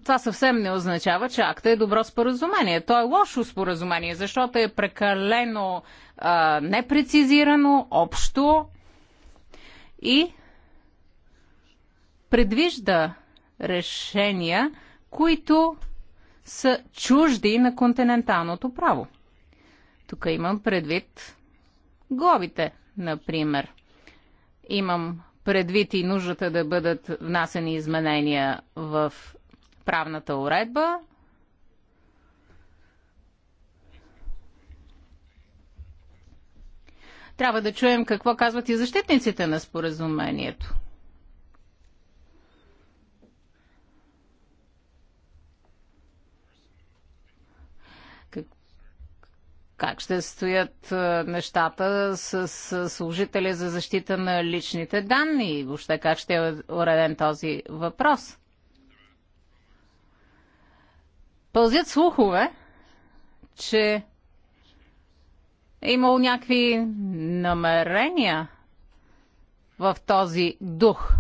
това съвсем не означава, че акта е добро споразумение. То е лошо споразумение, защото е прекалено а, непрецизирано, общо и предвижда решения, които са чужди на континенталното право. Тук имам предвид глобите, например. Имам предвид и нуждата да бъдат внасени изменения в правната уредба. Трябва да чуем какво казват и защитниците на споразумението. как ще стоят нещата с, служители за защита на личните данни и въобще как ще е уреден този въпрос пълзят слухове, че е имало някакви намерения в този дух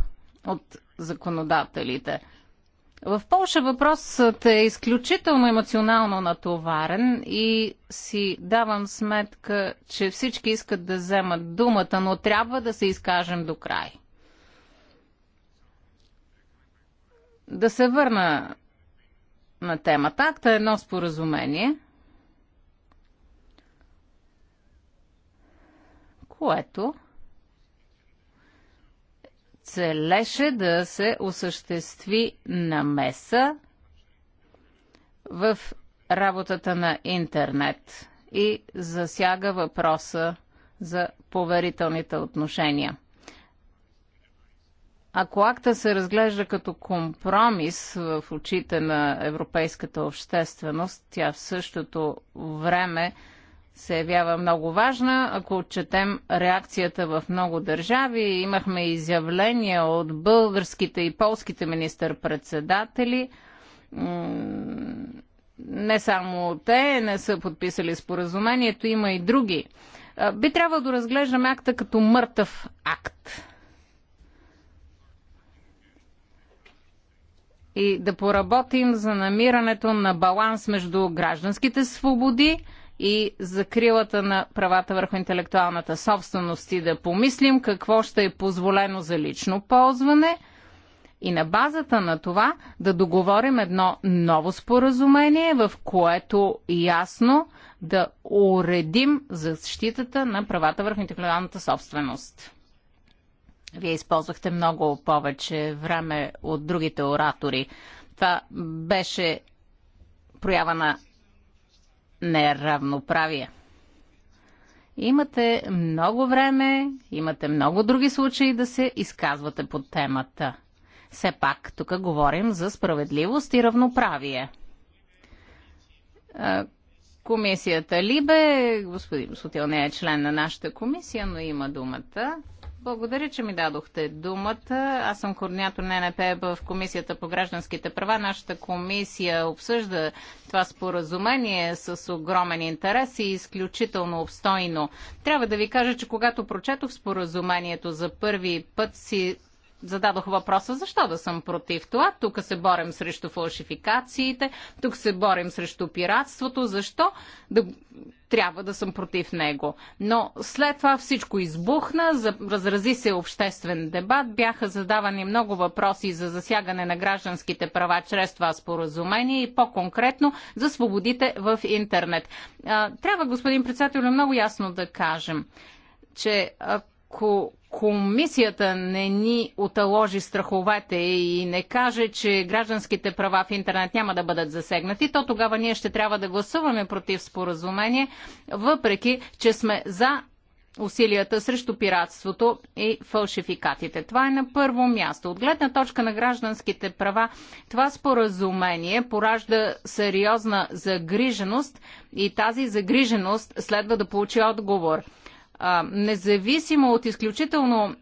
от законодателите. В Польша въпросът е изключително емоционално натоварен и си давам сметка, че всички искат да вземат думата, но трябва да се изкажем до край. Да се върна на темата. Акта е едно споразумение, което целеше да се осъществи намеса в работата на интернет и засяга въпроса за поверителните отношения – ако акта се разглежда като компромис в очите на европейската общественост, тя в същото време се явява много важна. Ако отчетем реакцията в много държави, имахме изявления от българските и полските министър-председатели. Не само те не са подписали споразумението, има и други. Би трябвало да разглеждаме акта като мъртъв акт и да поработим за намирането на баланс между гражданските свободи и закрилата на правата върху интелектуалната собственост и да помислим какво ще е позволено за лично ползване и на базата на това да договорим едно ново споразумение, в което ясно да уредим защитата на правата върху интелектуалната собственост. Вие използвахте много повече време от другите оратори. Това беше проява на неравноправие. Имате много време, имате много други случаи да се изказвате по темата. Все пак, тук говорим за справедливост и равноправие. Комисията Либе, господин Сотил не е член на нашата комисия, но има думата. Благодаря, че ми дадохте думата. Аз съм координатор на НП в Комисията по гражданските права. Нашата комисия обсъжда това споразумение с огромен интерес и изключително обстойно. Трябва да ви кажа, че когато прочетох споразумението за първи път си зададох въпроса защо да съм против това. Тук се борим срещу фалшификациите, тук се борим срещу пиратството. Защо да трябва да съм против него? Но след това всичко избухна, разрази се обществен дебат, бяха задавани много въпроси за засягане на гражданските права чрез това споразумение и по-конкретно за свободите в интернет. Трябва, господин председател, много ясно да кажем че ако комисията не ни оталожи страховете и не каже, че гражданските права в интернет няма да бъдат засегнати, то тогава ние ще трябва да гласуваме против споразумение, въпреки, че сме за усилията срещу пиратството и фалшификатите. Това е на първо място. От гледна точка на гражданските права, това споразумение поражда сериозна загриженост и тази загриженост следва да получи отговор – а, независимо от изключително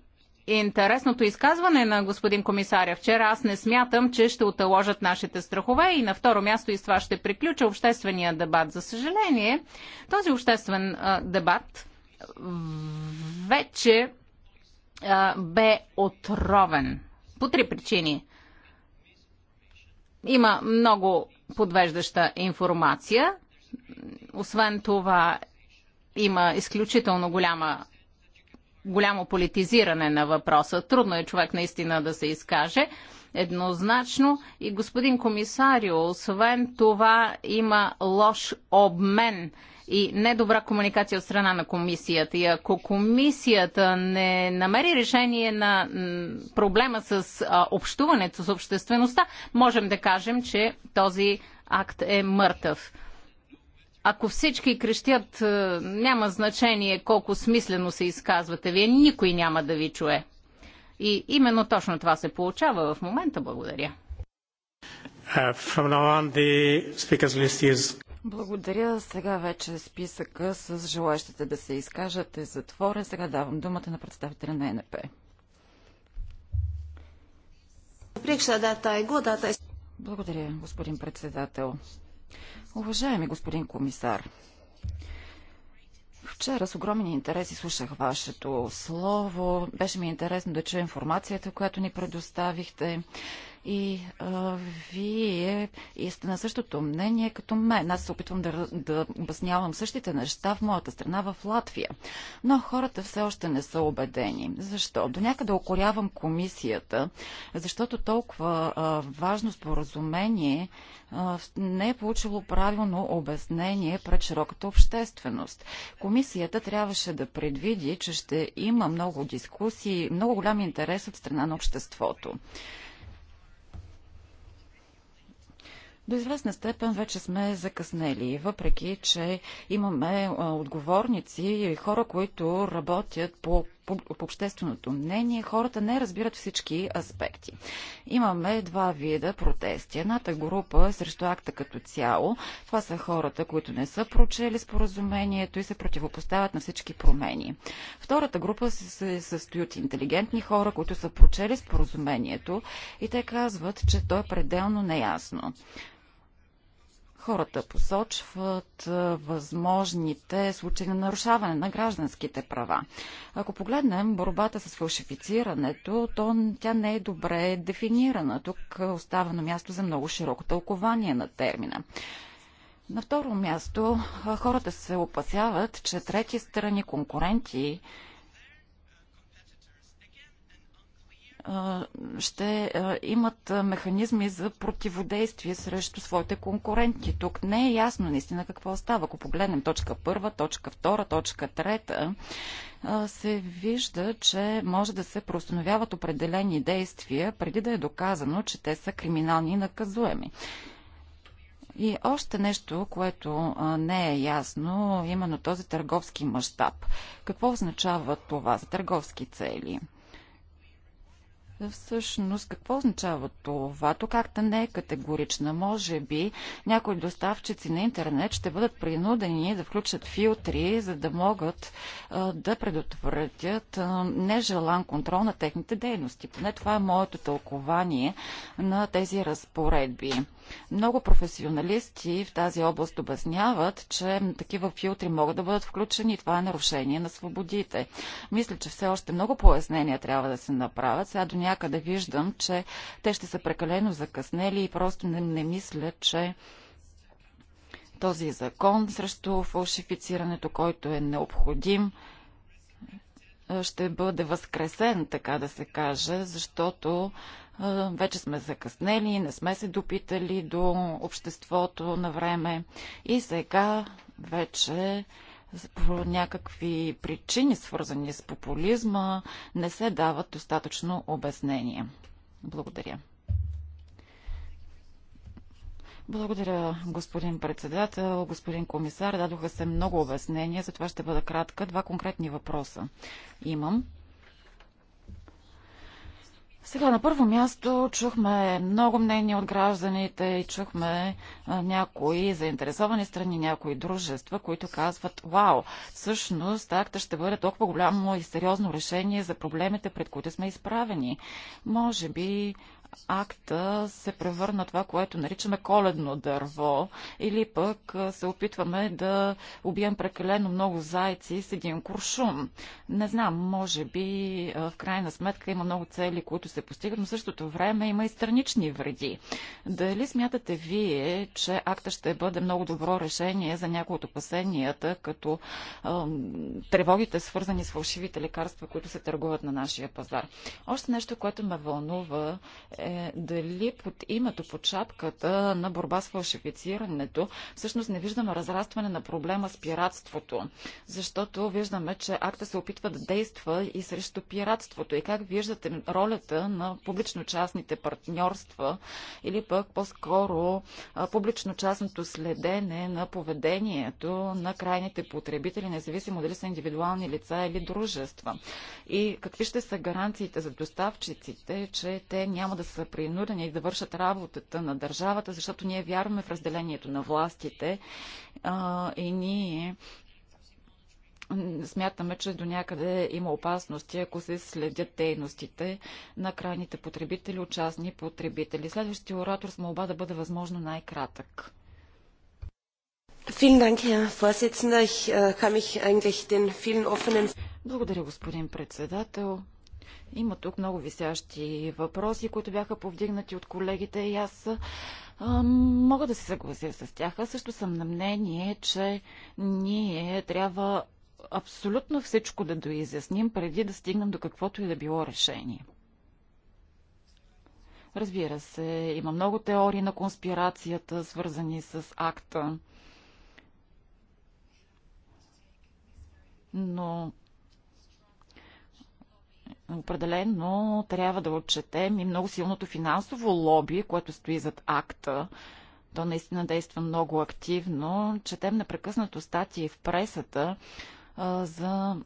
интересното изказване на господин комисаря вчера, аз не смятам, че ще оталожат нашите страхове и на второ място и с това ще приключа обществения дебат. За съжаление, този обществен а, дебат вече а, бе отровен по три причини. Има много подвеждаща информация. Освен това има изключително голяма голямо политизиране на въпроса. Трудно е човек наистина да се изкаже еднозначно. И господин комисарио, освен това има лош обмен и недобра комуникация от страна на комисията. И ако комисията не намери решение на проблема с общуването с обществеността, можем да кажем, че този акт е мъртъв ако всички крещят, е, няма значение колко смислено се изказвате, вие никой няма да ви чуе. И именно точно това се получава в момента. Благодаря. Uh, Благодаря. Сега вече списъка с желащите да се изкажат е затворен. Сега давам думата на представителя на НП. Е Благодаря, господин председател. Уважаеми господин комисар, Вчера с огромен интерес изслушах вашето слово. Беше ми интересно да чуя информацията, която ни предоставихте и а, вие и сте на същото мнение като мен. Аз се опитвам да, да обяснявам същите неща в моята страна, в Латвия. Но хората все още не са убедени. Защо? До някъде окорявам комисията, защото толкова а, важно споразумение а, не е получило правилно обяснение пред широката общественост. Комисията трябваше да предвиди, че ще има много дискусии, много голям интерес от страна на обществото. До известна степен вече сме закъснели, въпреки че имаме отговорници и хора, които работят по, по, по общественото мнение. Хората не разбират всички аспекти. Имаме два вида протести. Едната група е срещу акта като цяло. Това са хората, които не са прочели споразумението и се противопоставят на всички промени. Втората група се състои от интелигентни хора, които са прочели споразумението и те казват, че то е пределно неясно. Хората посочват възможните случаи на нарушаване на гражданските права. Ако погледнем борбата с фалшифицирането, то тя не е добре дефинирана. Тук остава на място за много широко тълкование на термина. На второ място, хората се опасяват, че трети страни, конкуренти ще имат механизми за противодействие срещу своите конкуренти. Тук не е ясно наистина какво става. Ако погледнем точка първа, точка втора, точка трета, се вижда, че може да се проустановяват определени действия, преди да е доказано, че те са криминални и наказуеми. И още нещо, което не е ясно, именно този търговски мащаб. Какво означава това за търговски цели? Всъщност, какво означава това? Тук акта не е категорична. Може би някои доставчици на интернет ще бъдат принудени да включат филтри, за да могат а, да предотвратят а, нежелан контрол на техните дейности. Поне това е моето тълкование на тези разпоредби. Много професионалисти в тази област обясняват, че такива филтри могат да бъдат включени и това е нарушение на свободите. Мисля, че все още много пояснения трябва да се направят. Сега до някъде виждам, че те ще са прекалено закъснели и просто не, не мисля, че този закон срещу фалшифицирането, който е необходим, ще бъде възкресен, така да се каже, защото вече сме закъснели, не сме се допитали до обществото на време и сега вече по някакви причини, свързани с популизма, не се дават достатъчно обяснения. Благодаря. Благодаря, господин председател, господин комисар. Дадоха се много обяснения, затова ще бъда кратка. Два конкретни въпроса имам. Сега на първо място чухме много мнения от гражданите и чухме а, някои заинтересовани страни, някои дружества, които казват, вау, всъщност акта ще бъде толкова голямо и сериозно решение за проблемите, пред които сме изправени. Може би акта се превърна това, което наричаме коледно дърво, или пък се опитваме да убием прекалено много зайци с един куршум. Не знам, може би в крайна сметка има много цели, които се постигат, но в същото време има и странични вреди. Дали смятате вие, че акта ще бъде много добро решение за някои от опасенията, като е, тревогите свързани с фалшивите лекарства, които се търгуват на нашия пазар? Още нещо, което ме вълнува е дали под името, под шапката на борба с фалшифицирането, всъщност не виждаме разрастване на проблема с пиратството, защото виждаме, че акта се опитва да действа и срещу пиратството. И как виждате ролята на публично-частните партньорства или пък по-скоро публично-частното следене на поведението на крайните потребители, независимо дали са индивидуални лица или дружества? И какви ще са гаранциите за доставчиците, че те няма да са принудени да вършат работата на държавата, защото ние вярваме в разделението на властите а, и ние смятаме, че до някъде има опасности, ако се следят дейностите на крайните потребители, частни потребители. Следващия оратор с молба да бъде възможно най-кратък. Äh, Благодаря, господин председател. Има тук много висящи въпроси, които бяха повдигнати от колегите и аз мога да се съглася с тях. Аз също съм на мнение, че ние трябва абсолютно всичко да доизясним, преди да стигнем до каквото и да било решение. Разбира се, има много теории на конспирацията, свързани с акта. Но Определено трябва да отчетем и много силното финансово лоби, което стои зад акта. То наистина действа много активно. Четем непрекъснато статии в пресата а, за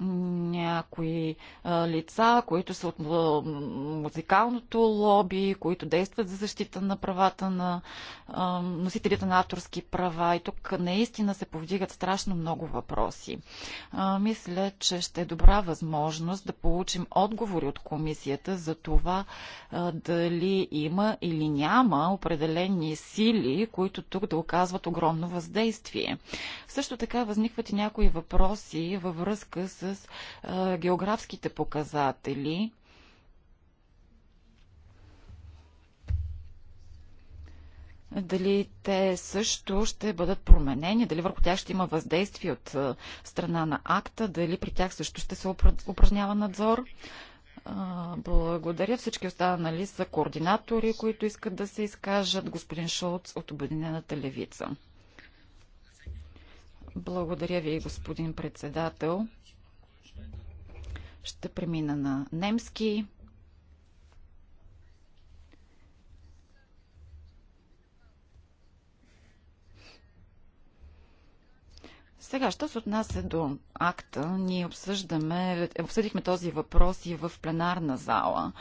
някои лица, които са от музикалното лоби, които действат за защита на правата на носителите на авторски права. И тук наистина се повдигат страшно много въпроси. Мисля, че ще е добра възможност да получим отговори от комисията за това дали има или няма определени сили, които тук да оказват огромно въздействие. Също така възникват и някои въпроси във връзка с а, географските показатели. Дали те също ще бъдат променени, дали върху тях ще има въздействие от страна на акта, дали при тях също ще се упражнява надзор. Благодаря всички останали са координатори, които искат да се изкажат. Господин Шолц от Обединената левица. Благодаря ви, господин председател. Ще премина на немски. Сега, що се отнася до акта, ние обсъждаме, обсъдихме този въпрос и в пленарна зала,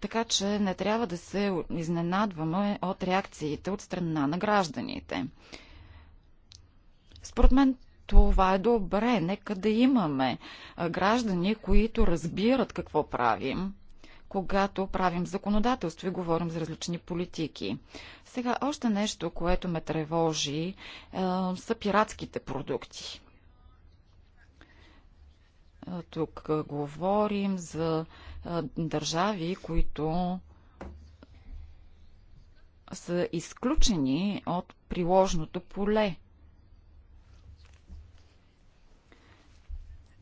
така че не трябва да се изненадваме от реакциите от страна на гражданите. Според мен това е добре. Нека да имаме граждани, които разбират какво правим, когато правим законодателство и говорим за различни политики. Сега, още нещо, което ме тревожи, е, са пиратските продукти. Тук говорим за държави, които са изключени от приложното поле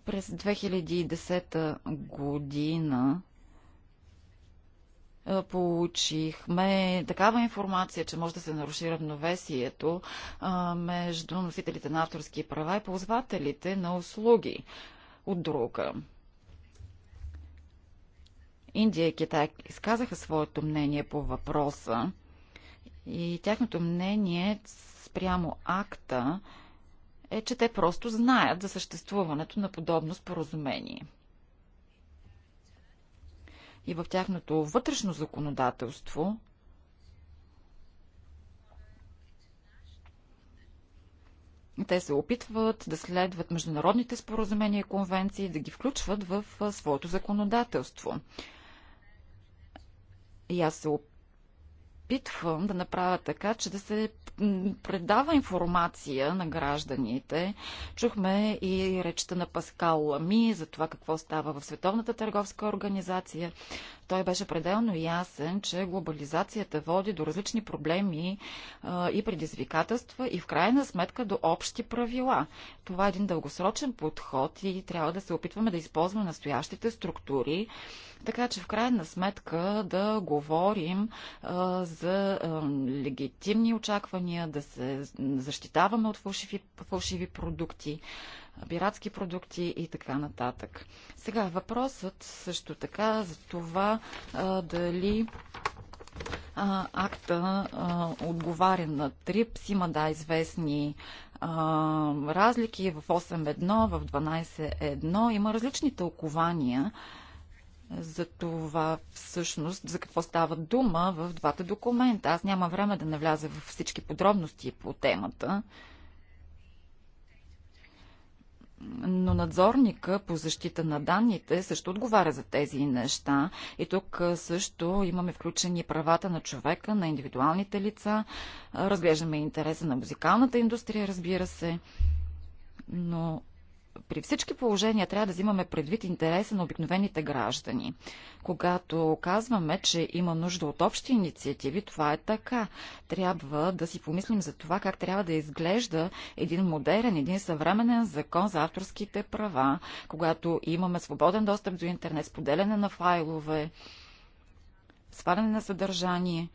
През 2010 година получихме такава информация, че може да се наруши равновесието между носителите на авторски права и ползвателите на услуги от друга. Индия и Китай изказаха своето мнение по въпроса и тяхното мнение спрямо акта е, че те просто знаят за съществуването на подобно споразумение. И в тяхното вътрешно законодателство Те се опитват да следват международните споразумения и конвенции, да ги включват в своето законодателство. И аз се опитвам опитвам да направя така, че да се предава информация на гражданите. Чухме и речта на Паскал Лами за това какво става в Световната търговска организация. Той беше пределно ясен, че глобализацията води до различни проблеми и предизвикателства и в крайна сметка до общи правила. Това е един дългосрочен подход и трябва да се опитваме да използваме настоящите структури, така че в крайна сметка да говорим а, за а, легитимни очаквания, да се защитаваме от фалшиви, фалшиви продукти, пиратски продукти и така нататък. Сега въпросът също така за това а, дали а, акта а, отговаря на ТРИПС. Има да известни а, разлики в 8.1, в 12.1. Има различни тълкования за това всъщност за какво става дума в двата документа. Аз няма време да навляза в всички подробности по темата. Но надзорника по защита на данните също отговаря за тези неща. И тук също имаме включени правата на човека, на индивидуалните лица. Разглеждаме интереса на музикалната индустрия, разбира се. Но при всички положения трябва да взимаме предвид интереса на обикновените граждани. Когато казваме, че има нужда от общи инициативи, това е така. Трябва да си помислим за това как трябва да изглежда един модерен, един съвременен закон за авторските права, когато имаме свободен достъп до интернет, споделяне на файлове, сваляне на съдържание.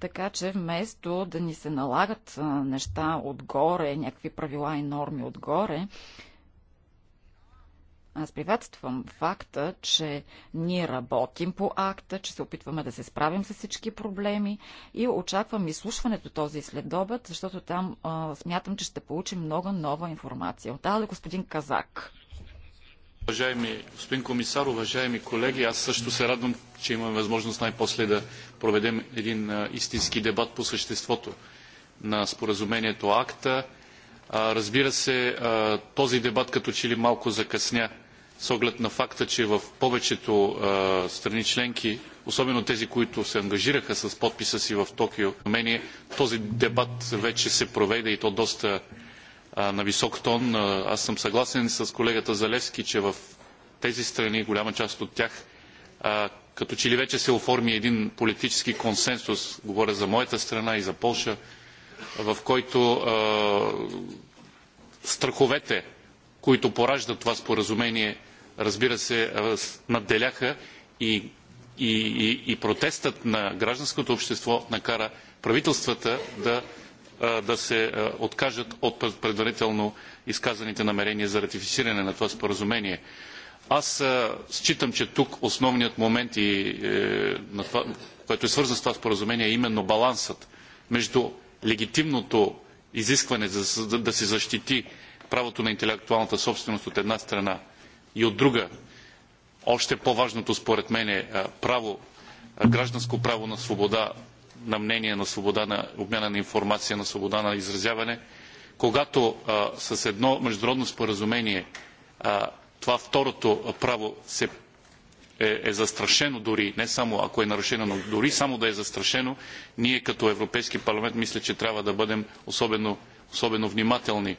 Така че вместо да ни се налагат неща отгоре, някакви правила и норми отгоре, аз приветствам факта, че ние работим по акта, че се опитваме да се справим с всички проблеми и очаквам изслушването този следобед, защото там а, смятам, че ще получим много нова информация. От тази господин Казак? Уважаеми господин комисар, уважаеми колеги, аз също се радвам, че имаме възможност най-после да проведем един истински дебат по съществото на споразумението акта Разбира се, този дебат като че ли малко закъсня с оглед на факта, че в повечето страни членки, особено тези, които се ангажираха с подписа си в Токио, мене този дебат вече се проведе и то доста на висок тон. Аз съм съгласен с колегата Залевски, че в тези страни, голяма част от тях, като че ли вече се оформи един политически консенсус, говоря за моята страна и за Полша, в който страховете, които пораждат това споразумение, разбира се, надделяха и, и, и протестът на гражданското общество накара правителствата да, да се откажат от предварително изказаните намерения за ратифициране на това споразумение. Аз считам, че тук основният момент, и, е, на това, което е свързан с това споразумение, е именно балансът между легитимното изискване за да се защити правото на интелектуалната собственост от една страна и от друга, още по-важното според мен е право, гражданско право на свобода на мнение, на свобода на обмяна на информация, на свобода на изразяване, когато а, с едно международно споразумение а, това второто право се е, е застрашено дори, не само ако е нарушено, но дори само да е застрашено, ние като Европейски парламент мисля, че трябва да бъдем особено, особено внимателни.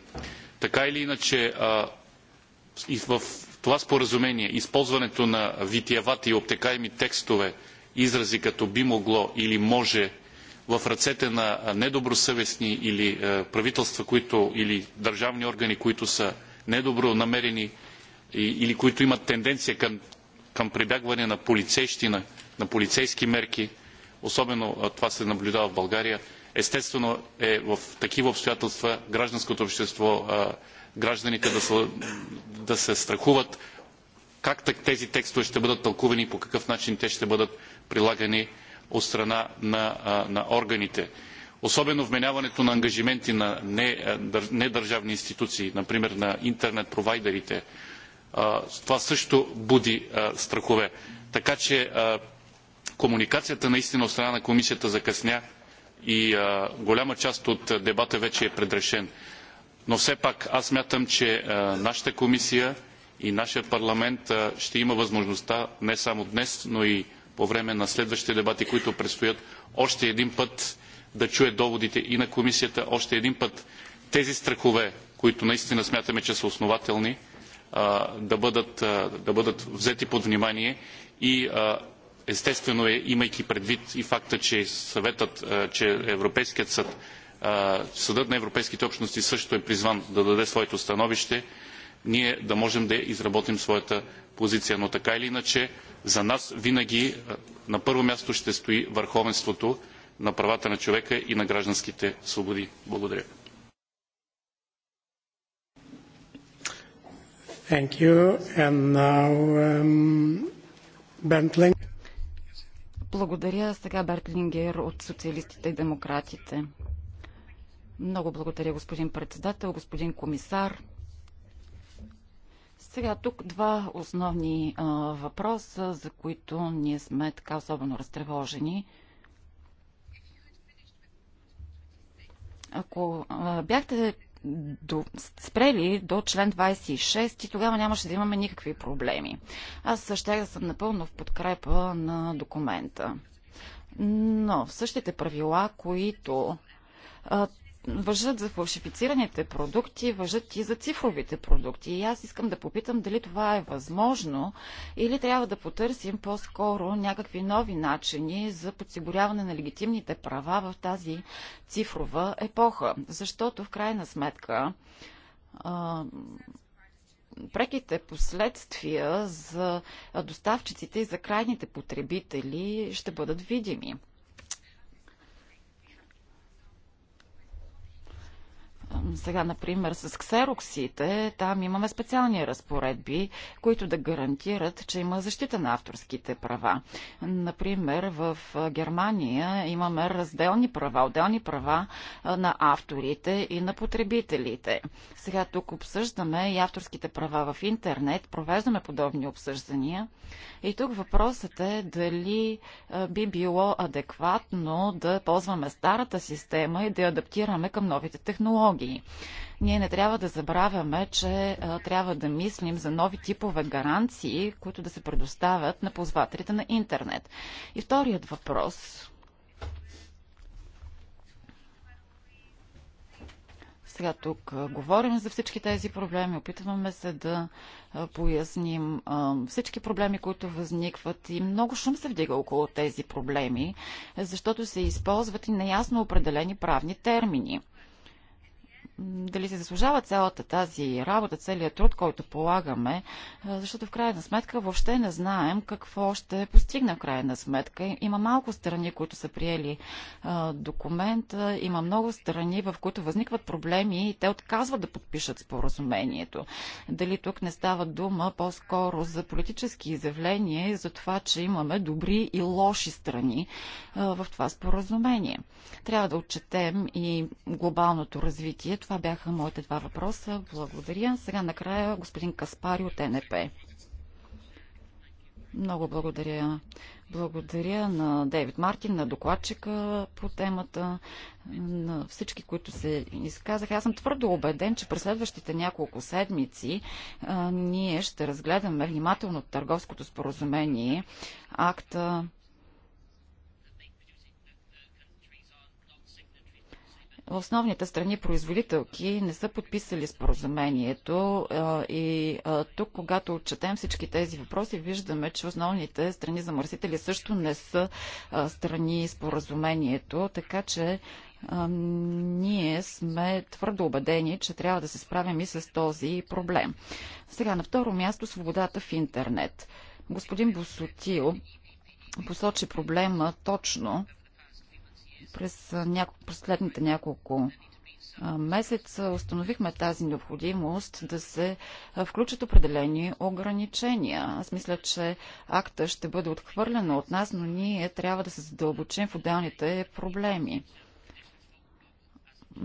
Така или иначе, а, и в това споразумение, използването на витиевати и обтекаеми текстове, изрази като би могло или може в ръцете на недобросъвестни или правителства, които, или държавни органи, които са недобро намерени или които имат тенденция към към прибягване на полицейщина, на полицейски мерки, особено това се наблюдава в България, естествено е в такива обстоятелства гражданското общество, гражданите да се, да се страхуват как тези текстове ще бъдат тълкувани и по какъв начин те ще бъдат прилагани от страна на, на органите. Особено вменяването на ангажименти на недържавни институции, например на интернет провайдерите, това също буди страхове. Така че комуникацията наистина от страна на комисията закъсня и голяма част от дебата вече е предрешен. Но все пак аз мятам, че нашата комисия и нашия парламент ще има възможността не само днес, но и по време на следващите дебати, които предстоят, още един път да чуе доводите и на комисията, още един път тези страхове, които наистина смятаме, че са основателни, да бъдат, да бъдат взети под внимание и естествено е, имайки предвид и факта, че съветът, че Европейският съд, съдът на европейските общности също е призван да даде своето становище, ние да можем да изработим своята позиция. Но така или иначе, за нас винаги на първо място ще стои върховенството на правата на човека и на гражданските свободи. Благодаря. Thank you. And now, um, Bentley. Благодаря сега Бертлингер от социалистите и демократите. Много благодаря, господин председател, господин комисар. Сега тук два основни а, въпроса, за които ние сме така особено разтревожени. Ако а, бяхте до, спрели до член 26 и тогава нямаше да имаме никакви проблеми. Аз ще да съм напълно в подкрепа на документа. Но същите правила, които въжат за фалшифицираните продукти, въжат и за цифровите продукти. И аз искам да попитам дали това е възможно или трябва да потърсим по-скоро някакви нови начини за подсигуряване на легитимните права в тази цифрова епоха. Защото в крайна сметка преките последствия за доставчиците и за крайните потребители ще бъдат видими. Сега, например, с ксероксите, там имаме специални разпоредби, които да гарантират, че има защита на авторските права. Например, в Германия имаме разделни права, отделни права на авторите и на потребителите. Сега тук обсъждаме и авторските права в интернет, провеждаме подобни обсъждания. И тук въпросът е дали би било адекватно да ползваме старата система и да я адаптираме към новите технологии технологии. Ние не трябва да забравяме, че трябва да мислим за нови типове гаранции, които да се предоставят на ползвателите на интернет. И вторият въпрос, Сега тук говорим за всички тези проблеми, опитваме се да поясним всички проблеми, които възникват и много шум се вдига около тези проблеми, защото се използват и неясно определени правни термини дали се заслужава цялата тази работа, целият труд, който полагаме, защото в крайна сметка въобще не знаем какво ще постигне в крайна сметка. Има малко страни, които са приели документа, има много страни, в които възникват проблеми и те отказват да подпишат споразумението. Дали тук не става дума по-скоро за политически изявления и за това, че имаме добри и лоши страни в това споразумение. Трябва да отчетем и глобалното развитие, това бяха моите два въпроса. Благодаря. Сега накрая господин Каспари от НП. Много благодаря. Благодаря на Дейвид Мартин, на докладчика по темата, на всички, които се изказаха. Аз съм твърдо убеден, че през следващите няколко седмици а, ние ще разгледаме внимателно търговското споразумение, акта Основните страни производителки не са подписали споразумението и тук, когато отчетем всички тези въпроси, виждаме, че основните страни замърсители също не са страни споразумението, така че ние сме твърдо убедени, че трябва да се справим и с този проблем. Сега на второ място свободата в интернет. Господин Босотил посочи проблема точно през, няко... през следните няколко месеца установихме тази необходимост да се включат определени ограничения. Аз мисля, че акта ще бъде отхвърлена от нас, но ние трябва да се задълбочим в отделните проблеми.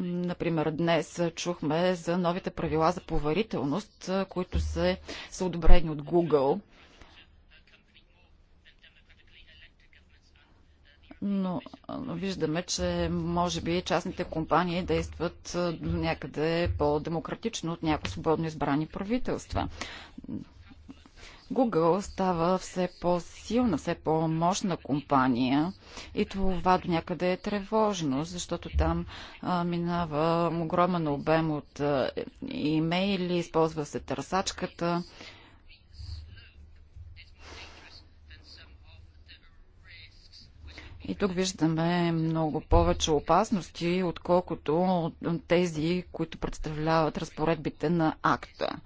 Например, днес чухме за новите правила за поверителност, които са одобрени от Google – но виждаме, че може би частните компании действат някъде по-демократично от някои свободно избрани правителства. Google става все по-силна, все по-мощна компания и това до някъде е тревожно, защото там а, минава огромен обем от а, имейли, използва се търсачката. И тук виждаме много повече опасности, отколкото тези, които представляват разпоредбите на акта.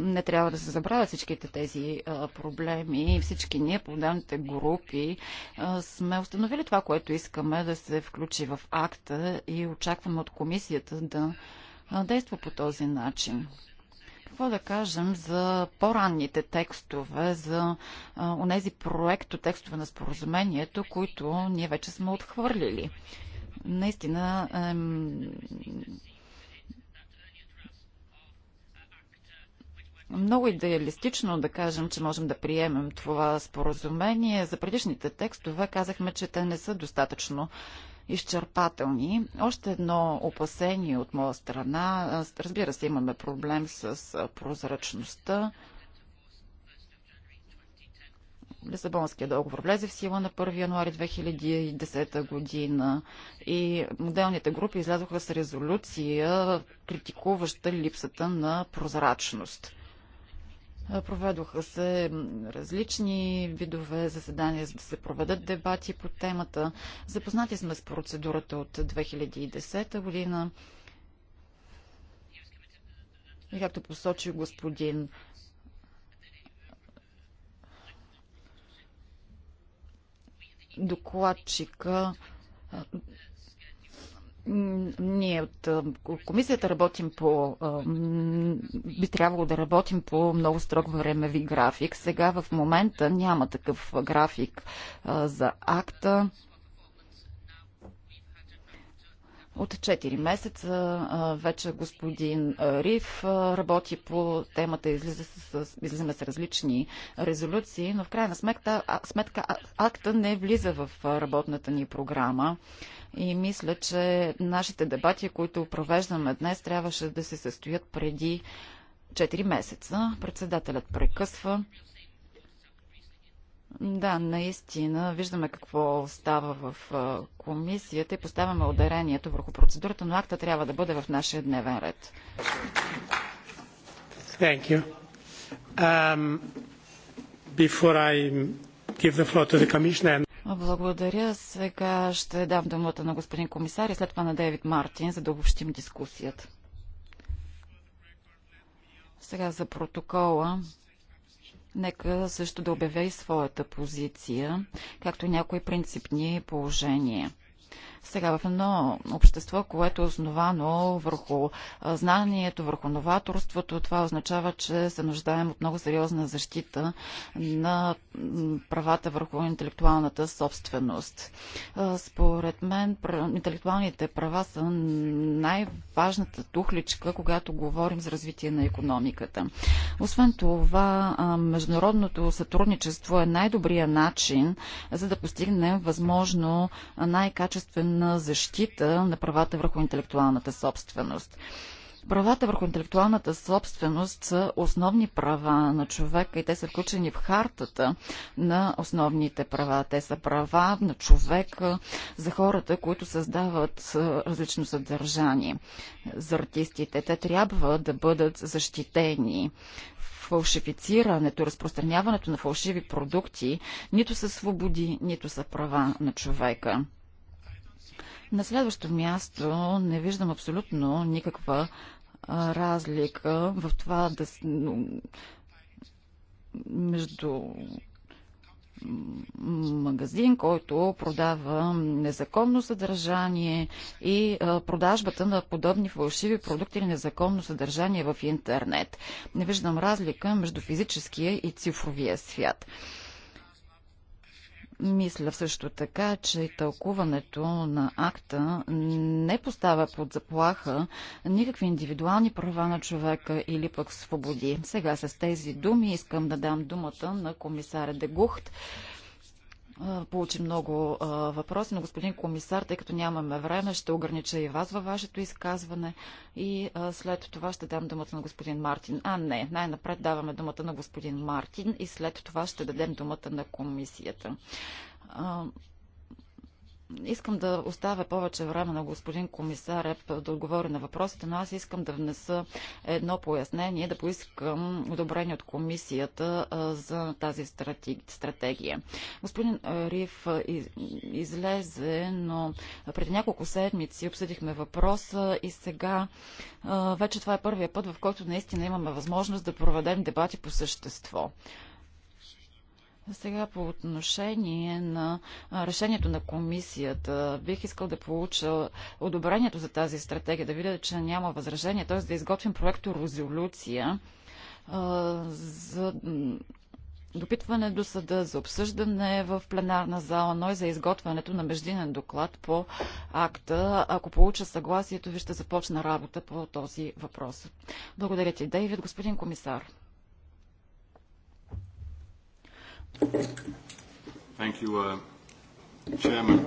не трябва да се забравят всичките тези а, проблеми. Всички ние по данните групи а, сме установили това, което искаме да се включи в акта и очакваме от комисията да а, действа по този начин. Какво да кажем за по-ранните текстове, за онези проекто текстове на споразумението, които ние вече сме отхвърлили? Наистина ем... много идеалистично да кажем, че можем да приемем това споразумение. За предишните текстове казахме, че те не са достатъчно изчерпателни. Още едно опасение от моя страна. Разбира се, имаме проблем с прозрачността. Лисабонския договор влезе в сила на 1 януари 2010 година и моделните групи излязоха с резолюция, критикуваща липсата на прозрачност. Проведоха се различни видове заседания, за да се проведат дебати по темата. Запознати сме с процедурата от 2010 година. И както посочи господин докладчика, ние от комисията работим по... би трябвало да работим по много строг времеви график. Сега в момента няма такъв график за акта. От 4 месеца вече господин Риф работи по темата, излиза с, излизаме с различни резолюции, но в крайна сметка, сметка акта не влиза в работната ни програма. И мисля, че нашите дебати, които провеждаме днес, трябваше да се състоят преди 4 месеца. Председателят прекъсва. Да, наистина. Виждаме какво става в комисията и поставяме ударението върху процедурата, но акта трябва да бъде в нашия дневен ред. Thank you. Um, before I give the floor to the commissioner... Благодаря. Сега ще дам думата на господин комисар и след това на Дейвид Мартин, за да обобщим дискусията. Сега за протокола. Нека също да обявя и своята позиция, както и някои принципни положения. Сега в едно общество, което е основано върху знанието, върху новаторството, това означава, че се нуждаем от много сериозна защита на правата върху интелектуалната собственост. Според мен, интелектуалните права са най-важната тухличка, когато говорим за развитие на економиката. Освен това, международното сътрудничество е най-добрия начин за да постигнем възможно най-качествено на защита на правата върху интелектуалната собственост. Правата върху интелектуалната собственост са основни права на човека и те са включени в хартата на основните права. Те са права на човека за хората, които създават различно съдържание. За артистите те трябва да бъдат защитени фалшифицирането, разпространяването на фалшиви продукти нито са свободи, нито са права на човека. На следващо място не виждам абсолютно никаква разлика в това да между магазин, който продава незаконно съдържание и продажбата на подобни фалшиви продукти или незаконно съдържание в интернет. Не виждам разлика между физическия и цифровия свят. Мисля също така, че тълкуването на акта не поставя под заплаха никакви индивидуални права на човека или пък свободи. Сега с тези думи искам да дам думата на комисаря Дегухт, Получи много а, въпроси, но господин комисар, тъй като нямаме време, ще огранича и вас във вашето изказване и а, след това ще дам думата на господин Мартин. А, не, най-напред даваме думата на господин Мартин и след това ще дадем думата на комисията. А, Искам да оставя повече време на господин комисар да отговори на въпросите, но аз искам да внеса едно пояснение, да поискам одобрение от комисията за тази стратегия. Господин Риф излезе, но преди няколко седмици обсъдихме въпроса и сега вече това е първия път, в който наистина имаме възможност да проведем дебати по същество. Сега по отношение на решението на комисията, бих искал да получа одобрението за тази стратегия, да видя, че няма възражение, т.е. да изготвим проекто резолюция за допитване до съда, за обсъждане в пленарна зала, но и за изготвянето на междинен доклад по акта. Ако получа съгласието ви, ще започна работа по този въпрос. Благодаря ти, Дейвид, господин комисар. Thank you, uh, Chairman.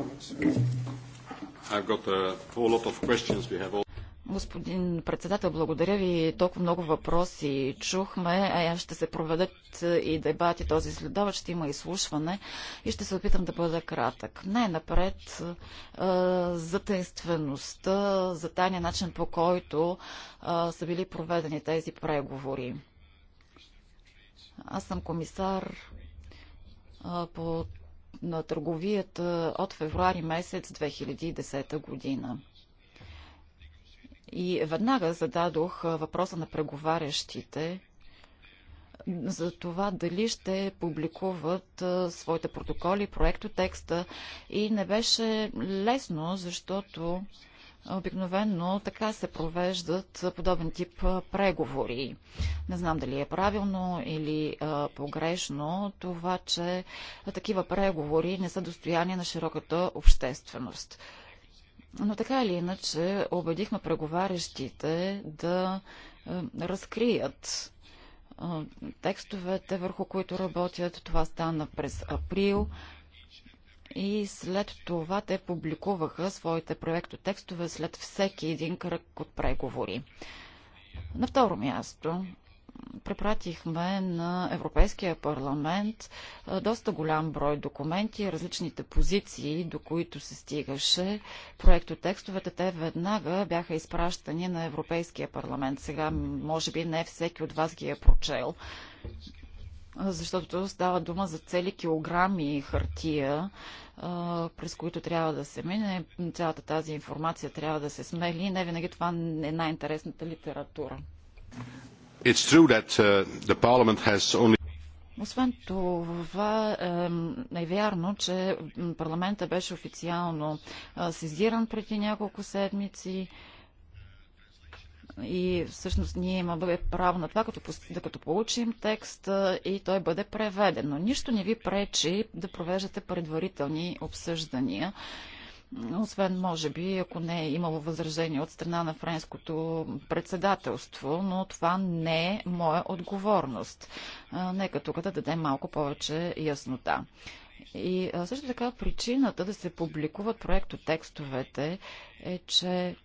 I've got a uh, whole lot of questions. We have all... Господин председател, благодаря ви. Толкова много въпроси чухме. А ще се проведат е, и дебати този следобед. Ще има изслушване и ще се опитам да бъда кратък. Най-напред е, за тайнствеността, за тайния начин по който е, са били проведени тези преговори. Аз съм комисар по, на търговията от февруари месец 2010 година. И веднага зададох въпроса на преговарящите за това дали ще публикуват своите протоколи, текста, И не беше лесно, защото Обикновено така се провеждат подобен тип преговори. Не знам дали е правилно или погрешно това, че такива преговори не са достояние на широката общественост. Но така или иначе, убедихме преговарящите да разкрият текстовете, върху които работят. Това стана през април и след това те публикуваха своите проектотекстове след всеки един кръг от преговори. На второ място, препратихме на Европейския парламент доста голям брой документи, различните позиции, до които се стигаше. Проектотекстовете те веднага бяха изпращани на Европейския парламент. Сега, може би, не всеки от вас ги е прочел защото става дума за цели килограми хартия, през които трябва да се мине. Цялата тази информация трябва да се смели и не винаги това е най-интересната литература. Uh, only... Освен това, е вярно, че парламента беше официално сезиран преди няколко седмици и всъщност ние имаме право на това, като, като получим текст и той бъде преведен. Но нищо не ви пречи да провеждате предварителни обсъждания. Освен, може би, ако не е имало възражение от страна на френското председателство, но това не е моя отговорност. Нека тук да дадем малко повече яснота. И също така причината да се публикуват текстовете е, че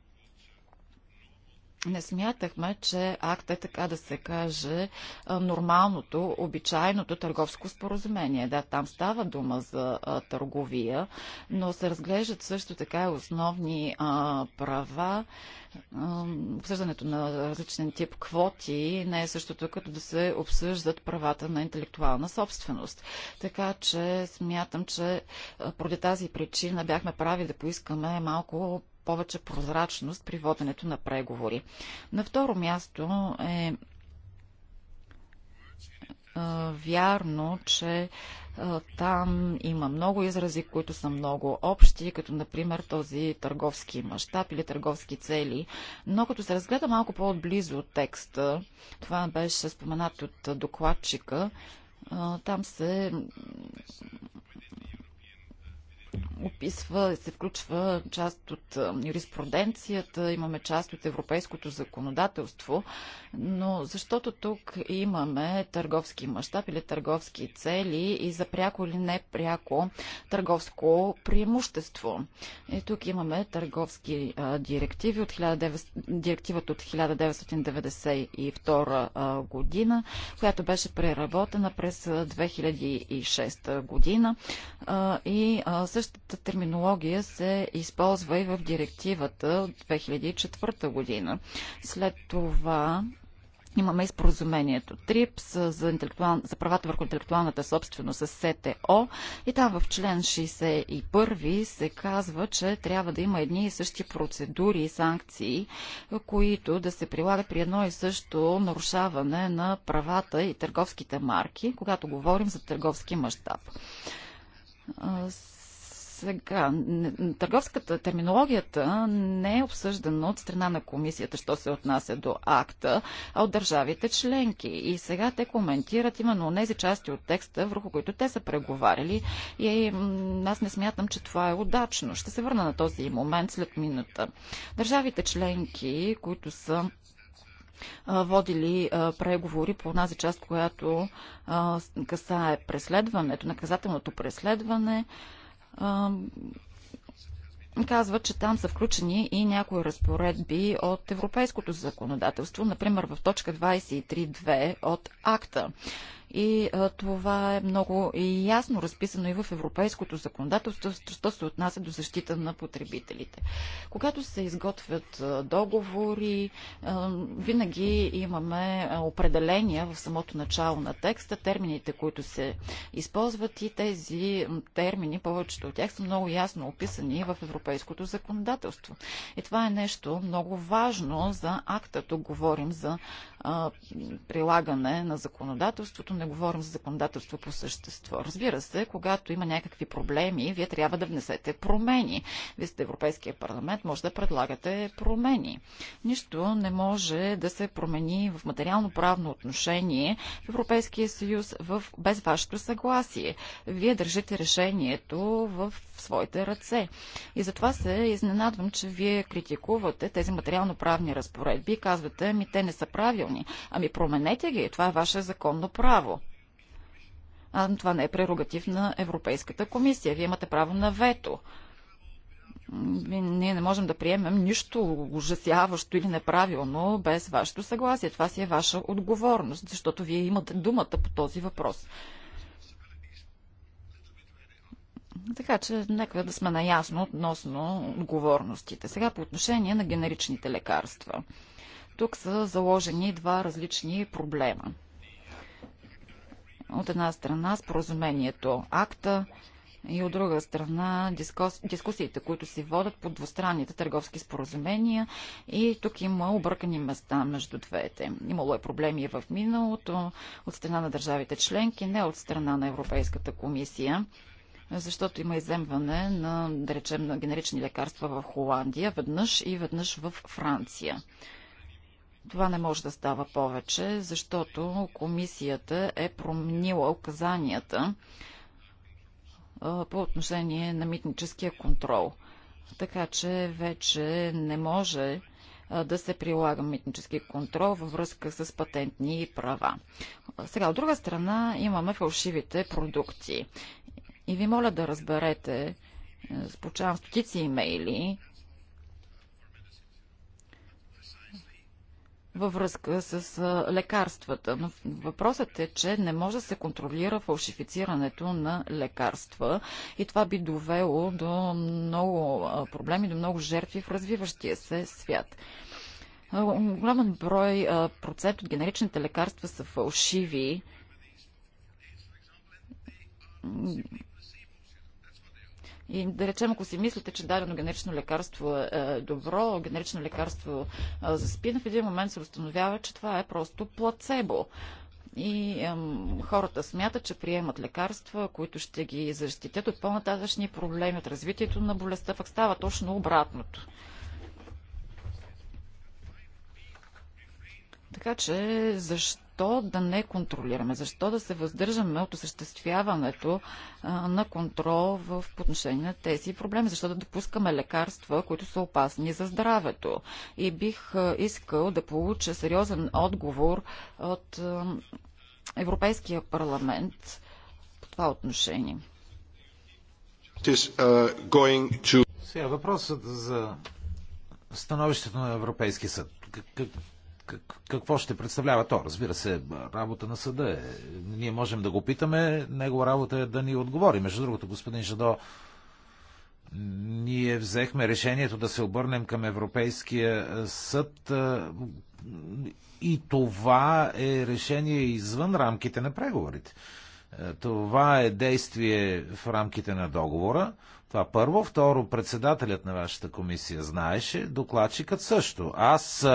не смятахме, че акт е така да се каже е, нормалното, обичайното търговско споразумение. Да, там става дума за търговия, но се разглеждат също така и основни а, права. обсъждането на различен тип квоти не е същото като да се обсъждат правата на интелектуална собственост. Така че смятам, че поради тази причина бяхме прави да поискаме малко повече прозрачност при воденето на преговори. На второ място е, е вярно, че е, там има много изрази, които са много общи, като например този търговски мащаб или търговски цели. Но като се разгледа малко по-отблизо от текста, това беше споменато от докладчика, е, там се описва, се включва част от юриспруденцията, имаме част от европейското законодателство, но защото тук имаме търговски мащаб или търговски цели и за пряко или непряко търговско преимущество. И тук имаме търговски директиви от 19... директивата от 1992 година, която беше преработена през 2006 година и също Същата терминология се използва и в директивата от 2004 година. След това имаме и споразумението ТРИПС за, за правата върху интелектуалната собственост с СТО и там в член 61 се казва, че трябва да има едни и същи процедури и санкции, които да се прилагат при едно и също нарушаване на правата и търговските марки, когато говорим за търговски мащаб. Сега, търговската терминологията не е обсъждана от страна на комисията, що се отнася до акта, а от държавите членки. И сега те коментират именно тези части от текста, върху които те са преговаряли. И аз не смятам, че това е удачно. Ще се върна на този момент след минута. Държавите членки, които са водили преговори по тази част, която касае преследването, наказателното преследване, казва, че там са включени и някои разпоредби от европейското законодателство, например в точка 23.2 от акта. И а, това е много и ясно разписано и в европейското законодателство, що се отнася до защита на потребителите. Когато се изготвят договори, а, винаги имаме определения в самото начало на текста, термините, които се използват и тези термини, повечето от тях са много ясно описани в европейското законодателство. И това е нещо много важно за акта. Тук говорим за прилагане на законодателството, не говорим за законодателство по същество. Разбира се, когато има някакви проблеми, вие трябва да внесете промени. Вие сте Европейския парламент, може да предлагате промени. Нищо не може да се промени в материално-правно отношение в Европейския съюз в, без вашето съгласие. Вие държите решението в своите ръце. И затова се изненадвам, че вие критикувате тези материално-правни разпоредби и казвате, ми те не са правилни събрание. Ами променете ги, това е ваше законно право. А това не е прерогатив на Европейската комисия. Вие имате право на вето. Ами, ние не можем да приемем нищо ужасяващо или неправилно без вашето съгласие. Това си е ваша отговорност, защото вие имате думата по този въпрос. Така че нека да сме наясно относно отговорностите. Сега по отношение на генеричните лекарства. Тук са заложени два различни проблема. От една страна споразумението акта и от друга страна дискусиите, които се водят по двустранните търговски споразумения и тук има объркани места между двете. Имало е проблеми и в миналото от страна на държавите членки, не от страна на Европейската комисия защото има иземване на, да речем, на генерични лекарства в Холандия веднъж и веднъж в Франция. Това не може да става повече, защото комисията е променила указанията по отношение на митническия контрол. Така че вече не може да се прилага митнически контрол във връзка с патентни права. Сега, от друга страна, имаме фалшивите продукти. И ви моля да разберете, спочавам стотици имейли във връзка с лекарствата. Но въпросът е, че не може да се контролира фалшифицирането на лекарства и това би довело до много проблеми, до много жертви в развиващия се свят. Голям брой процент от генеричните лекарства са фалшиви и да речем, ако си мислите, че дадено генерично лекарство е, е добро, генерично лекарство е, за спина, в един момент се установява, че това е просто плацебо и ем, хората смятат, че приемат лекарства, които ще ги защитят от по-нататъчни проблеми, от развитието на болестта, пък става точно обратното. Така че, защо защо да не контролираме? Защо да се въздържаме от осъществяването на контрол в отношение на тези проблеми? Защо да допускаме лекарства, които са опасни за здравето? И бих искал да получа сериозен отговор от Европейския парламент по това отношение. Uh, Сега въпросът за становището на Европейския съд как, какво ще представлява то? Разбира се, работа на съда е. Ние можем да го питаме, негова работа е да ни отговори. Между другото, господин Жадо, ние взехме решението да се обърнем към Европейския съд и това е решение извън рамките на преговорите. Това е действие в рамките на договора. Това първо. Второ, председателят на вашата комисия знаеше, докладчикът също. Аз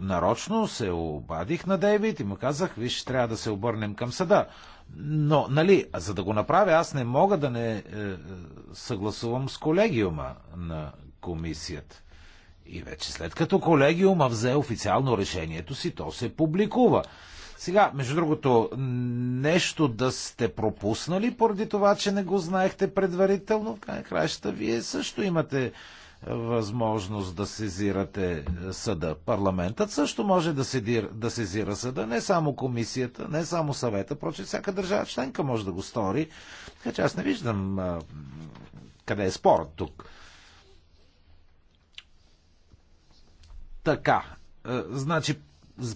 нарочно се обадих на Дейвид и му казах, виж, трябва да се обърнем към съда. Но, нали, за да го направя, аз не мога да не е, е, съгласувам с колегиума на комисията. И вече след като колегиума взе официално решението си, то се публикува. Сега, между другото, нещо да сте пропуснали поради това, че не го знаехте предварително, в край краща, вие също имате възможност да сезирате съда. Парламентът също може да седир, да сезира съда, не само комисията, не само съвета, проче всяка държава членка може да го стори. Така че аз не виждам а, къде е спорът тук. Така, а, значи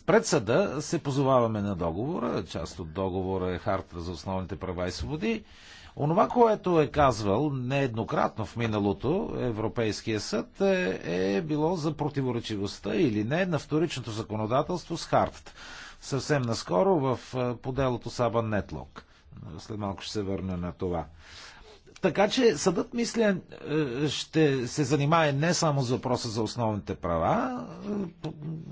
пред съда се позоваваме на договора, част от договора е харта за основните права и свободи. Онова, което е казвал нееднократно в миналото Европейския съд е, е било за противоречивостта или не на вторичното законодателство с хартата. Съвсем наскоро в е, поделото Саба Нетлок. След малко ще се върна на това. Така че съдът, мисля, е, ще се занимае не само с въпроса за основните права, е,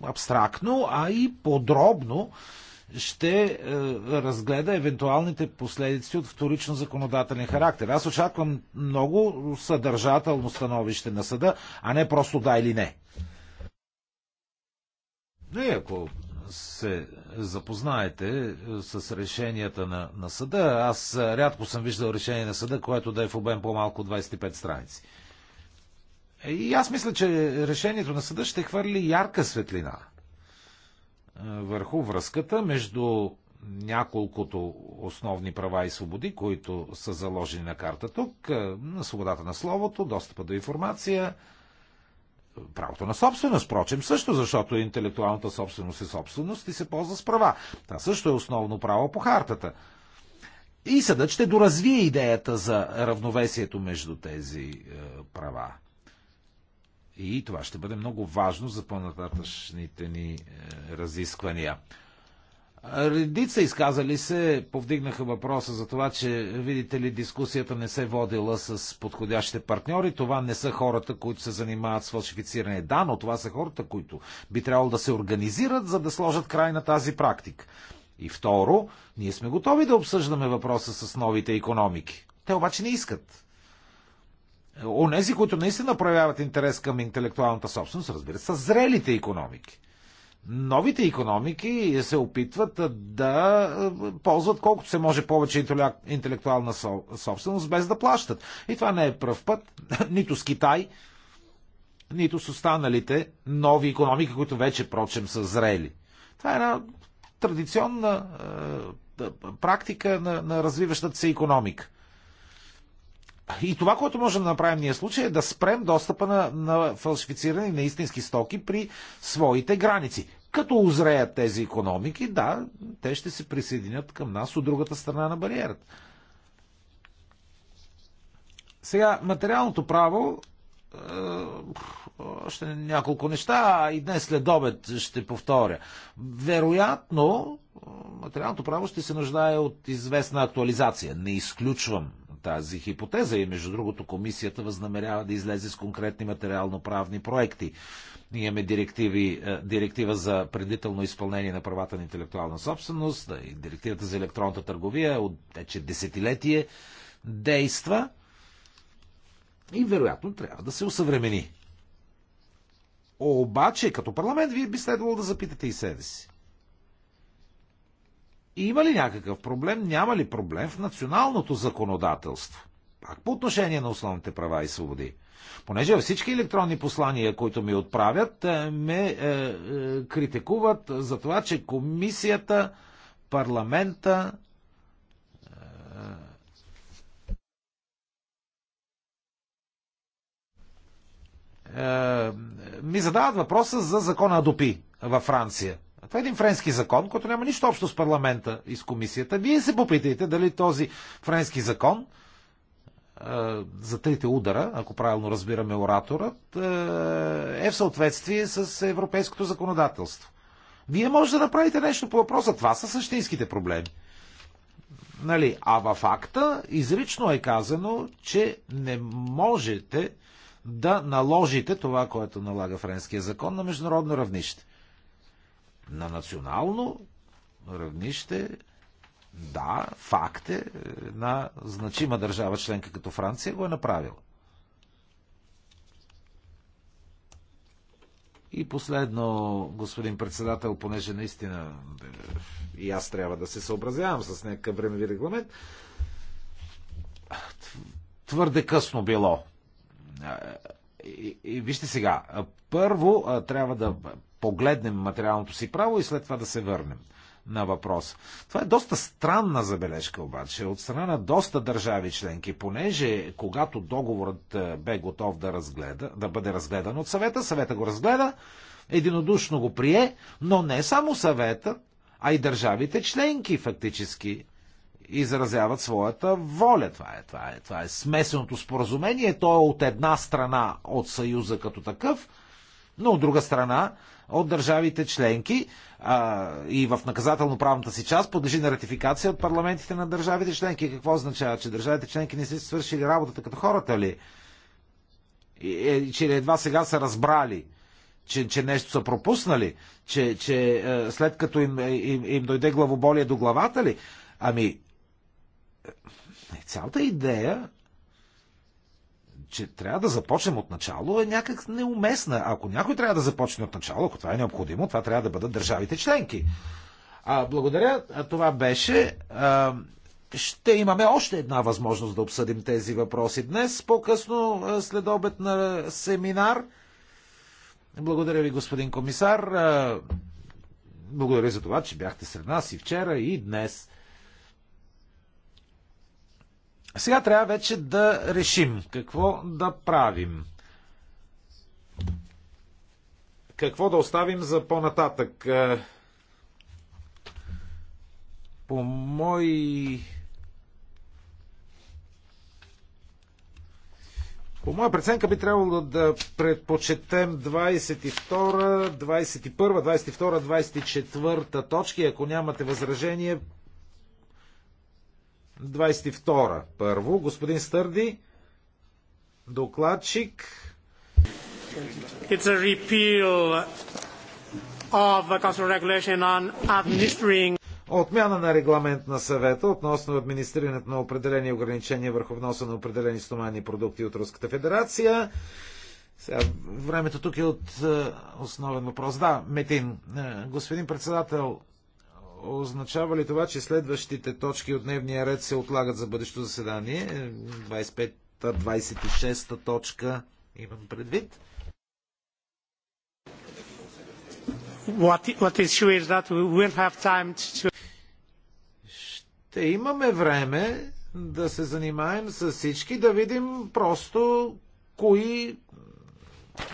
абстрактно, а и подробно ще е, разгледа евентуалните последици от вторично законодателен характер. Аз очаквам много съдържателно становище на съда, а не просто да или не. И ако се запознаете е, с решенията на, на съда, аз е, рядко съм виждал решение на съда, което да е в обем по-малко 25 страници. И аз мисля, че решението на съда ще хвърли ярка светлина – върху връзката между няколкото основни права и свободи, които са заложени на карта тук, на свободата на словото, достъпа до информация, правото на собственост, впрочем, също, защото интелектуалната собственост е собственост и се ползва с права. Та също е основно право по хартата. И съдът ще доразвие идеята за равновесието между тези е, права. И това ще бъде много важно за по-нататъчните ни е, разисквания. Редица изказали се повдигнаха въпроса за това, че, видите ли, дискусията не се водила с подходящите партньори. Това не са хората, които се занимават с фалшифициране. Да, но това са хората, които би трябвало да се организират, за да сложат край на тази практика. И второ, ние сме готови да обсъждаме въпроса с новите економики. Те обаче не искат. Онези, които наистина проявяват интерес към интелектуалната собственост, разбира се, са зрелите економики. Новите економики се опитват да е, ползват колкото се може повече интелектуална собственост, без да плащат. И това не е пръв път, [LAUGHS] нито с Китай, нито с останалите нови економики, които вече, прочем, са зрели. Това е една традиционна е, практика на, на развиващата се економика. И това, което можем да направим ние случай е да спрем достъпа на, на фалшифицирани на истински стоки при своите граници. Като озреят тези економики, да, те ще се присъединят към нас от другата страна на бариерата. Сега, материалното право е, още няколко неща и днес след обед ще повторя. Вероятно, материалното право ще се нуждае от известна актуализация. Не изключвам тази хипотеза. И между другото, комисията възнамерява да излезе с конкретни материално-правни проекти. Ние имаме директиви, е, директива за предварително изпълнение на правата на интелектуална собственост, и директивата за електронната търговия от вече десетилетие действа и вероятно трябва да се усъвремени. Обаче, като парламент, вие би следвало да запитате и себе си. Има ли някакъв проблем, няма ли проблем в националното законодателство? Пак по отношение на основните права и свободи. Понеже всички електронни послания, които ми отправят, е, ме е, е, критикуват за това, че комисията, парламента, е, е, ми задават въпроса за закона Адопи във Франция. А това е един френски закон, който няма нищо общо с парламента и с комисията. Вие се попитайте дали този френски закон е, за трите удара, ако правилно разбираме ораторът, е, е в съответствие с европейското законодателство. Вие може да направите нещо по въпроса. Това са същинските проблеми. Нали? А във факта изрично е казано, че не можете да наложите това, което налага френския закон на международно равнище. На национално равнище, да, факт е, една значима държава членка като Франция го е направила. И последно, господин председател, понеже наистина е, и аз трябва да се съобразявам с някакъв времеви регламент, твърде късно било. Е, и, и вижте сега, първо е, трябва да погледнем материалното си право и след това да се върнем на въпрос. Това е доста странна забележка обаче от страна на доста държави членки, понеже когато договорът е, бе готов да, разгледа, да бъде разгледан от съвета, съвета го разгледа, единодушно го прие, но не само съвета, а и държавите членки фактически изразяват своята воля. Това е, това е, това е смесеното споразумение. То е от една страна от Съюза като такъв – но от друга страна, от държавите членки а, и в наказателно-правната си част подлежи на ратификация от парламентите на държавите членки. Какво означава? Че държавите членки не са свършили работата като хората ли? И, и е, че едва сега са разбрали, че, че нещо са пропуснали, че, че е, след като им, е, им, им дойде главоболие до главата ли? Ами, е, цялата идея че трябва да започнем от начало е някак неуместна. Ако някой трябва да започне от начало, ако това е необходимо, това трябва да бъдат държавите членки. А, благодаря. А това беше. А, ще имаме още една възможност да обсъдим тези въпроси днес, по-късно след обед на семинар. Благодаря ви, господин комисар. Благодаря за това, че бяхте сред нас и вчера, и днес. Сега трябва вече да решим какво да правим. Какво да оставим за по-нататък? Е, по мои. По моя преценка би трябвало да предпочетем 22, 21, 22, 24 точки. Ако нямате възражение, 22. Първо, господин Стърди, докладчик. It's a repeal of the Regulation on administering Отмяна на регламент на съвета относно администрирането на определени ограничения върху вноса на определени стоманни продукти от Руската федерация. Сега, времето тук е от е, основен въпрос. Да, Метин, е, господин председател, Означава ли това, че следващите точки от дневния ред се отлагат за бъдещо заседание? 25-26 та точка имам предвид. What, what is sure is that we will have time to... Ще имаме време да се занимаем с всички, да видим просто кои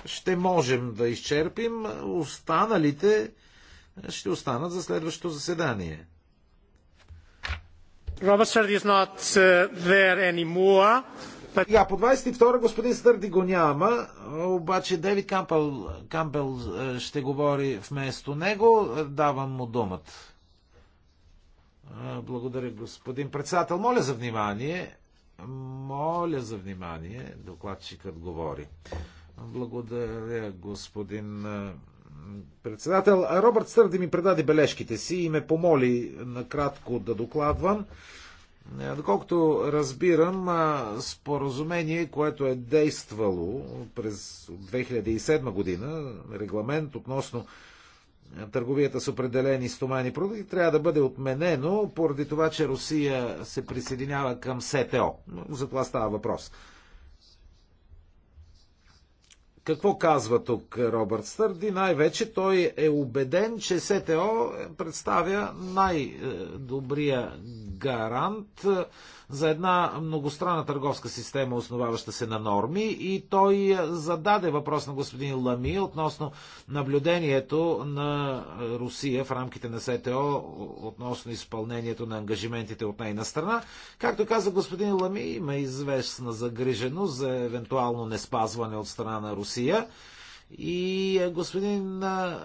ще можем да изчерпим, останалите ще останат за следващото заседание. is not uh, there anymore. But... по 22-а господин Стърди го няма, обаче Дейвид Кампел, Кампел ще говори вместо него. Давам му думата. Е, благодаря, господин председател. Моля за внимание. Моля за внимание. Докладчикът говори. Благодаря, господин е, председател. Робърт Стърди ми предаде бележките си и ме помоли накратко да докладвам. Е, доколкото разбирам, е, споразумение, което е действало през 2007 година, регламент относно търговията с определени стомани продукти, трябва да бъде отменено поради това, че Русия се присъединява към СТО. За това става въпрос. Какво казва тук Робърт Стърди? Най-вече той е убеден, че СТО представя най-добрия е, гарант е, за една многостранна търговска система, основаваща се на норми и той зададе въпрос на господин Лами относно наблюдението на Русия в рамките на СТО относно изпълнението на ангажиментите от нейна страна. Както каза господин Лами, има известна загриженост за евентуално неспазване от страна на Русия. И е, господин е,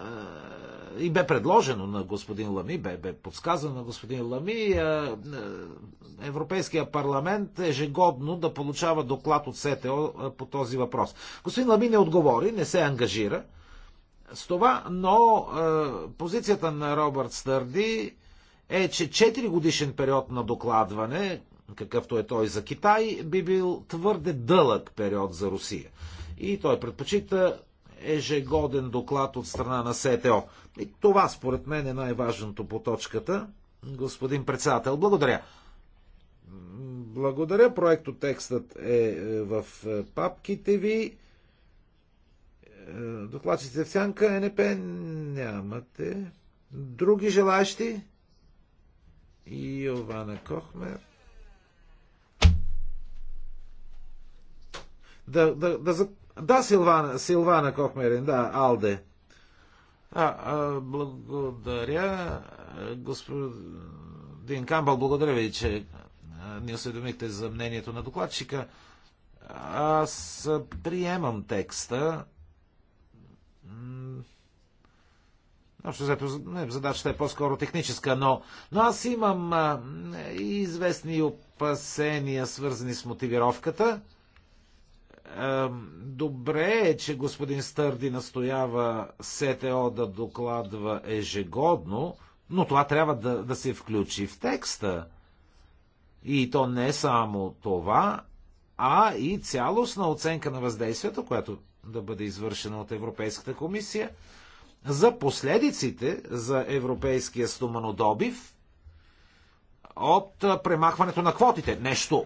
и бе предложено на господин Лами, бе, бе подсказано на господин Лами, а, е, е, Европейския парламент ежегодно да получава доклад от СТО е, по този въпрос. Господин Лами не отговори, не се ангажира с това, но а, позицията на Робърт Стърди е, че 4 годишен период на докладване, какъвто е той за Китай, би бил твърде дълъг период за Русия. И той предпочита ежегоден доклад от страна на СТО. И това според мен е най-важното по точката. Господин председател, благодаря. Благодаря. текстът е, е в е, папките ви. Е, докладчиците в сянка, НП нямате. Други желащи? Йована Кохмер. Да, да, да, да, Силвана, Силвана Кохмерин, да, Алде. А, а, благодаря, господин Камбал, благодаря ви, че ни осведомихте за мнението на докладчика. Аз приемам текста. Общо взето, не, задачата е по-скоро техническа, но, но аз имам а, известни опасения, свързани с мотивировката. Добре е, че господин Стърди настоява СТО да докладва ежегодно, но това трябва да, да се включи в текста. И то не само това, а и цялостна оценка на въздействието, която да бъде извършена от Европейската комисия, за последиците за европейския стоманодобив от премахването на квотите. Нещо,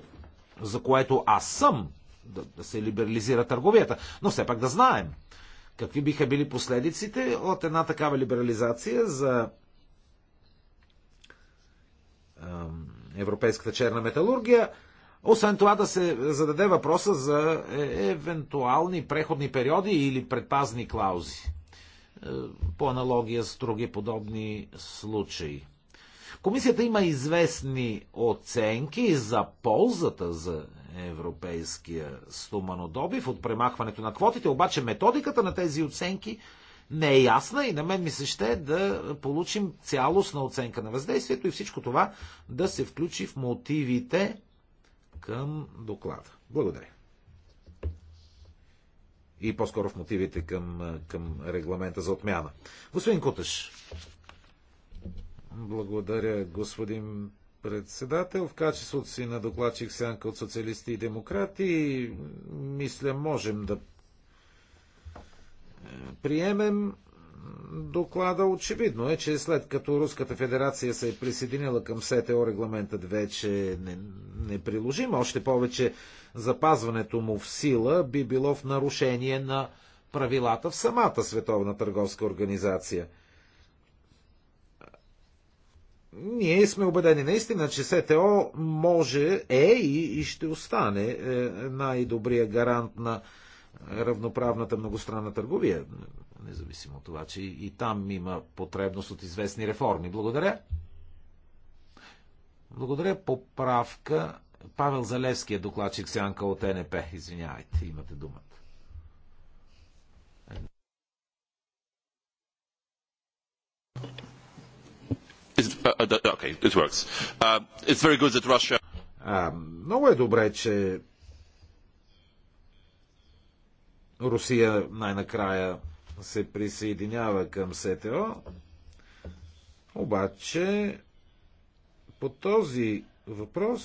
за което аз съм да, да се либерализира търговията. Но все пак да знаем какви биха били последиците от една такава либерализация за европейската черна металургия. Освен това да се зададе въпроса за е, евентуални преходни периоди или предпазни клаузи. Е, по аналогия с други подобни случаи. Комисията има известни оценки за ползата за европейския стоманодобив от премахването на квотите, обаче методиката на тези оценки не е ясна и на мен ми се ще да получим цялостна оценка на въздействието и всичко това да се включи в мотивите към доклада. Благодаря. И по-скоро в мотивите към, към регламента за отмяна. Господин Куташ. Благодаря, господин председател. В качеството си на докладчик сянка от социалисти и демократи, мисля, можем да е, приемем доклада. Очевидно е, че след като Руската федерация се е присъединила към СТО, регламентът вече е не, неприложим. Още повече запазването му в сила би било в нарушение на правилата в самата Световна търговска организация – ние сме убедени наистина, че СТО може, е и, и ще остане е, най-добрия гарант на равноправната многостранна търговия, независимо от това, че и там има потребност от известни реформи. Благодаря. Благодаря. Поправка. Павел Залевски е докладчик Сянка от НП. Извинявайте, имате думата. Uh, uh, okay, it works. Uh, it's very good that Russia... А, много е добре, че Русия най-накрая се присъединява към СТО. Обаче по този въпрос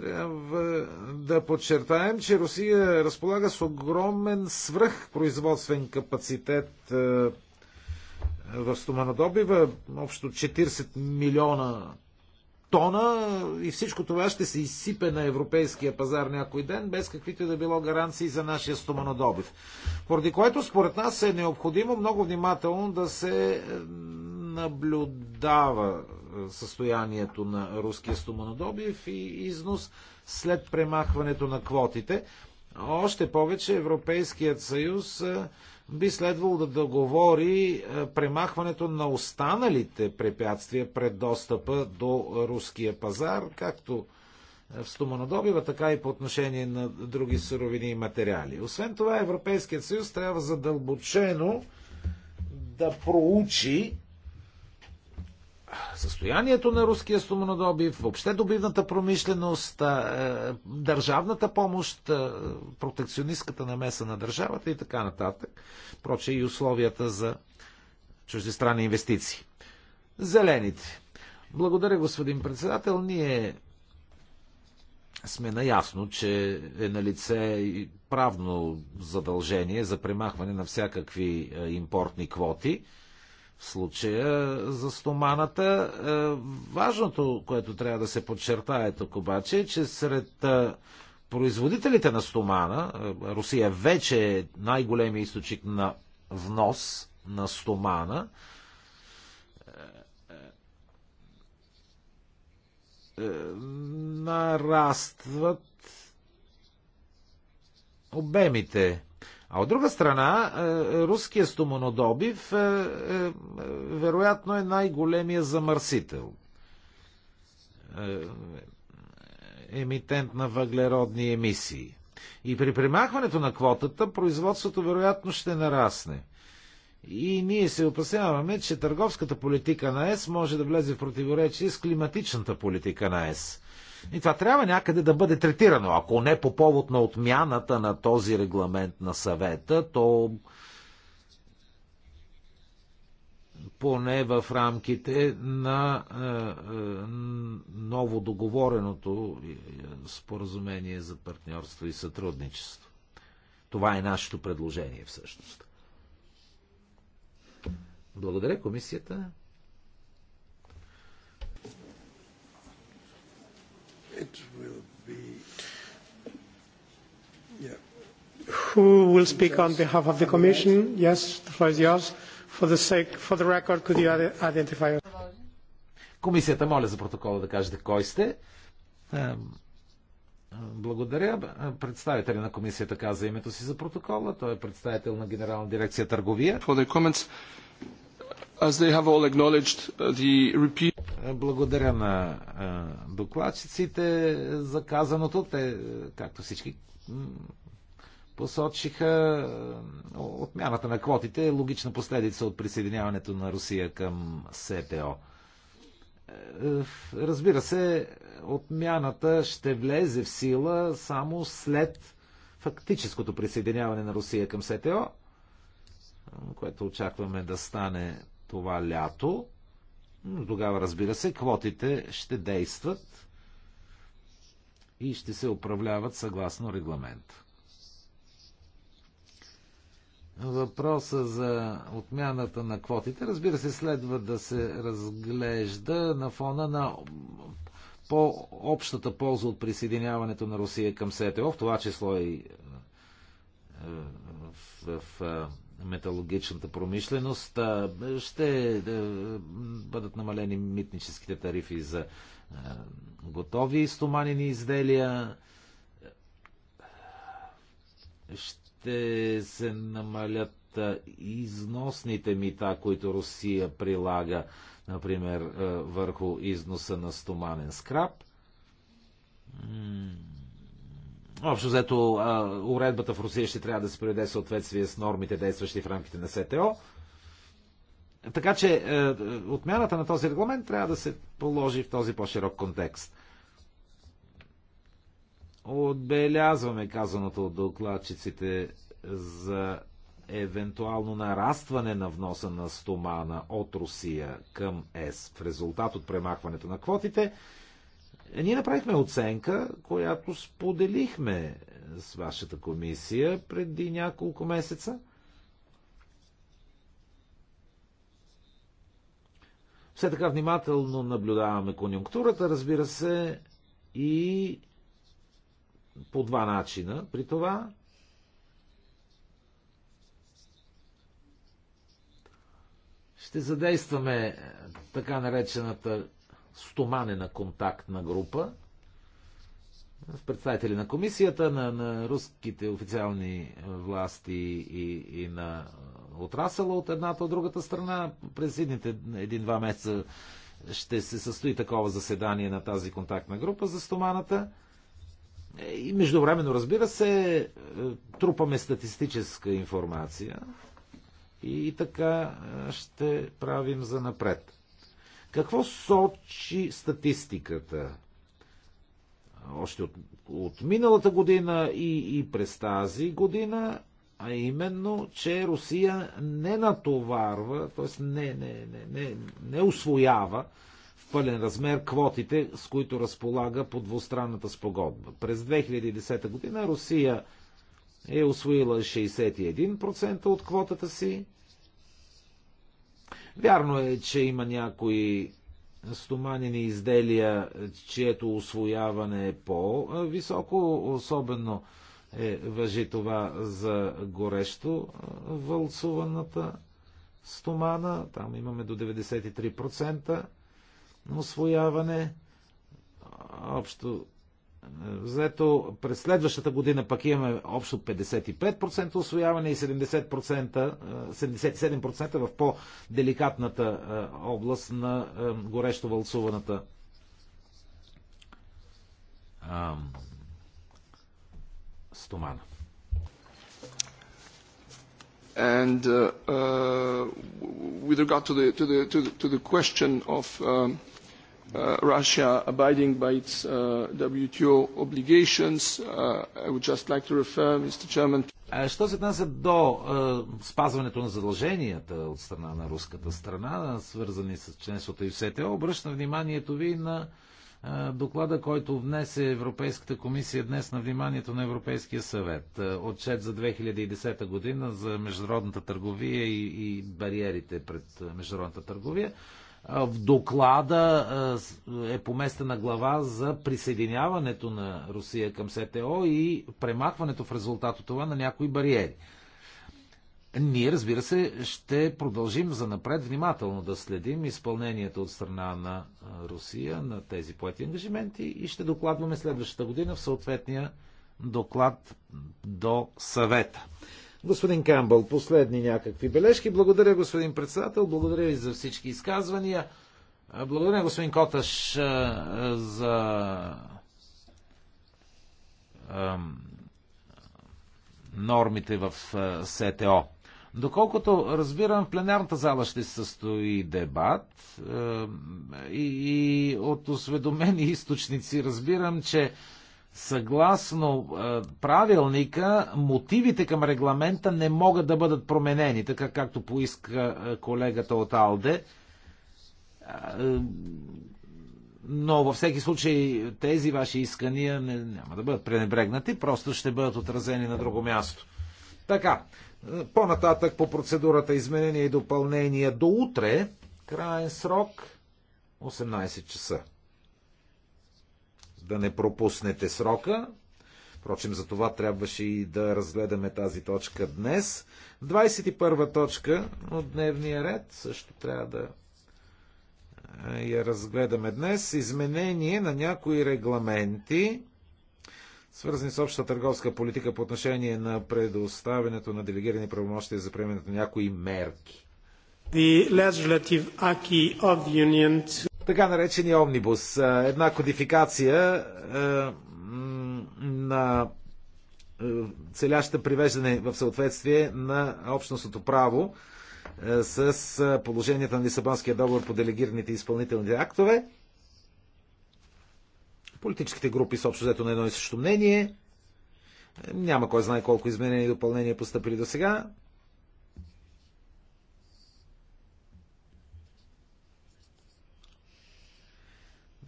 трябва да подчертаем, че Русия разполага с огромен свръхпроизводствен капацитет е, в стоманодобива, общо 40 милиона тона и всичко това ще се изсипе на европейския пазар някой ден, без каквито да било гаранции за нашия стоманодобив. Поради което според нас е необходимо много внимателно да се наблюдава е, състоянието на руския стоманодобив и износ след премахването на квотите. Още повече Европейският съюз е, би следвало да договори е, премахването на останалите препятствия пред достъпа до руския пазар, както в стоманодобива, така и по отношение на други суровини и материали. Освен това, Европейският съюз трябва задълбочено да проучи състоянието на руския стоманодобив, въобще добивната промишленост, е, държавната помощ, протекционистката намеса на държавата и така нататък. Проче и условията за чуждестранни инвестиции. Зелените. Благодаря, господин председател. Ние сме наясно, че е на лице правно задължение за премахване на всякакви е, импортни квоти – в случая за стоманата. Е, важното, което трябва да се подчертае тук обаче, е, че сред е, производителите на стомана, е, Русия вече е най-големият източник на внос на стомана, нарастват обемите а от друга страна, е, е, руския стомонодобив е, вероятно е най-големия замърсител. Емитент на въглеродни емисии. И при примахването на квотата, производството вероятно ще нарасне. И ние се опасяваме, че търговската политика на ЕС може да влезе в противоречие с климатичната политика на ЕС. И това трябва някъде да бъде третирано. Ако не по повод на отмяната на този регламент на съвета, то поне в рамките на е, е, ново договореното споразумение за партньорство и сътрудничество. Това е нашето предложение всъщност. Благодаря комисията. it will be. Yeah. Who will speak on behalf of the Commission? Yes, the floor is yours. For the sake, for the record, could you identify yourself Комисията, моля за протокола да кажете кой сте. Благодаря. Представителя на комисията каза името си за протокола. Той е представител на Генерална дирекция търговия. For the comments. Uh, Благодаря на докладчиците за казаното. Те, е, както всички посочиха, е, отмяната на квотите е логична последица от присъединяването на Русия към СТО. Е, разбира се, отмяната ще влезе в сила само след фактическото присъединяване на Русия към СТО, което очакваме да стане това лято. Тогава, разбира се, квотите ще действат и ще се управляват съгласно регламент. Въпроса за отмяната на квотите, разбира се, следва да се разглежда на фона на по-общата полза от присъединяването на Русия към СТО, в това число и е, в, в, в е, металогичната промишленост. Ще е, бъдат намалени митническите тарифи за е, готови стоманени изделия. Ще се намалят износните мита, които Русия прилага, например, е, върху износа на стоманен скраб. Общо взето, уредбата в Русия ще трябва да се приведе в съответствие с нормите, действащи в рамките на СТО. Така че е, е, отмяната на този регламент трябва да се положи в този по-широк контекст. Отбелязваме казаното от докладчиците за евентуално нарастване на вноса на стомана от Русия към ЕС в резултат от премахването на квотите. Ние направихме оценка, която споделихме с вашата комисия преди няколко месеца. Все така внимателно наблюдаваме конюнктурата, разбира се, и по два начина. При това ще задействаме така наречената стоманена контактна група с представители на комисията, на, на руските официални власти и, и на отрасъла от едната от другата страна. През едните един-два месеца ще се състои такова заседание на тази контактна група за стоманата. И междувременно, разбира се, е, трупаме статистическа информация и така е, ще правим за напред. Какво сочи статистиката? Още от, от миналата година и, и през тази година, а именно, че Русия не натоварва, т.е. Не, не, не, не, не освоява в пълен размер квотите, с които разполага по двустранната спогодба. През 2010 година Русия е освоила 61% от квотата си, Вярно е, че има някои стоманени изделия, чието освояване е по-високо, особено е, въжи това за горещо вълцуваната стомана. Там имаме до 93% освояване. Общо взето през следващата година пък имаме общо 55% освояване и 70%, 77% е, в по-деликатната е, област на е, горещо вълцуваната стомана. And uh, uh, with regard to the, to the, to the, to the question of um, Uh, Russia abiding by its uh, WTO obligations. Uh, I would just like to refer, Mr. Chairman. Е, що се отнася до е, спазването на задълженията от страна на руската страна, свързани с членството и в СТО, обръщам вниманието ви на е, доклада, който внесе Европейската комисия днес на вниманието на Европейския съвет. Отчет за 2010 година за международната търговия и, и бариерите пред международната търговия. В доклада е поместена глава за присъединяването на Русия към СТО и премахването в резултат от това на някои бариери. Ние, разбира се, ще продължим за напред внимателно да следим изпълнението от страна на Русия на тези поети ангажименти и ще докладваме следващата година в съответния доклад до съвета. Господин Камбъл, последни някакви бележки. Благодаря, господин председател. Благодаря ви за всички изказвания. Благодаря, господин Коташ, за нормите в СТО. Доколкото разбирам, в пленарната зала ще се състои дебат и от осведомени [LAUGHS] източници разбирам, че Съгласно е, правилника, мотивите към регламента не могат да бъдат променени, така както поиска е, колегата от Алде. Е, но във всеки случай тези ваши искания не, няма да бъдат пренебрегнати, просто ще бъдат отразени на друго място. Така, по-нататък по процедурата изменения и допълнения до утре, краен срок 18 часа да не пропуснете срока. Впрочем, за това трябваше и да разгледаме тази точка днес. 21 точка от дневния ред също трябва да е, я разгледаме днес. Изменение на някои регламенти, свързани с общата търговска политика по отношение на предоставянето на делегирани правомощия за приемането на някои мерки. The legislative acquis of the union така наречения омнибус. Е, една кодификация е, на е, целяща привеждане в съответствие на общностното право с положението на Лисабонския договор по делегираните изпълнителните актове. Политическите групи са общо взето на едно и също мнение. Няма кой знае колко изменения и допълнения поступили до сега.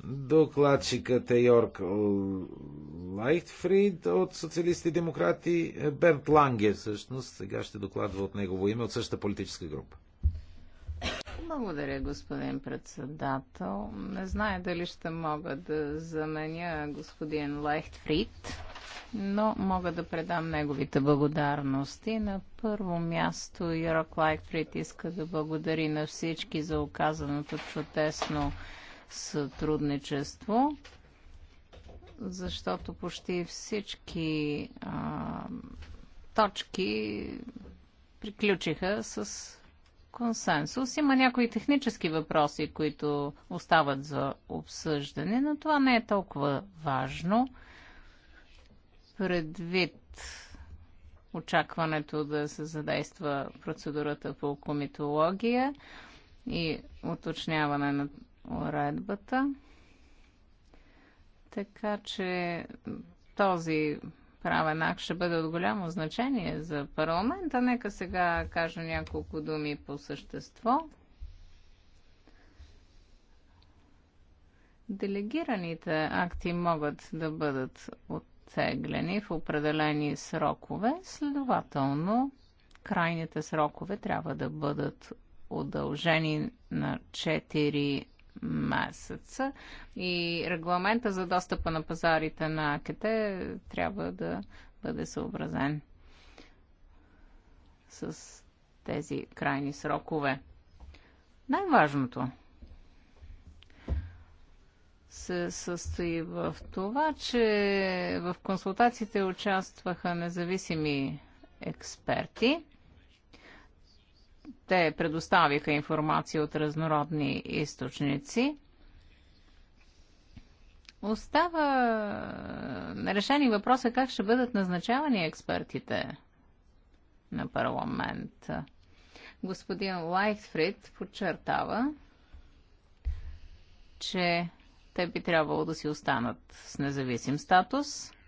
Докладчикът е Йорк Лайтфрид от социалисти и демократи. Берт Ланге всъщност сега ще докладва от негово име от същата политическа група. Благодаря, господин председател. Не зная дали ще мога да заменя господин Лайхтфрид, но мога да предам неговите благодарности. На първо място Йорк Лайхтфрид иска да благодари на всички за оказаното чудесно сътрудничество, защото почти всички а, точки приключиха с консенсус. Има някои технически въпроси, които остават за обсъждане, но това не е толкова важно предвид очакването да се задейства процедурата по комитология и уточняване на уредбата. Така че този правен акт ще бъде от голямо значение за парламента. Нека сега кажа няколко думи по същество. Делегираните акти могат да бъдат оттеглени в определени срокове, следователно крайните срокове трябва да бъдат удължени на 4 месеца и регламента за достъпа на пазарите на АКТ трябва да бъде съобразен с тези крайни срокове. Най-важното се състои в това, че в консултациите участваха независими експерти – те предоставиха информация от разнородни източници. Остава е, решени въпроса как ще бъдат назначавани експертите на парламент. Господин Лайтфрид подчертава, че те би трябвало да си останат с независим статус –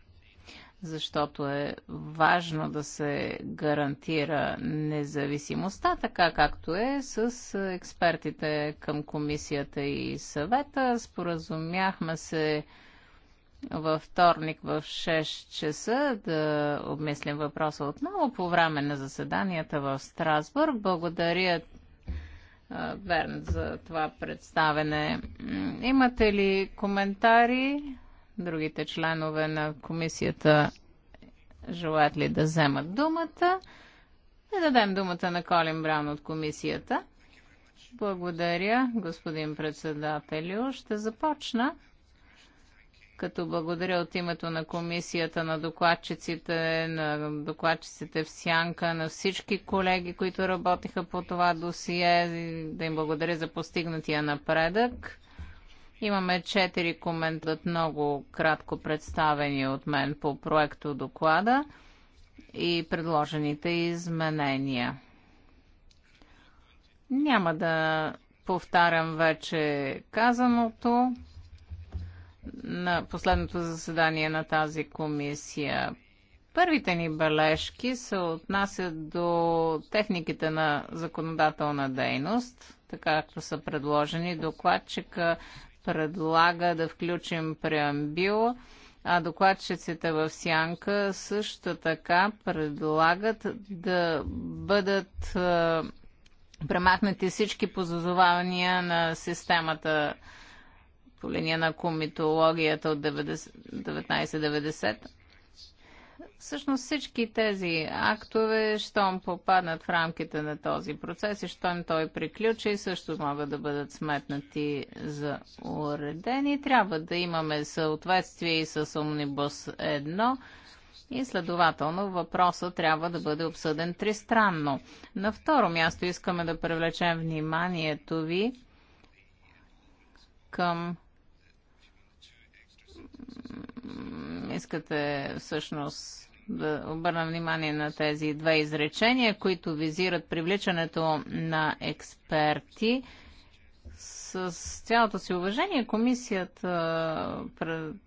защото е важно да се гарантира независимостта, така както е с експертите към комисията и съвета. Споразумяхме се във вторник в 6 часа да обмислим въпроса отново по време на заседанията в Страсбург. Благодаря Берн за това представене. Имате ли коментари? Другите членове на комисията желаят ли да вземат думата? Да дадем думата на Колин Браун от комисията. Благодаря, господин председателю. Ще започна като благодаря от името на комисията, на докладчиците, на докладчиците в Сянка, на всички колеги, които работиха по това досие, да им благодаря за постигнатия напредък. Имаме четири коментат много кратко представени от мен по проекто доклада и предложените изменения. Няма да повтарям вече казаното на последното заседание на тази комисия. Първите ни бележки се отнасят до техниките на законодателна дейност, така както са предложени. Докладчика предлага да включим преамбил, а докладчиците в Сянка също така предлагат да бъдат премахнати всички позазовавания на системата по линия на комитологията от 90, 1990 Всъщност всички тези актове, щом попаднат в рамките на този процес и щом той приключи, също могат да бъдат сметнати за уредени. Трябва да имаме съответствие и с Омнибус 1 и следователно въпросът трябва да бъде обсъден тристранно. На второ място искаме да привлечем вниманието ви към искате всъщност да обърна внимание на тези две изречения, които визират привличането на експерти. С цялото си уважение комисията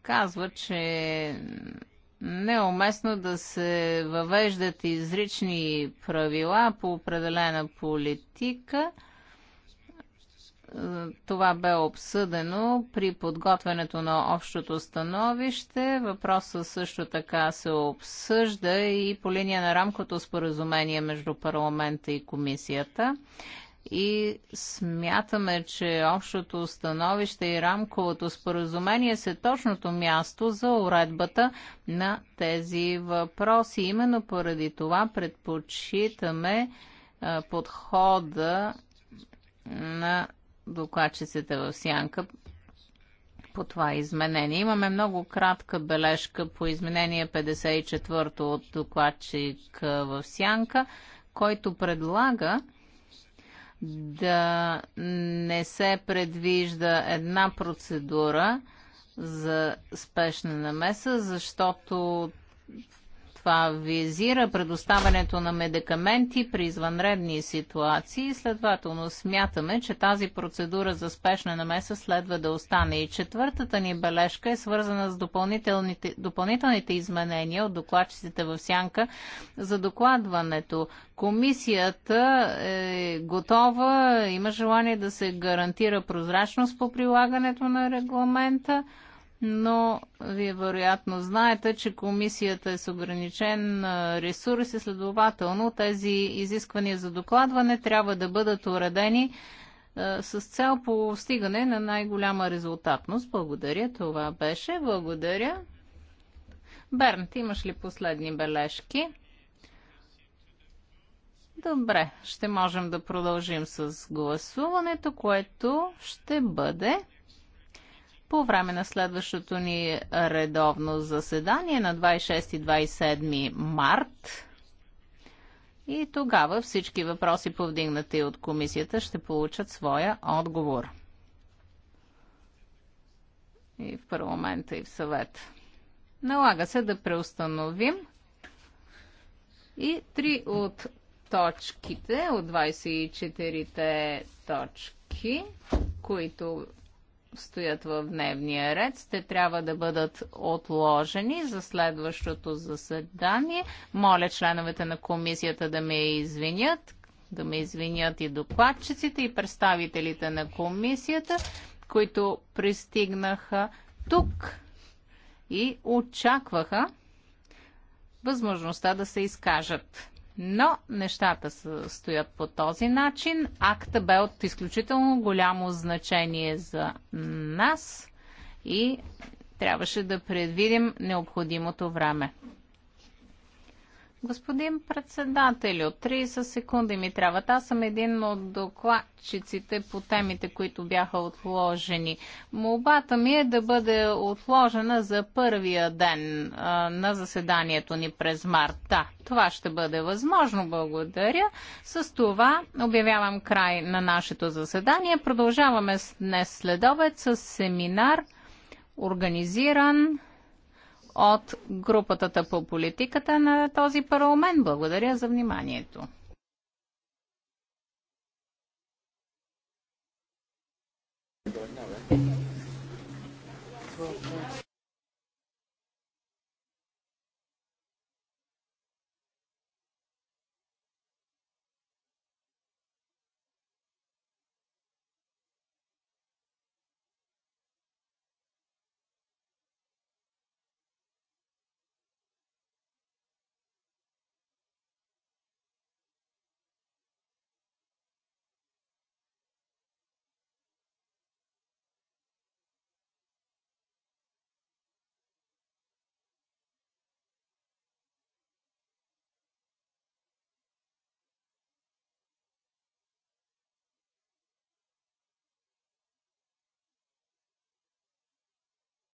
казва, че неуместно да се въвеждат изрични правила по определена политика – това бе обсъдено при подготвянето на общото становище. Въпросът също така се обсъжда и по линия на рамкото споразумение между парламента и комисията. И смятаме, че общото становище и рамковото споразумение са точното място за уредбата на тези въпроси. Именно поради това предпочитаме подхода на докладчиците в Сянка по това изменение. Имаме много кратка бележка по изменение 54 от докладчик в Сянка, който предлага да не се предвижда една процедура за спешна намеса, защото това визира предоставянето на медикаменти при извънредни ситуации. Следователно смятаме, че тази процедура за спешна намеса следва да остане. И четвъртата ни бележка е свързана с допълнителните, допълнителните изменения от докладчиците в Сянка за докладването. Комисията е готова, има желание да се гарантира прозрачност по прилагането на регламента но вие вероятно знаете, че комисията е с ограничен ресурс и следователно тези изисквания за докладване трябва да бъдат уредени с цел постигане на най-голяма резултатност. Благодаря, това беше. Благодаря. ти имаш ли последни бележки? Добре, ще можем да продължим с гласуването, което ще бъде по време на следващото ни редовно заседание на 26 и 27 март. И тогава всички въпроси, повдигнати от комисията, ще получат своя отговор. И в парламента, и в съвет. Налага се да преустановим и три от точките, от 24-те точки, които стоят в дневния ред, те трябва да бъдат отложени за следващото заседание. Моля членовете на комисията да ме извинят, да ме извинят и докладчиците и представителите на комисията, които пристигнаха тук и очакваха възможността да се изкажат. Но нещата стоят по този начин. Акта бе от изключително голямо значение за нас и трябваше да предвидим необходимото време. Господин председател, от 30 секунди ми трябват. Аз съм един от докладчиците по темите, които бяха отложени. Молбата ми е да бъде отложена за първия ден а, на заседанието ни през марта. Да, това ще бъде възможно. Благодаря. С това обявявам край на нашето заседание. Продължаваме днес следобед с семинар, организиран от групата по политиката на този парламент. Благодаря за вниманието.